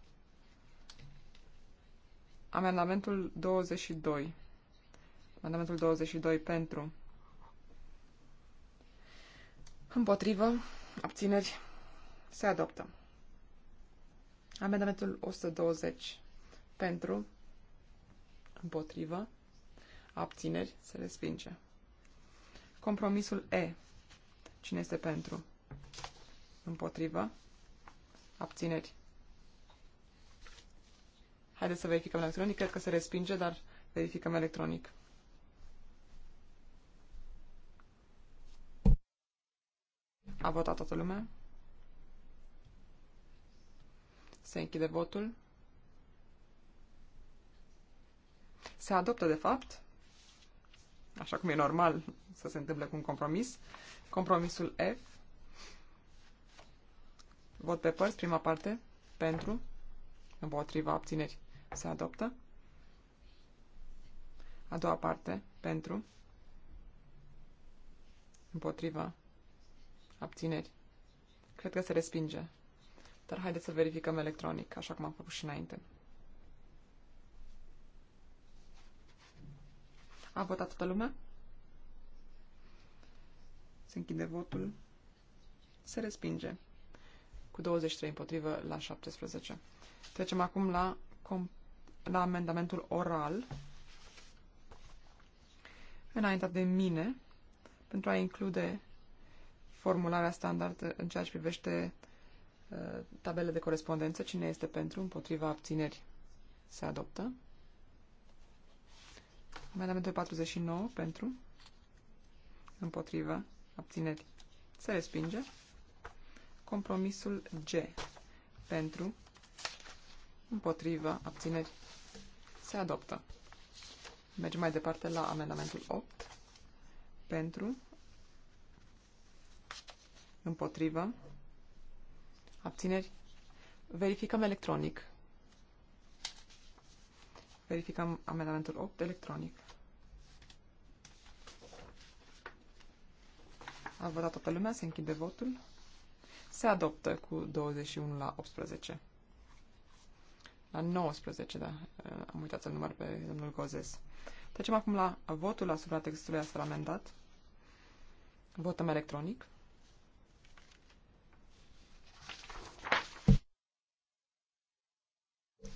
Amendamentul 22. Amendamentul 22 pentru. Împotrivă. Abțineri. Se adoptă. Amendamentul 120 pentru, împotrivă, abțineri, se respinge. Compromisul E. Cine este pentru? Împotrivă, abțineri. Haideți să verificăm electronic. Cred că se respinge, dar verificăm electronic. A votat toată lumea? Se închide votul. Se adoptă, de fapt, așa cum e normal să se întâmple cu un compromis, compromisul F. Vot pe părți, prima parte, pentru, împotriva abțineri, se adoptă. A doua parte, pentru, împotriva abțineri. Cred că se respinge. Dar haideți să verificăm electronic, așa cum am făcut și înainte. A votat toată lumea? Se închide votul. Se respinge. Cu 23 împotrivă la 17. Trecem acum la, la amendamentul oral înaintea de mine pentru a include formularea standard în ceea ce privește uh, Uh, tabele de corespondență. Cine este pentru? Împotriva abțineri. Se adoptă. Amendamentul 49 pentru. Împotriva abțineri. Se respinge. Compromisul G pentru. Împotriva abțineri. Se adoptă. Mergem mai departe la amendamentul 8 pentru. Împotriva Abțineri? Verificăm electronic. Verificăm amendamentul 8 electronic. A votat toată lumea, se închide votul. Se adoptă cu 21 la 18. La 19, da. Am uitat să număr pe domnul Gozes. Trecem acum la votul asupra textului astfel amendat. Votăm electronic.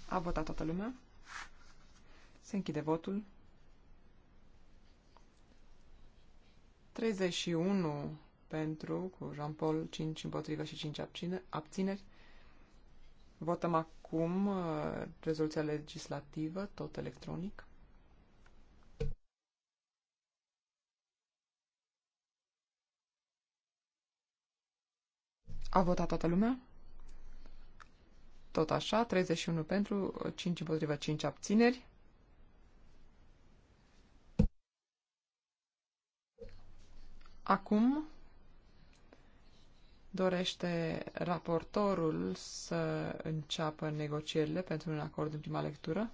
A votat toată lumea. Se închide votul. 31 pentru, cu Jean-Paul 5 împotrivă și 5 abțineri. Votăm acum uh, rezoluția legislativă, tot electronic. A votat toată lumea? tot așa, 31 pentru, 5 împotriva, 5 abțineri. Acum dorește raportorul să înceapă negocierile pentru un acord în prima lectură,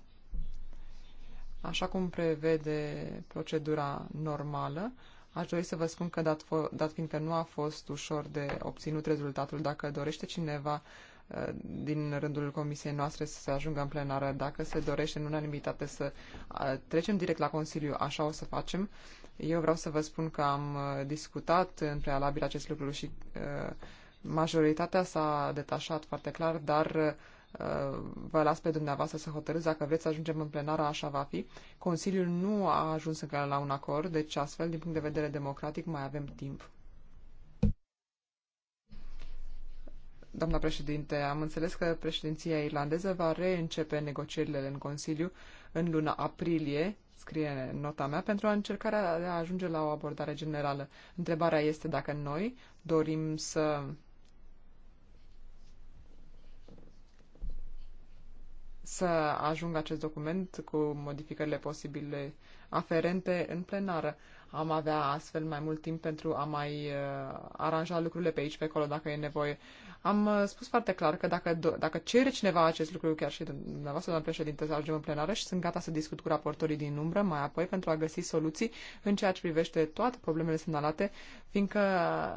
așa cum prevede procedura normală. Aș dori să vă spun că, dat, dat fiindcă nu a fost ușor de obținut rezultatul, dacă dorește cineva uh, Uh, din rândul comisiei noastre să se ajungă în plenară. Dacă se dorește în unanimitate să uh, trecem direct la Consiliu, așa o să facem. Eu vreau să vă spun că am uh, discutat în prealabil acest lucru și majoritatea s-a detașat foarte clar, dar vă las pe dumneavoastră să hotărâți dacă vreți să ajungem în plenară, așa va fi. Consiliul nu a ajuns încă la un acord, deci astfel, din punct de vedere democratic, mai avem timp. Doamna președinte, am înțeles că președinția irlandeză va reîncepe negocierile în Consiliu în luna aprilie, scrie nota mea, pentru a încerca de a ajunge la o abordare generală. Întrebarea este dacă noi dorim să să ajungă acest document cu modificările posibile aferente în plenară. Am avea astfel mai mult timp pentru a mai uh, aranja lucrurile pe aici, pe acolo, dacă e nevoie. Uh, am uh, spus foarte clar că dacă, dacă cere cineva acest lucru, chiar și dumneavoastră, doamnă președinte, să ajungem în plenară și sunt gata să discut cu raportorii din umbră mai apoi pentru a găsi soluții în ceea ce privește toate problemele semnalate, fiindcă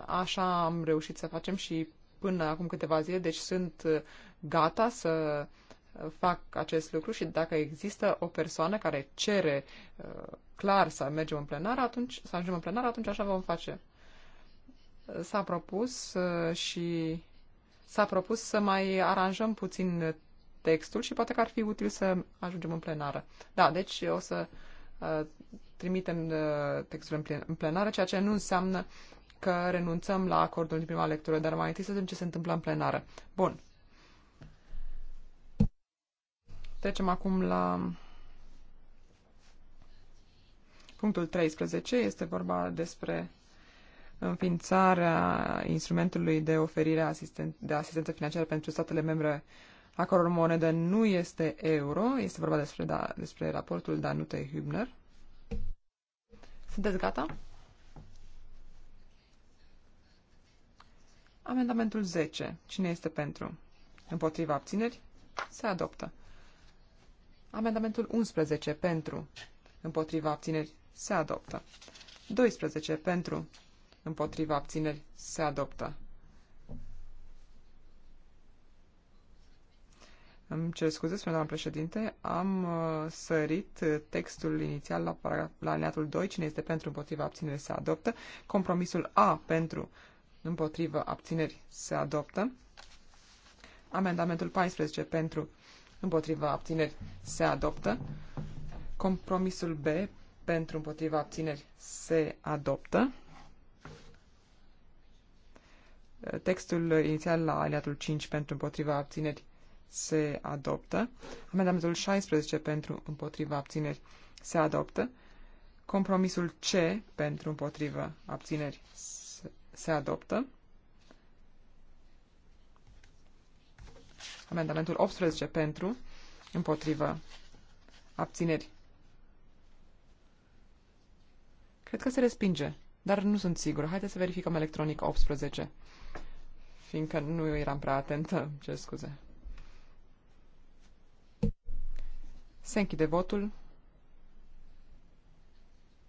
așa am reușit să facem și până acum câteva zile, deci sunt uh, gata să uh, fac acest lucru și dacă există o persoană care cere clar să mergem în plenar, atunci să ajungem în plenar, atunci așa vom face. S-a propus și s-a propus să mai aranjăm puțin textul și poate că ar fi util să ajungem în plenară. Da, deci o să uh, trimitem uh, textul în, plen- în plenară, ceea ce nu înseamnă că renunțăm la acordul din prima lectură, dar mai întâi să vedem ce se întâmplă în plenară. Bun. Trecem acum la punctul 13. Este vorba despre înființarea instrumentului de oferire asisten- de asistență financiară pentru statele membre a căror monedă nu este euro. Este vorba despre, da, despre raportul Danute Hübner. Sunteți gata? Amendamentul 10. Cine este pentru? Împotriva abțineri? Se adoptă. Amendamentul 11. Pentru. Împotriva abțineri? Se adoptă. 12. Pentru împotriva abțineri se adoptă. Îmi cer scuze, spune doamna președinte, am uh, sărit uh, textul inițial la, la aliniatul 2, cine este pentru împotriva abțineri se adoptă, compromisul A pentru împotriva abțineri se adoptă, amendamentul 14 pentru împotriva abțineri se adoptă, compromisul B pentru împotriva abțineri se adoptă, Textul inițial la aliatul 5 pentru împotriva abțineri se adoptă. Amendamentul 16 pentru împotriva abțineri se adoptă. Compromisul C pentru împotriva abțineri se, se adoptă. Amendamentul 18 pentru împotriva abțineri. Cred că se respinge, dar nu sunt sigur. Haideți să verificăm electronic 18 fiindcă nu eram prea atentă, ce scuze. Se închide votul.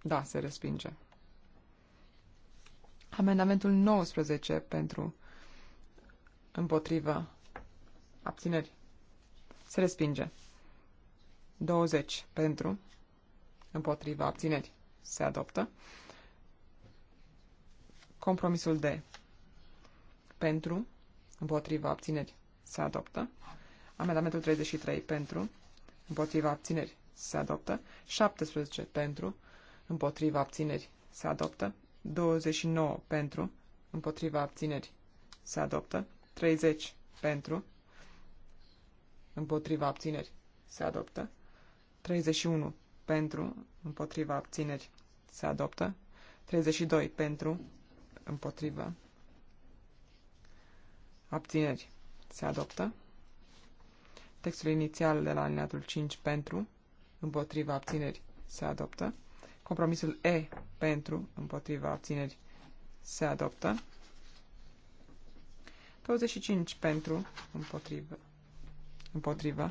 Da, se respinge. Amendamentul 19 pentru împotrivă abțineri. Se respinge. 20 pentru împotrivă abțineri. Se adoptă. Compromisul D pentru, împotriva abțineri, se adoptă. Amendamentul 33 pentru, împotriva abțineri, se adoptă. 17 pentru, împotriva abțineri, se adoptă. 29 pentru, împotriva abțineri, se adoptă. 30 pentru, împotriva abțineri, se adoptă. 31 pentru, împotriva abțineri, se adoptă. 32 pentru, împotriva Abțineri. Se adoptă. Textul inițial de la alineatul 5 pentru, împotriva abțineri, se adoptă. Compromisul E pentru, împotriva abțineri, se adoptă. 25 pentru, împotriva, împotriva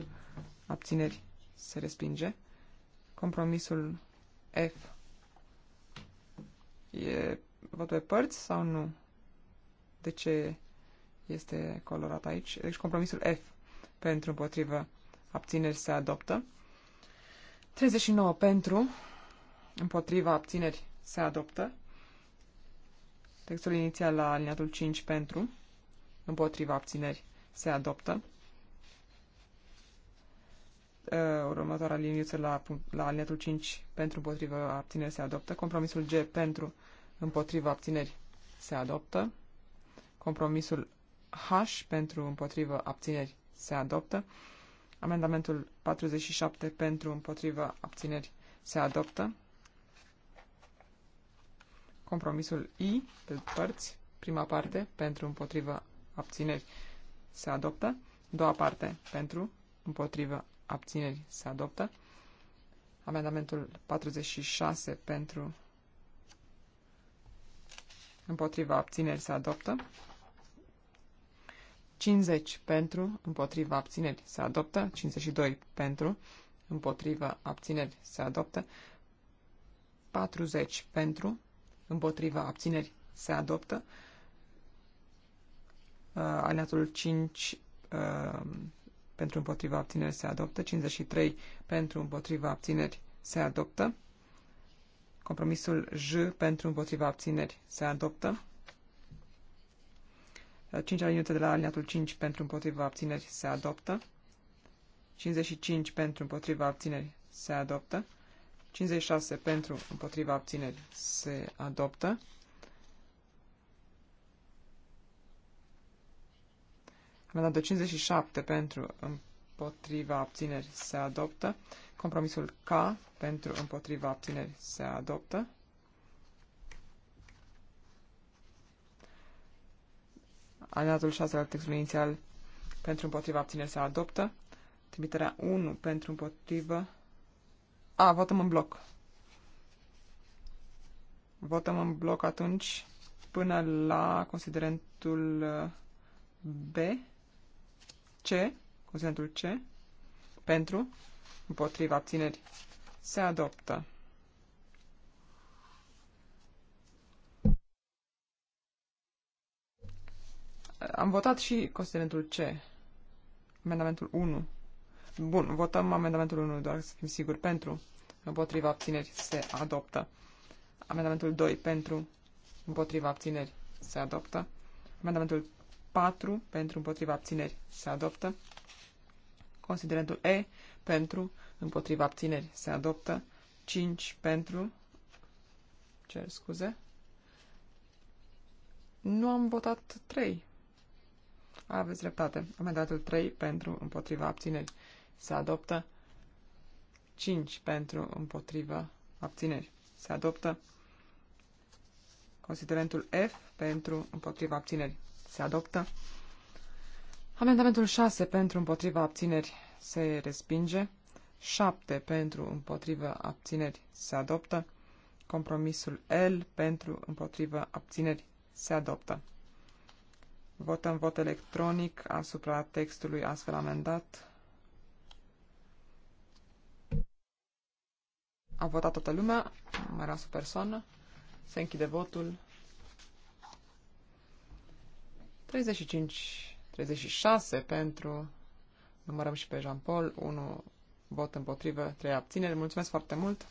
abțineri, se respinge. Compromisul F e vot pe părți sau nu? De ce este colorat aici. Deci compromisul F pentru împotrivă abțineri se adoptă. 39 pentru împotriva abțineri se adoptă. Textul inițial la aliniatul 5 pentru împotriva abțineri se adoptă. Următoarea liniuță la, la aliniatul 5 pentru împotriva abțineri se adoptă. Compromisul G pentru împotriva abțineri se adoptă. Compromisul H pentru împotrivă abțineri se adoptă. Amendamentul 47 pentru împotrivă abțineri se adoptă. Compromisul I pe părți, prima parte pentru împotrivă abțineri se adoptă. Doua parte pentru împotrivă abțineri se adoptă. Amendamentul 46 pentru împotriva abțineri se adoptă. 50 pentru, împotriva abțineri se adoptă, 52 pentru, împotriva abțineri se adoptă, 40 pentru, împotriva abțineri se adoptă, uh, aliatul 5 uh, pentru împotriva abțineri se adoptă, 53 pentru împotriva abțineri se adoptă, compromisul J pentru împotriva abțineri se adoptă, 5 aliniuță de la aliniatul 5 pentru împotriva abțineri se adoptă. 55 pentru împotriva abțineri se adoptă. 56 pentru împotriva abțineri se adoptă. dat 57 pentru împotriva abțineri se adoptă. Compromisul K pentru împotriva abțineri se adoptă. Alinatul 6 al textului inițial pentru împotriva abțineri se adoptă. Trimiterea 1 pentru împotrivă. A, votăm în bloc. Votăm în bloc atunci până la considerentul B, C, considerentul C, pentru, împotriva abțineri, se adoptă. Am votat și considerentul C. Amendamentul 1. Bun, votăm amendamentul 1, doar să fim siguri. Pentru, împotriva abțineri, se adoptă. Amendamentul 2, pentru, împotriva abțineri, se adoptă. Amendamentul 4, pentru, împotriva abțineri, se adoptă. Considerentul E, pentru, împotriva abțineri, se adoptă. 5, pentru, cer scuze. Nu am votat 3. Aveți dreptate. Amendatul 3 pentru împotriva abțineri se adoptă. 5 pentru împotriva abțineri se adoptă. Considerentul F pentru împotriva abțineri se adoptă. Amendamentul 6 pentru împotriva abțineri se respinge. 7 pentru împotriva abțineri se adoptă. Compromisul L pentru împotriva abțineri se adoptă. Votăm vot electronic asupra textului astfel amendat. A votat toată lumea, mai era o persoană. Se închide votul. 35, 36 pentru, numărăm și pe Jean-Paul, 1 vot împotrivă, 3 abțineri. Mulțumesc foarte mult!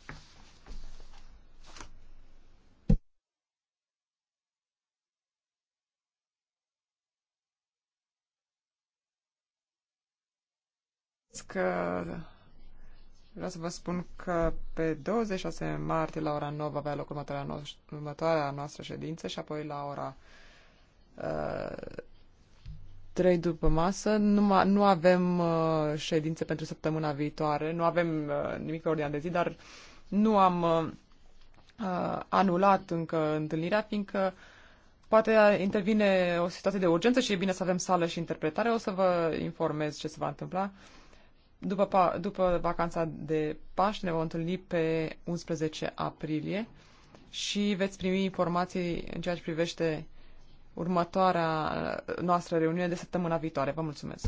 Vreau să vă spun că pe 26 martie la ora 9 va avea loc următoarea, noș- următoarea noastră ședință și apoi la ora uh, 3 după masă. Nu, nu avem uh, ședințe pentru săptămâna viitoare, nu avem uh, nimic pe de zi, dar nu am uh, uh, anulat încă întâlnirea, fiindcă poate intervine o situație de urgență și e bine să avem sală și interpretare. O să vă informez ce se va întâmpla. Uh, după, după vacanța de Paști ne vom întâlni pe 11 aprilie și veți primi informații în ceea ce privește următoarea noastră reuniune de săptămâna viitoare. Vă mulțumesc!